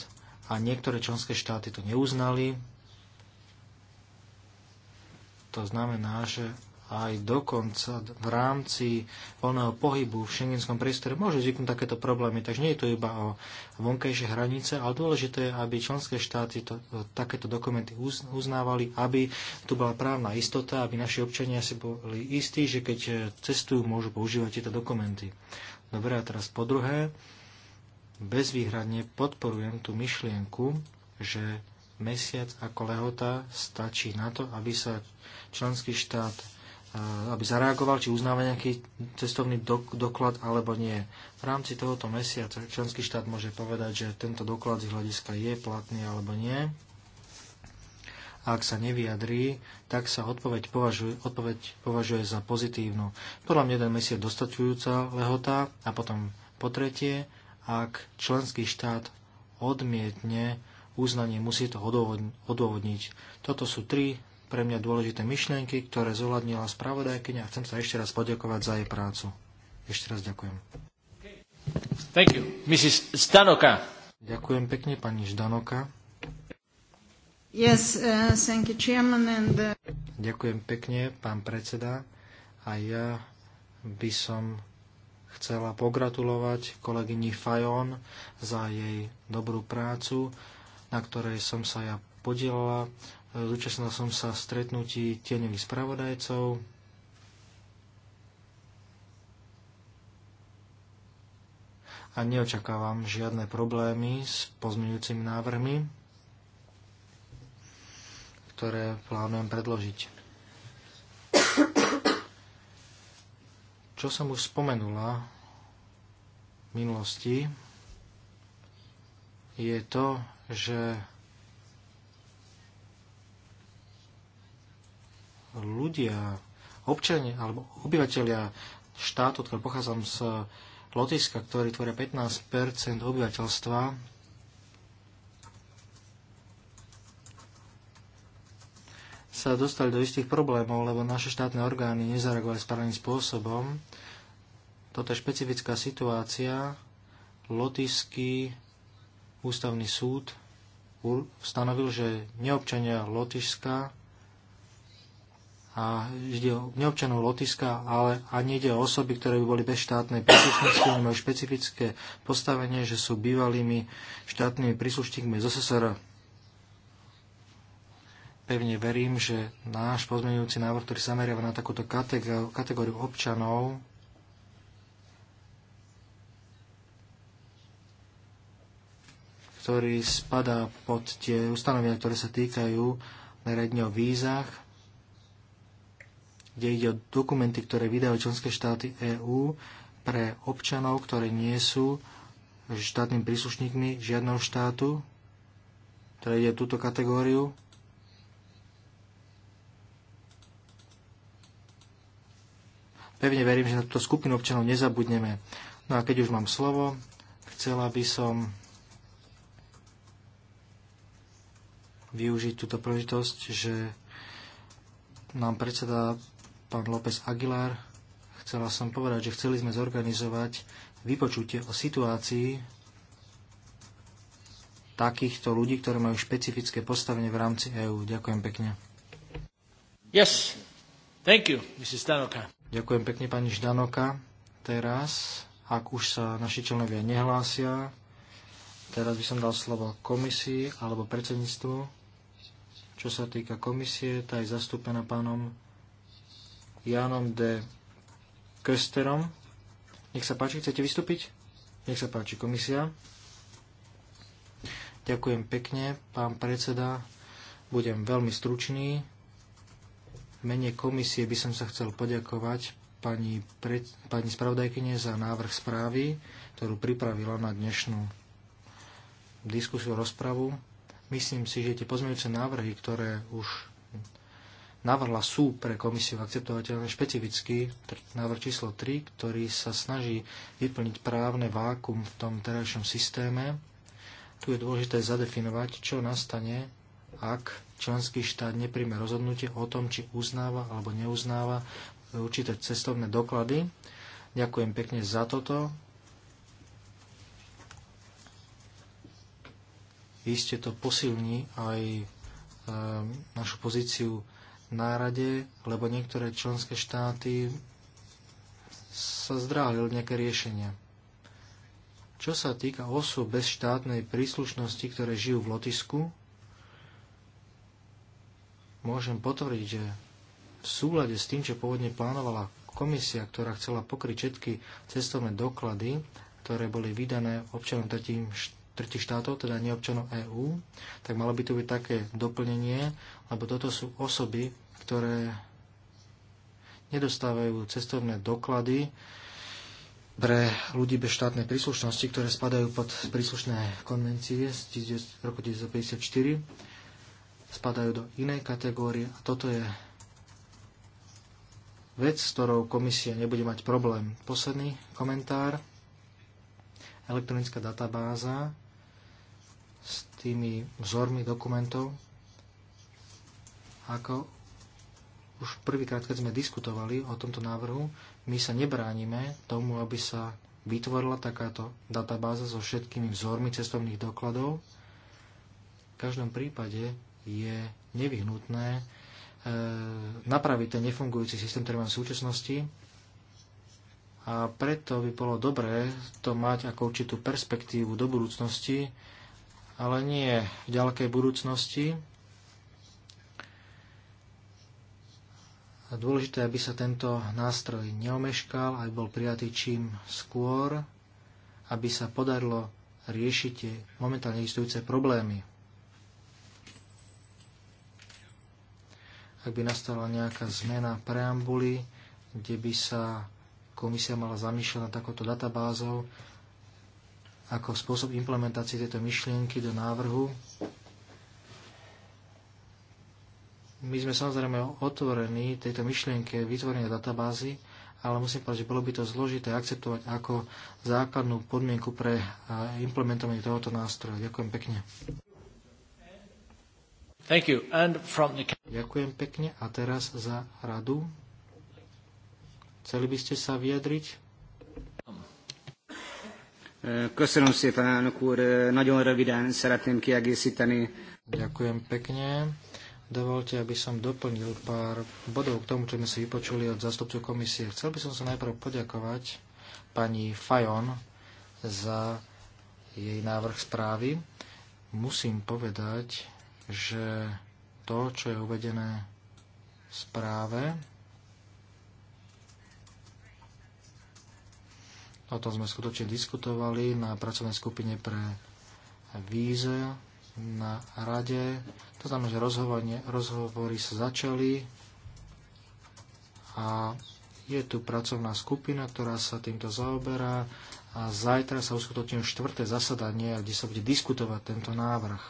a niektoré členské štáty to neuznali. To znamená, že aj dokonca v rámci voľného pohybu v šengenskom priestore môžu vzniknúť takéto problémy. Takže nie je to iba o vonkajšie hranice, ale dôležité je, aby členské štáty to, e, takéto dokumenty uznávali, aby tu bola právna istota, aby naši občania si boli istí, že keď e, cestujú, môžu používať tieto dokumenty. Dobre, a teraz po druhé, bezvýhradne podporujem tú myšlienku, že mesiac ako lehota stačí na to, aby sa členský štát aby zareagoval, či uznáva nejaký cestovný dok- doklad alebo nie. V rámci tohoto mesiaca členský štát môže povedať, že tento doklad z hľadiska je platný alebo nie. ak sa nevyjadrí, tak sa odpoveď považuje, odpoveď považuje za pozitívnu. Podľa mňa jeden mesiac dostačujúca lehota a potom po tretie, ak členský štát odmietne uznanie, musí to odôvodniť. Toto sú tri pre mňa dôležité myšlienky, ktoré zohľadnila spravodajkyňa a chcem sa ešte raz poďakovať za jej prácu. Ešte raz ďakujem. Thank you. Mrs. Stanoka. Ďakujem pekne, pani Ždanoka. Yes, uh, thank you, chairman and, uh... Ďakujem pekne, pán predseda. A ja by som chcela pogratulovať kolegyni Fajon za jej dobrú prácu, na ktorej som sa ja podielala Zúčastnil som sa stretnutí tieňových spravodajcov. A neočakávam žiadne problémy s pozmeňujúcimi návrhmi, ktoré plánujem predložiť. Čo som už spomenula v minulosti, je to, že ľudia, občania alebo obyvateľia štátu, odkiaľ pochádzam z Lotyšska, ktorý tvoria 15 obyvateľstva, sa dostali do istých problémov, lebo naše štátne orgány nezareagovali správnym spôsobom. Toto je špecifická situácia. Lotyšský ústavný súd stanovil, že neobčania Lotyšska a ide o neobčanov Lotiska, ale a nejde o osoby, ktoré by boli bez štátnej príslušnosti, ale majú špecifické postavenie, že sú bývalými štátnymi príslušníkmi z SSR. Pevne verím, že náš pozmeňujúci návrh, ktorý zameriava na takúto kategóriu občanov, ktorý spadá pod tie ustanovenia, ktoré sa týkajú nariadne o vízach, kde ide o dokumenty, ktoré vydajú členské štáty EÚ pre občanov, ktoré nie sú štátnym príslušníkmi žiadneho štátu, ktoré ide o túto kategóriu. Pevne verím, že na túto skupinu občanov nezabudneme. No a keď už mám slovo, chcela by som využiť túto príležitosť, že nám predseda pán López Aguilar. Chcela som povedať, že chceli sme zorganizovať vypočutie o situácii takýchto ľudí, ktorí majú špecifické postavenie v rámci EÚ. Ďakujem pekne. Yes. Thank you, Mrs. Danoka. Ďakujem pekne, pani Ždanoka. Teraz, ak už sa naši členovia nehlásia, teraz by som dal slovo komisii alebo predsedníctvu. Čo sa týka komisie, tá je zastúpená pánom Janom D. Kösterom. Nech sa páči, chcete vystúpiť? Nech sa páči, komisia. Ďakujem pekne, pán predseda. Budem veľmi stručný. V mene komisie by som sa chcel poďakovať pani, pred, pani spravodajkyne za návrh správy, ktorú pripravila na dnešnú diskusiu, rozpravu. Myslím si, že tie pozmeňujúce návrhy, ktoré už navrhla sú pre komisiu akceptovateľné špecificky návrh číslo 3, ktorý sa snaží vyplniť právne vákum v tom terajšom systéme. Tu je dôležité zadefinovať, čo nastane, ak členský štát nepríjme rozhodnutie o tom, či uznáva alebo neuznáva určité cestovné doklady. Ďakujem pekne za toto. ste to posilní aj ehm, našu pozíciu nárade lebo niektoré členské štáty sa zdráli od nejaké riešenia. Čo sa týka osôb bez štátnej príslušnosti, ktoré žijú v Lotisku, môžem potvrdiť, že v súlade s tým, čo pôvodne plánovala komisia, ktorá chcela pokryť všetky cestovné doklady, ktoré boli vydané občanom tretím tretich štátov, teda neobčanom EÚ, tak malo by tu byť také doplnenie, lebo toto sú osoby, ktoré nedostávajú cestovné doklady pre ľudí bez štátnej príslušnosti, ktoré spadajú pod príslušné konvencie z roku 1954, spadajú do inej kategórie a toto je vec, s ktorou komisia nebude mať problém. Posledný komentár. Elektronická databáza s tými vzormi dokumentov ako už prvýkrát, keď sme diskutovali o tomto návrhu, my sa nebránime tomu, aby sa vytvorila takáto databáza so všetkými vzormi cestovných dokladov. V každom prípade je nevyhnutné e, napraviť ten nefungujúci systém, ktorý máme v súčasnosti. A preto by bolo dobré to mať ako určitú perspektívu do budúcnosti, ale nie v ďalkej budúcnosti, dôležité, aby sa tento nástroj neomeškal, aj bol prijatý čím skôr, aby sa podarilo riešiť tie momentálne existujúce problémy. Ak by nastala nejaká zmena preambuly, kde by sa komisia mala zamýšľať nad takouto databázou ako spôsob implementácie tejto myšlienky do návrhu, my sme samozrejme otvorení tejto myšlienke vytvorenia databázy, ale musím povedať, že bolo by to zložité akceptovať ako základnú podmienku pre implementovanie tohoto nástroja. Ďakujem pekne. Thank you. And from the... Ďakujem pekne. A teraz za radu. Chceli by ste sa vyjadriť? Köszönöm szépen, elnök úr. Nagyon röviden szeretném kiegészíteni. Ďakujem pekne. Dovolte, aby som doplnil pár bodov k tomu, čo sme si vypočuli od zastupcu komisie. Chcel by som sa najprv poďakovať pani Fajon za jej návrh správy. Musím povedať, že to, čo je uvedené v správe, o tom sme skutočne diskutovali na pracovnej skupine pre víze na rade. To znamená, že rozhovory sa začali a je tu pracovná skupina, ktorá sa týmto zaoberá a zajtra sa uskutoční štvrté zasadanie, kde sa bude diskutovať tento návrh.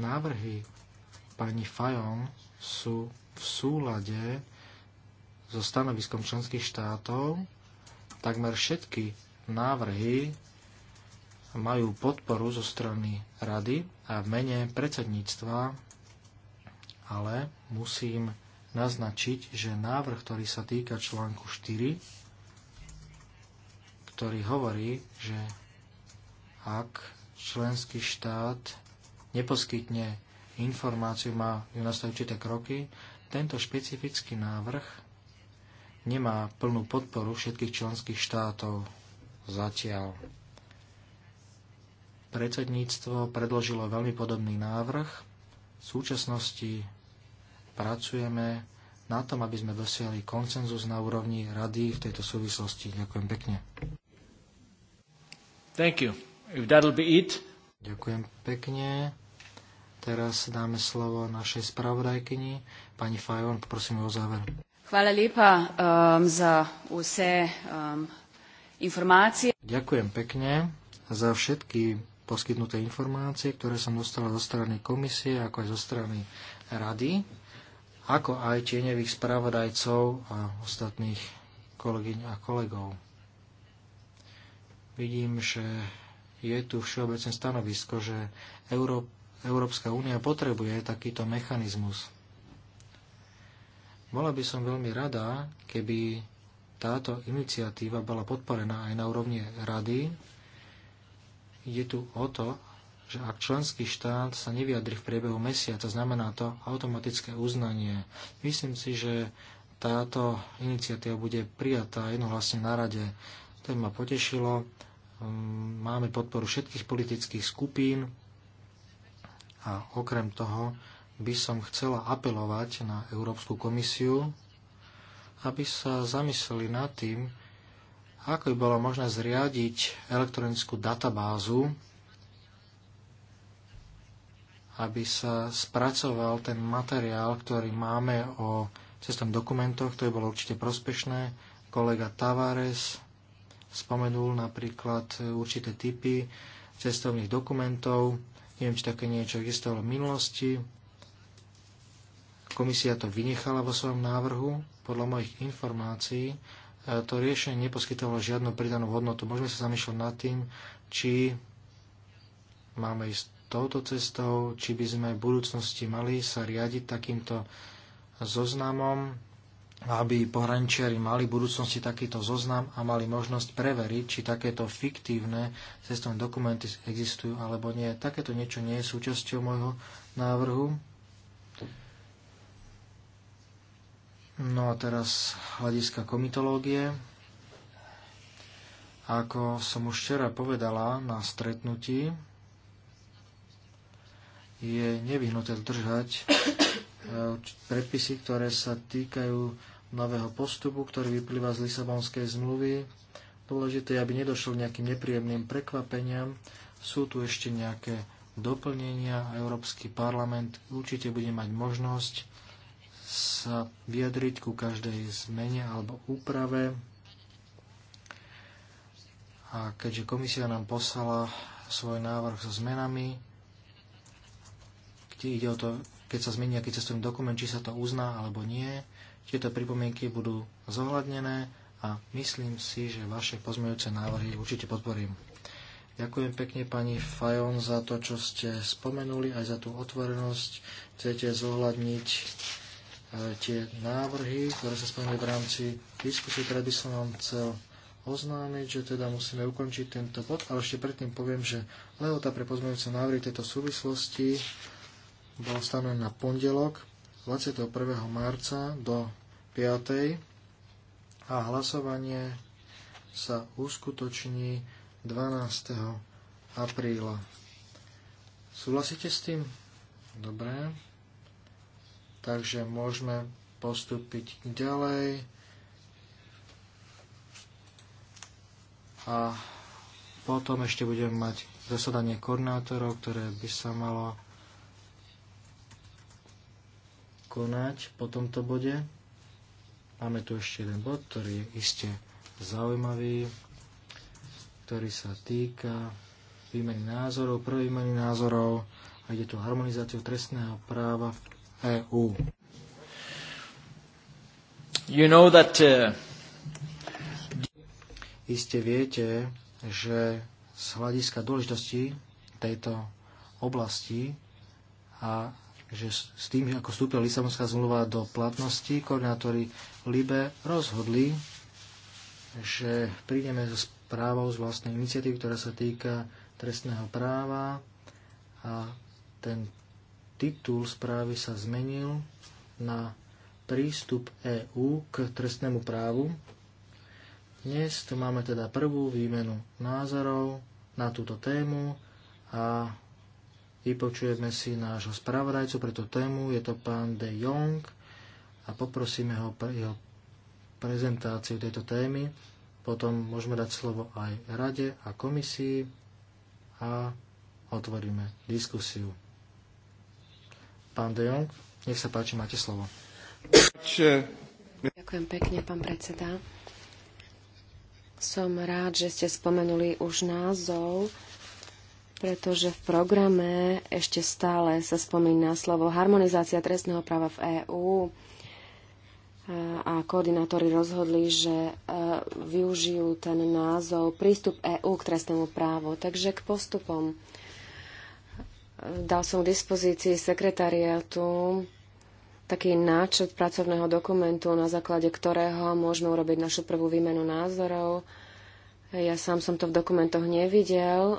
Návrhy pani Fajon sú v súlade so stanoviskom členských štátov. Takmer všetky návrhy majú podporu zo strany rady a v mene predsedníctva, ale musím naznačiť, že návrh, ktorý sa týka článku 4, ktorý hovorí, že ak členský štát neposkytne informáciu, má ju nastaviť určité kroky, tento špecifický návrh nemá plnú podporu všetkých členských štátov zatiaľ. Predsedníctvo predložilo veľmi podobný návrh. V súčasnosti pracujeme na tom, aby sme dosiahli konsenzus na úrovni rady v tejto súvislosti. Ďakujem pekne. Thank you. If that'll be it. Ďakujem pekne. Teraz dáme slovo našej spravodajkyni. Pani Fajon, poprosím o záver. Hvala lepa um, za vse um, informácie. Ďakujem pekne za všetky poskytnuté informácie, ktoré som dostala zo strany komisie, ako aj zo strany rady, ako aj tieňových spravodajcov a ostatných kolegyň a kolegov. Vidím, že je tu všeobecné stanovisko, že Euró- Európska únia potrebuje takýto mechanizmus. Bola by som veľmi rada, keby táto iniciatíva bola podporená aj na úrovni rady, je tu o to, že ak členský štát sa nevyjadri v priebehu mesiaca, znamená to automatické uznanie. Myslím si, že táto iniciatíva bude prijatá jednohlasne na rade. To ma potešilo. Mm, máme podporu všetkých politických skupín a okrem toho by som chcela apelovať na Európsku komisiu, aby sa zamysleli nad tým, ako by bolo možné zriadiť elektronickú databázu, aby sa spracoval ten materiál, ktorý máme o cestom dokumentoch, to by bolo určite prospešné. Kolega Tavares spomenul napríklad určité typy cestovných dokumentov. Neviem, či také niečo existovalo v minulosti. Komisia to vynechala vo svojom návrhu. Podľa mojich informácií E, to riešenie neposkytovalo žiadnu pridanú hodnotu. Môžeme sa zamýšľať nad tým, či máme ísť touto cestou, či by sme v budúcnosti mali sa riadiť takýmto zoznamom, aby pohraničiari mali v budúcnosti takýto zoznam a mali možnosť preveriť, či takéto fiktívne cestovné dokumenty existujú alebo nie. Takéto niečo nie je súčasťou môjho návrhu. No a teraz hľadiska komitológie. Ako som už včera povedala na stretnutí, je nevyhnuté držať eh, predpisy, ktoré sa týkajú nového postupu, ktorý vyplýva z Lisabonskej zmluvy. Dôležité je, aby nedošlo k nejakým nepríjemným prekvapeniam. Sú tu ešte nejaké doplnenia. Európsky parlament určite bude mať možnosť sa vyjadriť ku každej zmene alebo úprave. A keďže komisia nám poslala svoj návrh so zmenami, kde ide o to, keď sa zmení nejaký cestovný dokument, či sa to uzná alebo nie, tieto pripomienky budú zohľadnené a myslím si, že vaše pozmeňujúce návrhy určite podporím. Ďakujem pekne pani Fajon za to, čo ste spomenuli, aj za tú otvorenosť. Chcete zohľadniť tie návrhy, ktoré sa spomínali v rámci diskusie, teda by som vám chcel oznámiť, že teda musíme ukončiť tento bod, ale ešte predtým poviem, že lehota pre pozmeňujúce návrhy tejto súvislosti bol stanovená na pondelok 21. marca do 5. a hlasovanie sa uskutoční 12. apríla. Súhlasíte s tým? Dobre takže môžeme postúpiť ďalej. A potom ešte budeme mať zasadanie koordinátorov, ktoré by sa malo konať po tomto bode. Máme tu ešte jeden bod, ktorý je iste zaujímavý, ktorý sa týka výmeny názorov, prvý výmeny názorov a ide tu harmonizáciu trestného práva v EÚ. You know that, uh... Iste viete, že z hľadiska dôležitosti tejto oblasti a že s tým, ako vstúpila Lisabonská zmluva do platnosti, koordinátori LIBE rozhodli, že prídeme so správou z vlastnej iniciatívy, ktorá sa týka trestného práva a ten titul správy sa zmenil na prístup EÚ k trestnému právu. Dnes tu máme teda prvú výmenu názorov na túto tému a vypočujeme si nášho spravodajcu pre tú tému, je to pán De Jong a poprosíme ho pre jeho prezentáciu tejto témy. Potom môžeme dať slovo aj rade a komisii a otvoríme diskusiu. Pán De Jong, nech sa páči, máte slovo. Ďakujem pekne, pán predseda. Som rád, že ste spomenuli už názov, pretože v programe ešte stále sa spomína slovo harmonizácia trestného práva v EÚ a koordinátori rozhodli, že e, využijú ten názov prístup EÚ k trestnému právu. Takže k postupom Dal som k dispozícii sekretariátu taký náčrt pracovného dokumentu, na základe ktorého môžeme urobiť našu prvú výmenu názorov. Ja sám som to v dokumentoch nevidel,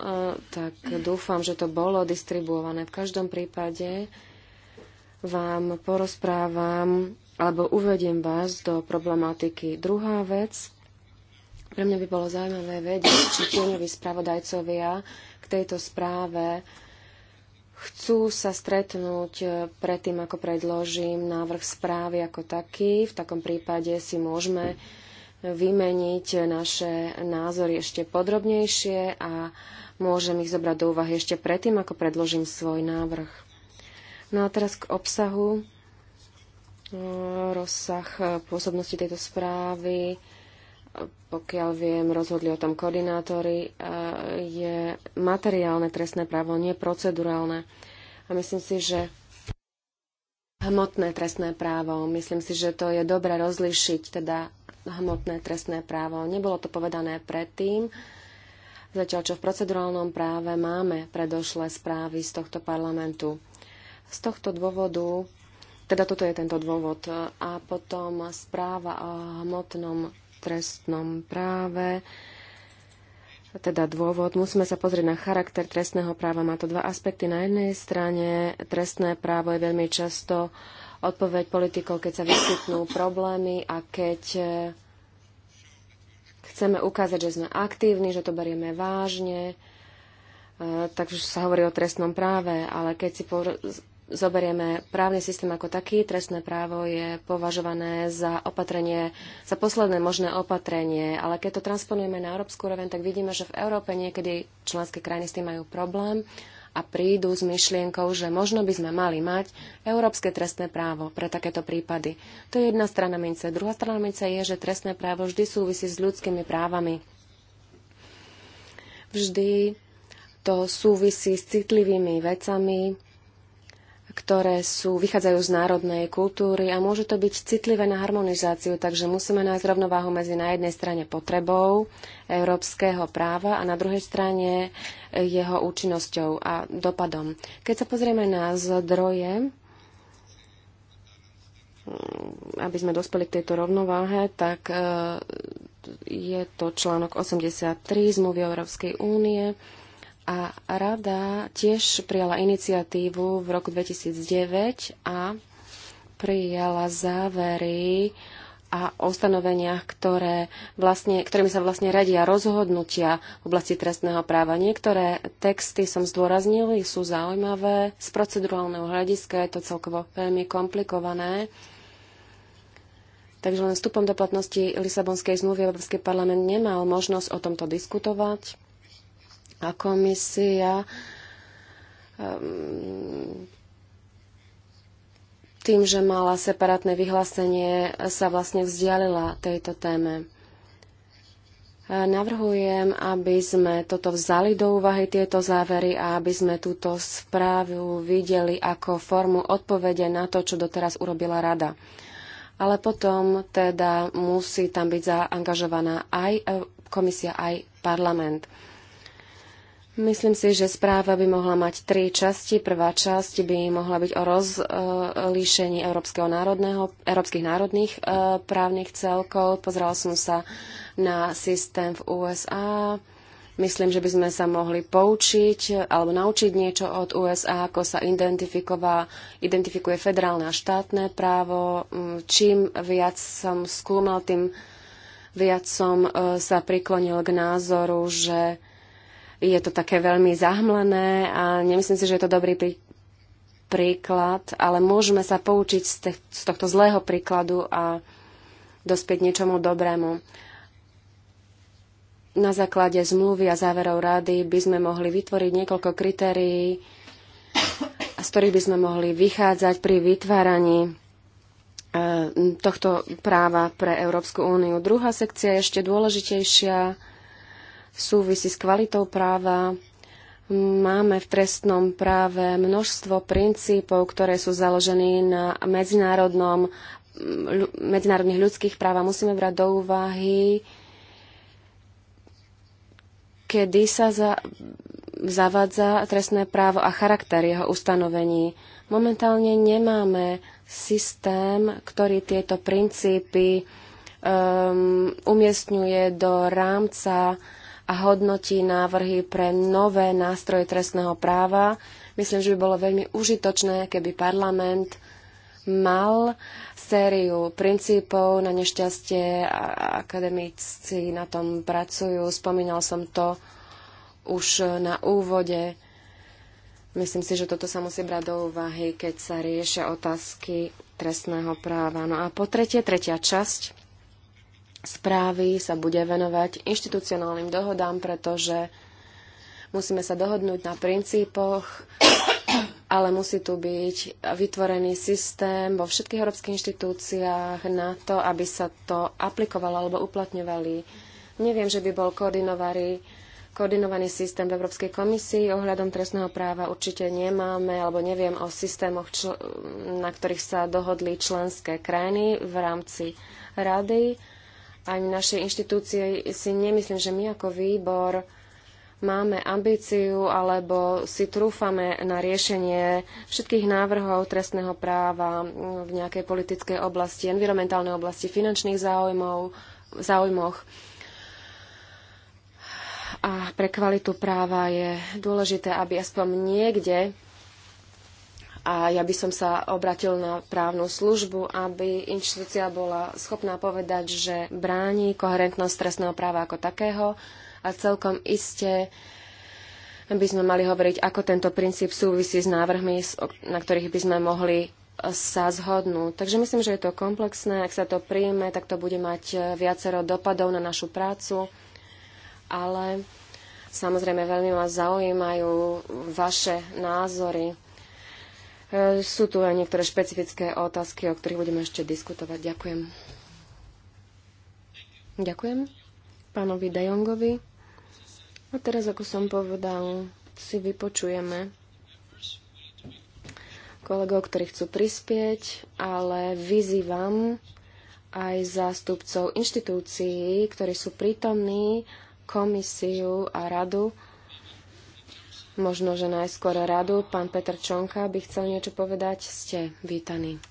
tak dúfam, že to bolo distribuované. V každom prípade vám porozprávam alebo uvediem vás do problematiky. Druhá vec, pre mňa by bolo zaujímavé vedieť, či tieňoví spravodajcovia k tejto správe chcú sa stretnúť e, predtým, ako predložím návrh správy ako taký. V takom prípade si môžeme vymeniť naše názory ešte podrobnejšie a môžem ich zobrať do úvahy ešte predtým, ako predložím svoj návrh. No a teraz k obsahu. E, rozsah e, pôsobnosti tejto správy pokiaľ viem, rozhodli o tom koordinátori, je materiálne trestné právo, nie procedurálne. A myslím si, že hmotné trestné právo, myslím si, že to je dobre rozlišiť, teda hmotné trestné právo. Nebolo to povedané predtým, zatiaľ čo v procedurálnom práve máme predošlé správy z tohto parlamentu. Z tohto dôvodu, teda toto je tento dôvod, a potom správa o hmotnom trestnom práve. Teda dôvod, musíme sa pozrieť na charakter trestného práva. Má to dva aspekty. Na jednej strane trestné právo je veľmi často odpoveď politikov, keď sa vyskytnú problémy a keď eh, chceme ukázať, že sme aktívni, že to berieme vážne, eh, takže sa hovorí o trestnom práve, ale keď si zoberieme právny systém ako taký, trestné právo je považované za opatrenie, za posledné možné opatrenie, ale keď to transponujeme na európsku úroveň, tak vidíme, že v Európe niekedy členské krajiny s tým majú problém a prídu s myšlienkou, že možno by sme mali mať európske trestné právo pre takéto prípady. To je jedna strana mince. Druhá strana mince je, že trestné právo vždy súvisí s ľudskými právami. Vždy to súvisí s citlivými vecami, ktoré sú, vychádzajú z národnej kultúry a môže to byť citlivé na harmonizáciu, takže musíme nájsť rovnováhu medzi na jednej strane potrebou európskeho práva a na druhej strane jeho účinnosťou a dopadom. Keď sa pozrieme na zdroje, aby sme dospeli k tejto rovnováhe, tak e, je to článok 83 zmluvy Európskej únie, a rada tiež prijala iniciatívu v roku 2009 a prijala závery a ustanovenia, ktoré vlastne, ktorými sa vlastne radia rozhodnutia v oblasti trestného práva. Niektoré texty som zdôraznil, sú zaujímavé. Z procedurálneho hľadiska je to celkovo veľmi komplikované. Takže len vstupom do platnosti Lisabonskej zmluvy Európsky parlament nemal možnosť o tomto diskutovať. A komisia ehm, tým, že mala separátne vyhlásenie, sa vlastne vzdialila tejto téme. Navrhujem, aby sme toto vzali do úvahy, tieto závery a aby sme túto správu videli ako formu odpovede na to, čo doteraz urobila rada. Ale potom teda musí tam byť zaangažovaná aj e, komisia, aj parlament. Myslím si, že správa by mohla mať tri časti. Prvá časť by mohla byť o rozlíšení európskeho národného, európskych národných e, právnych celkov. Pozrela som sa na systém v USA. Myslím, že by sme sa mohli poučiť alebo naučiť niečo od USA, ako sa identifikuje federálne a štátne právo. Mm, čím viac som skúmal, tým viac som e, sa priklonil k názoru, že je to také veľmi zahmlené a nemyslím si, že je to dobrý prí, príklad, ale môžeme sa poučiť z, te, z tohto zlého príkladu a dospieť niečomu dobrému. Na základe zmluvy a záverov rady by sme mohli vytvoriť niekoľko kritérií, z ktorých by sme mohli vychádzať pri vytváraní e, tohto práva pre Európsku úniu. Druhá sekcia je ešte dôležitejšia súvisí s kvalitou práva. Máme v trestnom práve množstvo princípov, ktoré sú založené na medzinárodnom, medzinárodných ľudských práv a musíme brať do úvahy, kedy sa za, zavádza trestné právo a charakter jeho ustanovení. Momentálne nemáme systém, ktorý tieto princípy um, umiestňuje do rámca uh, a hodnotí návrhy pre nové nástroje trestného práva. Myslím, že by bolo veľmi užitočné, keby parlament mal sériu princípov. Na nešťastie akademici na tom pracujú. Spomínal som to už na úvode. Myslím si, že toto sa musí brať do úvahy, keď sa riešia otázky trestného práva. No a po tretie, tretia časť správy sa bude venovať inštitucionálnym dohodám, pretože musíme sa dohodnúť na princípoch, ale musí tu byť vytvorený systém vo všetkých európskych inštitúciách na to, aby sa to aplikovalo alebo uplatňovali. Neviem, že by bol koordinovaný, koordinovaný systém v Európskej komisii ohľadom trestného práva. Určite nemáme, alebo neviem o systémoch, na ktorých sa dohodli členské krajiny v rámci rady ani našej inštitúcie si nemyslím, že my ako výbor máme ambíciu alebo si trúfame na riešenie všetkých návrhov trestného práva v nejakej politickej oblasti, environmentálnej oblasti, finančných záujmov, záujmoch. A pre kvalitu práva je dôležité, aby aspoň niekde a ja by som sa obratil na právnu službu, aby inštitúcia bola schopná povedať, že bráni koherentnosť trestného práva ako takého a celkom iste by sme mali hovoriť, ako tento princíp súvisí s návrhmi, na ktorých by sme mohli sa zhodnú. Takže myslím, že je to komplexné. Ak sa to príjme, tak to bude mať viacero dopadov na našu prácu. Ale samozrejme veľmi ma zaujímajú vaše názory. E, sú tu aj niektoré špecifické otázky, o ktorých budeme ešte diskutovať. Ďakujem. Ďakujem pánovi Dajongovi. A teraz, ako som povedal, si vypočujeme kolegov, ktorí chcú prispieť, ale vyzývam aj zástupcov inštitúcií, ktorí sú prítomní, komisiu a radu, Možno, že najskôr radu. Pán Petr Čonka by chcel niečo povedať. Ste vítaní.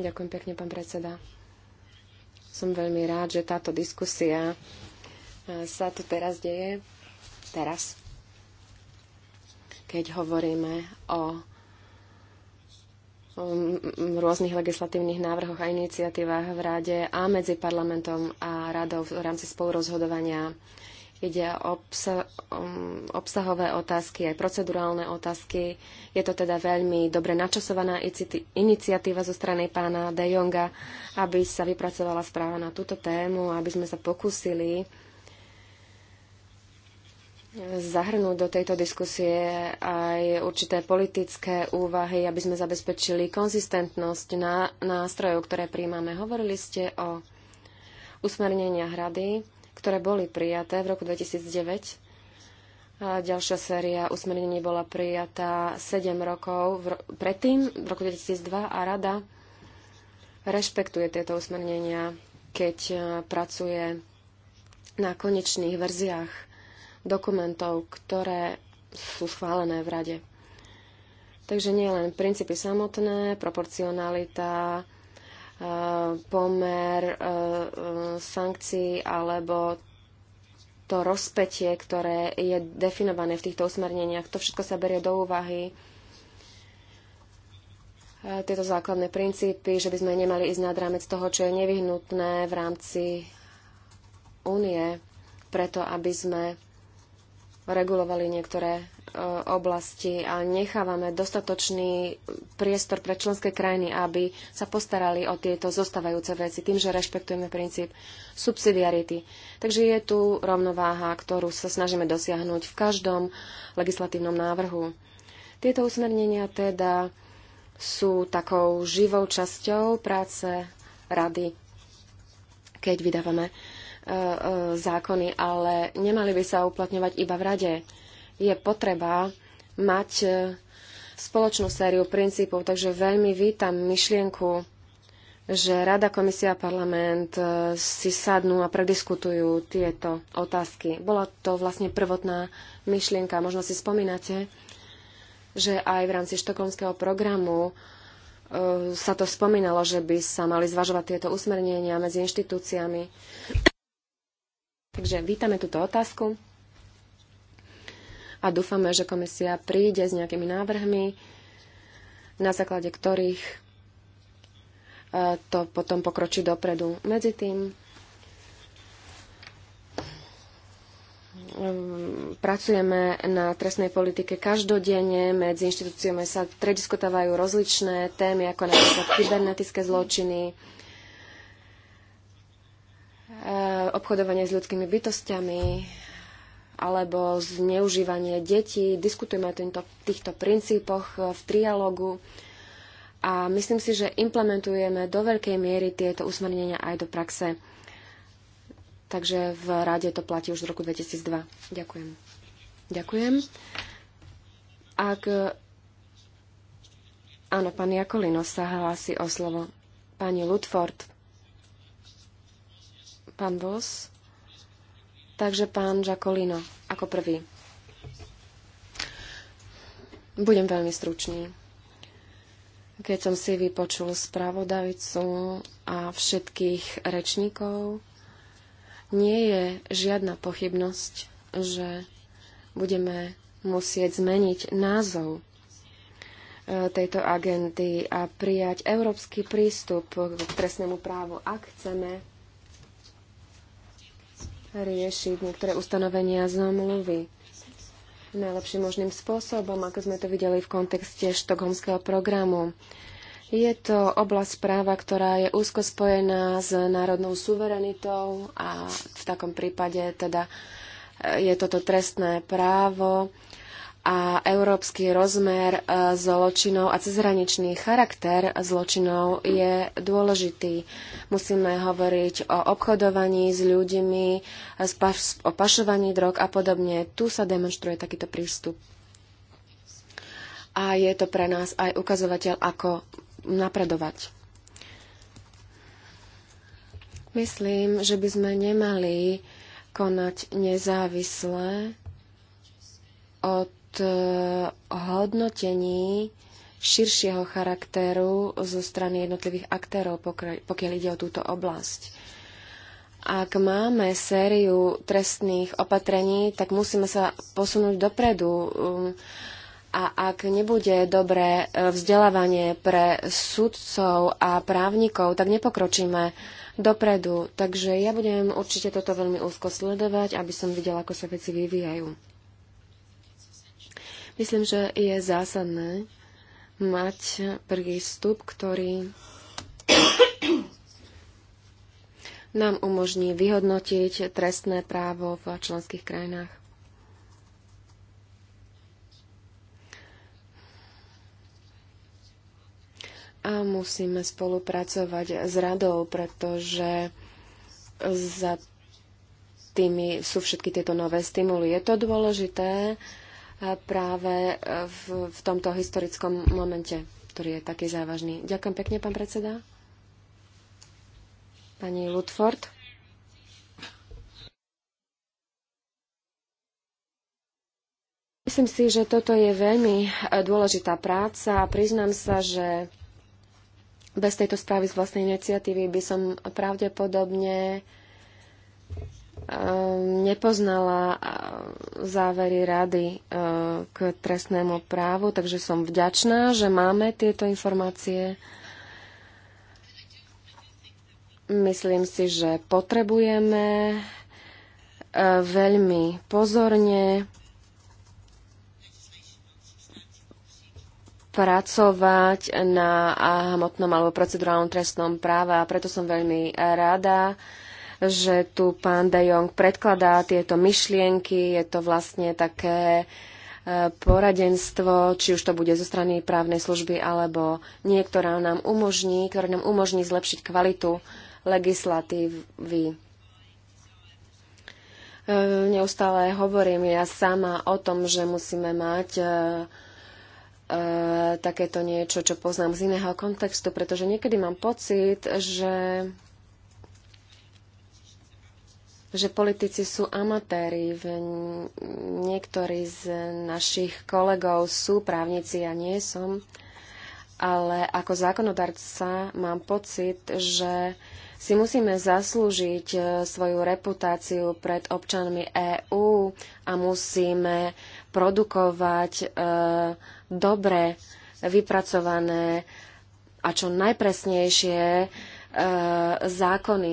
Ďakujem pekne, pán predseda. Som veľmi rád, že táto diskusia e, sa tu teraz deje. Teraz. Keď hovoríme o rôznych legislatívnych návrhoch a iniciatívach v Rade a medzi parlamentom a radou v rámci spolurozhodovania Ide o obsa- um, obsahové otázky, aj procedurálne otázky. Je to teda veľmi dobre načasovaná iniciatíva zo strany pána De Jonga, aby sa vypracovala správa na túto tému, aby sme sa pokúsili zahrnúť do tejto diskusie aj určité politické úvahy, aby sme zabezpečili konzistentnosť na nástrojov, ktoré príjmame. Hovorili ste o usmernenia hrady ktoré boli prijaté v roku 2009. A ďalšia séria usmernení bola prijatá 7 rokov v ro- predtým, v roku 2002, a rada rešpektuje tieto usmernenia, keď e, pracuje na konečných verziách dokumentov, ktoré sú schválené v rade. Takže nie len princípy samotné, proporcionalita, E, pomer e, e, sankcií alebo to rozpetie, ktoré je definované v týchto usmerneniach. To všetko sa berie do úvahy tieto základné princípy, že by sme nemali ísť nad rámec toho, čo je nevyhnutné v rámci únie, preto aby sme regulovali niektoré e, oblasti a nechávame dostatočný priestor pre členské krajiny, aby sa postarali o tieto zostávajúce veci tým, že rešpektujeme princíp subsidiarity. Takže je tu rovnováha, ktorú sa snažíme dosiahnuť v každom legislatívnom návrhu. Tieto usmernenia teda sú takou živou časťou práce rady, keď vydávame E, e, zákony, ale nemali by sa uplatňovať iba v rade. Je potreba mať e, spoločnú sériu princípov, takže veľmi vítam myšlienku, že Rada, Komisia a Parlament si sadnú a prediskutujú tieto otázky. Bola to vlastne prvotná myšlienka, možno si spomínate, že aj v rámci štokholmského programu sa to spomínalo, že by sa mali zvažovať tieto usmernenia medzi inštitúciami. Takže vítame túto otázku a dúfame, že komisia príde s nejakými návrhmi, na základe ktorých e, to potom pokročí dopredu. Medzi tým e, pracujeme na trestnej politike každodenne, medzi inštitúciami sa prediskutávajú rozličné témy, ako napríklad kybernetické zločiny, Eh, obchodovanie s ľudskými bytostiami alebo zneužívanie detí. Diskutujeme o týmto, týchto princípoch eh, v trialógu a myslím si, že implementujeme do veľkej miery tieto usmernenia aj do praxe. Takže v rade to platí už z roku 2002. Ďakujem. Ďakujem. Ak... Eh, áno, pán Jakolino sa hlási o slovo. Pani Ludford pán Vos. Takže pán Žakolino, ako prvý. Budem veľmi stručný. Keď som si vypočul spravodajcu a všetkých rečníkov, nie je žiadna pochybnosť, že budeme musieť zmeniť názov e, tejto agendy a prijať európsky prístup k trestnému právu, ak chceme riešiť niektoré ustanovenia zmluvy najlepším možným spôsobom, ako sme to videli v kontexte štokholmského programu. Je to oblasť práva, ktorá je úzko spojená s národnou suverenitou a v takom prípade teda e, je toto trestné právo a európsky rozmer e, zločinov a cezhraničný charakter zločinov je dôležitý. Musíme hovoriť o obchodovaní s ľuďmi, o pašovaní drog a podobne. Tu sa demonstruje takýto prístup. A je to pre nás aj ukazovateľ, ako napredovať. Myslím, že by sme nemali konať nezávisle od Eh, hodnotení širšieho charakteru zo strany jednotlivých aktérov, pokiaľ ide o túto oblasť. Ak máme sériu trestných opatrení, tak musíme sa posunúť dopredu. Um, a ak nebude dobré eh, vzdelávanie pre sudcov a právnikov, tak nepokročíme dopredu. Takže ja budem určite toto veľmi úzko sledovať, aby som videla, ako sa veci vyvíjajú. Myslím, že je zásadné mať prístup, ktorý nám umožní vyhodnotiť trestné právo v členských krajinách. A musíme spolupracovať s radou, pretože za tými sú všetky tieto nové stimuly. Je to dôležité, E, práve e, v, v tomto historickom momente, ktorý je taký závažný. Ďakujem pekne, pán predseda. Pani Ludford. Myslím si, že toto je veľmi e, dôležitá práca a priznám sa, že bez tejto správy z vlastnej iniciatívy by som pravdepodobne Ehm, nepoznala závery rady e, k trestnému právu, takže som vďačná, že máme tieto informácie. Myslím si, že potrebujeme e, veľmi pozorne pracovať na hmotnom alebo procedurálnom trestnom práve a preto som veľmi rada, že tu pán De Jong predkladá tieto myšlienky. Je to vlastne také e, poradenstvo, či už to bude zo strany právnej služby, alebo niektorá nám umožní, ktorá nám umožní zlepšiť kvalitu legislatívy. E, neustále hovorím ja sama o tom, že musíme mať e, takéto niečo, čo poznám z iného kontextu, pretože niekedy mám pocit, že že politici sú amatéri. Niektorí z našich kolegov sú právnici, ja nie som. Ale ako zákonodarca mám pocit, že si musíme zaslúžiť e, svoju reputáciu pred občanmi EÚ a musíme produkovať e, dobre vypracované a čo najpresnejšie e, zákony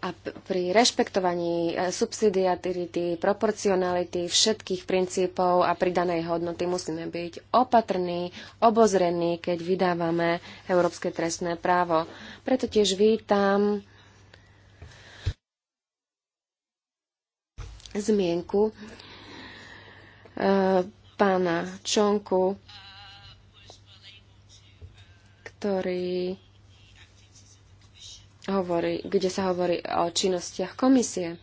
a pri rešpektovaní e, subsidiarity, proporcionality všetkých princípov a pridanej hodnoty musíme byť opatrní, obozrení, keď vydávame európske trestné právo. Preto tiež vítam zmienku e, pána Čonku, ktorý hovorí, kde sa hovorí o činnostiach komisie.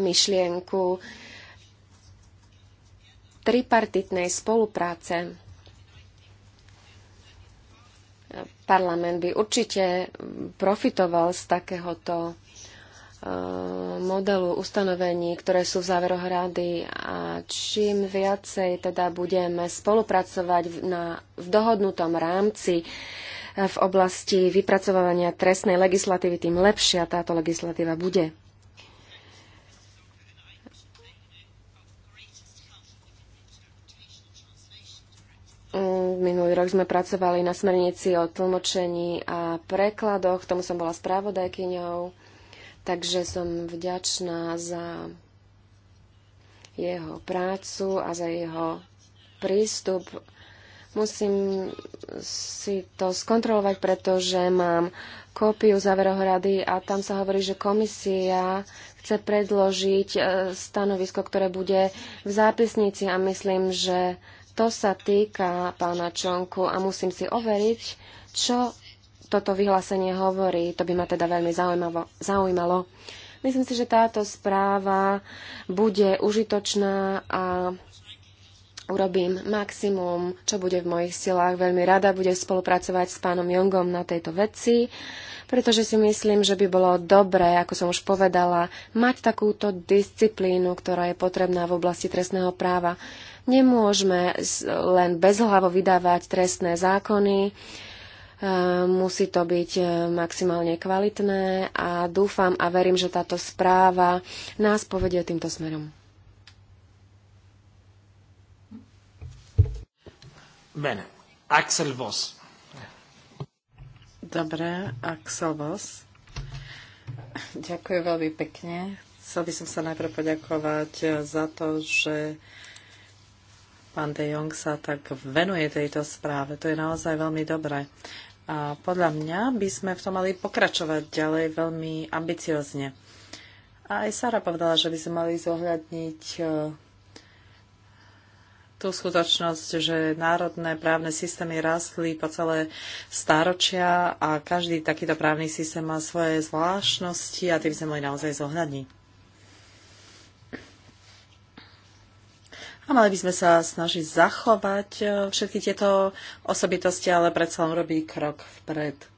Myšlienku tripartitnej spolupráce. Parlament by určite profitoval z takéhoto e, modelu ustanovení, ktoré sú v záveroch rady a čím viacej teda budeme spolupracovať na, v dohodnutom rámci, v oblasti vypracovania trestnej legislatívy, tým lepšia táto legislatíva bude. Minulý rok sme pracovali na smernici o tlmočení a prekladoch, tomu som bola správodajkyňou, takže som vďačná za jeho prácu a za jeho prístup Musím si to skontrolovať, pretože mám kópiu záverov rady a tam sa hovorí, že komisia chce predložiť e, stanovisko, ktoré bude v zápisnici a myslím, že to sa týka pána Čonku a musím si overiť, čo toto vyhlásenie hovorí. To by ma teda veľmi zaujímalo. Myslím si, že táto správa bude užitočná a urobím maximum, čo bude v mojich silách. Veľmi rada budem spolupracovať s pánom Jongom na tejto veci, pretože si myslím, že by bolo dobré, ako som už povedala, mať takúto disciplínu, ktorá je potrebná v oblasti trestného práva. Nemôžeme len bezhlavo vydávať trestné zákony, musí to byť e, maximálne kvalitné a dúfam a verím, že táto správa nás povedie týmto smerom. Axel Voss. Dobre, Axel Voss. Ďakujem veľmi pekne. Chcel by som sa najprv poďakovať za to, že pán De Jong sa tak venuje tejto správe. To je naozaj veľmi dobré. A podľa mňa by sme v tom mali pokračovať ďalej veľmi ambiciozne. A aj Sara povedala, že by sme mali zohľadniť tú skutočnosť, že národné právne systémy rastli po celé stáročia a každý takýto právny systém má svoje zvláštnosti a tým by sme boli naozaj zohľadní. A mali by sme sa snažiť zachovať eh, všetky tieto osobitosti, ale predsa len robiť krok vpred.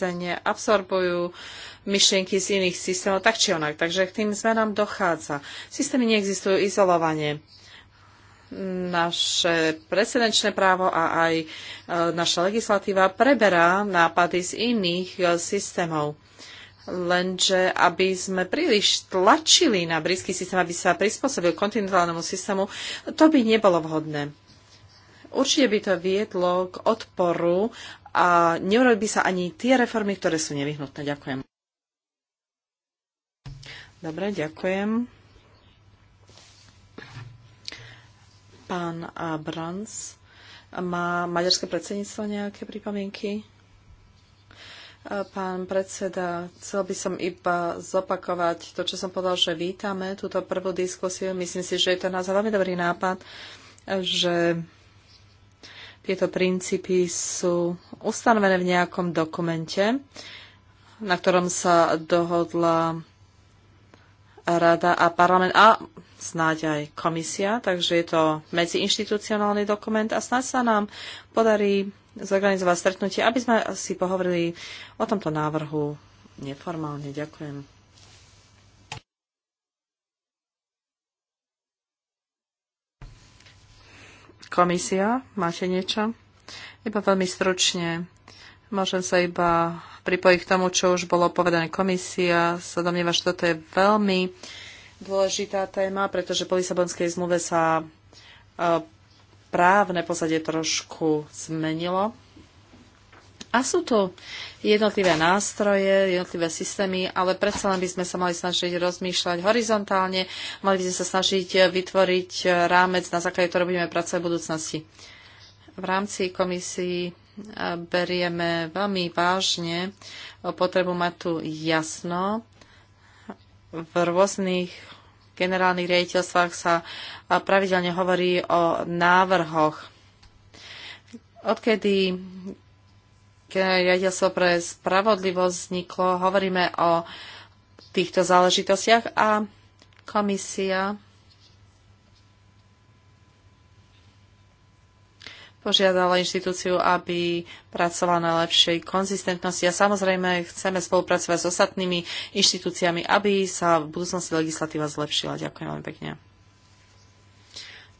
cene absorbujú myšlienky z iných systémov, tak či onak. Takže k tým zmenám dochádza. Systémy neexistujú izolovanie. Naše precedenčné právo a aj e, naša legislatíva preberá nápady z iných e, systémov. Lenže aby sme príliš tlačili na britský systém, aby sa prispôsobil kontinentálnemu systému, to by nebolo vhodné. Určite by to viedlo k odporu a neurobi by sa ani tie reformy, ktoré sú nevyhnutné. Ďakujem. Dobre, ďakujem. Pán Brans, má maďarské predsedníctvo nejaké pripomienky? Pán predseda, chcel by som iba zopakovať to, čo som povedal, že vítame túto prvú diskusiu. Myslím si, že je to naozaj veľmi dobrý nápad, že tieto princípy sú ustanovené v nejakom dokumente, na ktorom sa dohodla rada a parlament a snáď aj komisia, takže je to medziinstitucionálny dokument a snáď sa nám podarí zorganizovať stretnutie, aby sme si pohovorili o tomto návrhu neformálne. Ďakujem. Komisia, máte niečo? Iba veľmi stručne. Môžem sa iba pripojiť k tomu, čo už bolo povedané. Komisia sa domnieva, že toto je veľmi dôležitá téma, pretože po Lisabonskej zmluve sa e, právne pozadie trošku zmenilo. A sú tu jednotlivé nástroje, jednotlivé systémy, ale predsa len by sme sa mali snažiť rozmýšľať horizontálne, mali by sme sa snažiť vytvoriť rámec, na základe ktorého budeme pracovať v budúcnosti. V rámci komisii eh, berieme veľmi vážne potrebu mať tu jasno. V rôznych generálnych riaditeľstvách sa eh, pravidelne hovorí o návrhoch odkedy riaditeľstvo pre spravodlivosť vzniklo, hovoríme o týchto záležitostiach a komisia požiadala inštitúciu, aby pracovala na lepšej konzistentnosti a samozrejme chceme spolupracovať s ostatnými inštitúciami, aby sa v budúcnosti legislatíva zlepšila. Ďakujem veľmi pekne.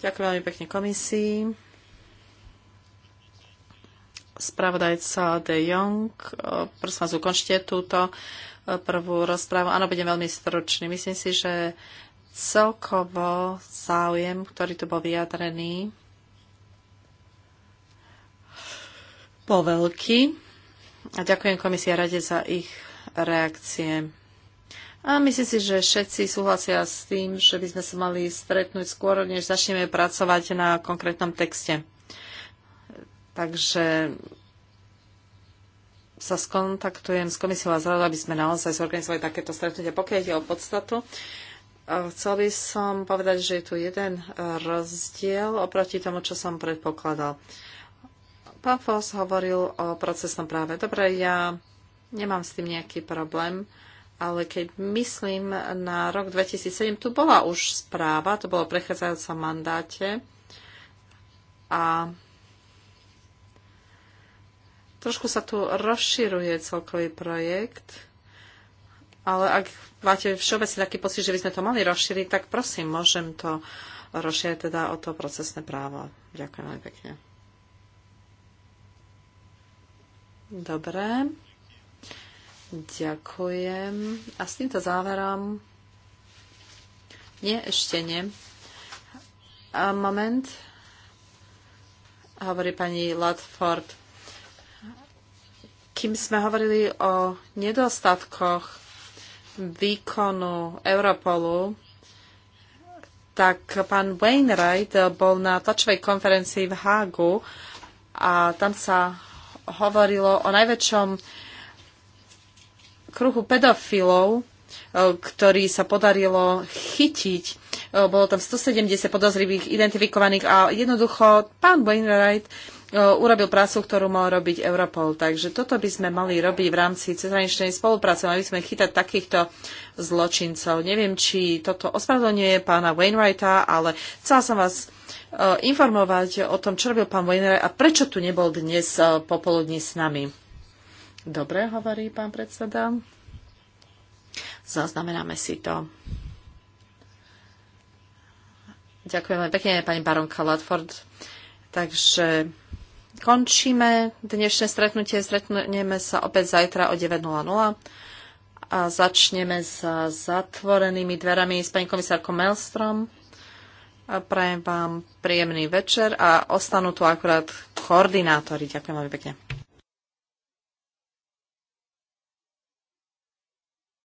Ďakujem veľmi pekne komisii spravodajca De Jong. E, prosím vás, ukončte túto e, prvú rozprávu. Áno, budem veľmi stručný. Myslím si, že celkovo záujem, ktorý tu bol vyjadrený, bol veľký. A ďakujem komisii a rade za ich reakcie. A myslím si, že všetci súhlasia s tým, že by sme sa mali stretnúť skôr, než začneme pracovať na konkrétnom texte. Takže sa skontaktujem s komisiou a zradu, aby sme naozaj zorganizovali takéto stretnutie. Pokiaľ ide o podstatu, chcel by som povedať, že je tu jeden e, rozdiel oproti tomu, čo som predpokladal. Pán Foss hovoril o procesnom práve. Dobre, ja nemám s tým nejaký problém, ale keď myslím na rok 2007, tu bola už správa, to bolo prechádzajúca prechádzajúcom mandáte a Trošku sa tu rozširuje celkový projekt, ale ak máte všeobecne taký pocit, že by sme to mali rozšíriť, tak prosím, môžem to rozšíriť teda o to procesné právo. Ďakujem veľmi pekne. Dobre. Ďakujem. A s týmto záverom... Nie, ešte nie. A moment. Hovorí pani Ladford kým sme hovorili o nedostatkoch výkonu Europolu, tak pán Wainwright bol na tlačovej konferencii v Hágu a tam sa hovorilo o najväčšom kruhu pedofilov, ktorý sa podarilo chytiť. Bolo tam 170 podozrivých identifikovaných a jednoducho pán Wainwright urobil prácu, ktorú mal robiť Europol. Takže toto by sme mali robiť v rámci cezhraničnej spolupráce. Mali by sme chytať takýchto zločincov. Neviem, či toto ospravedlňuje pána Wainwrighta, ale chcela som vás informovať o tom, čo robil pán Wainwright a prečo tu nebol dnes popoludní s nami. Dobre, hovorí pán predseda. Zaznamenáme si to. Ďakujeme pekne, pani baronka Ladford. Takže Končíme dnešné stretnutie. Stretneme sa opäť zajtra o 9.00 a začneme sa zatvorenými dverami s pani komisárkou Melstrom. A prajem vám príjemný večer a ostanú tu akurát koordinátori. Ďakujem veľmi pekne.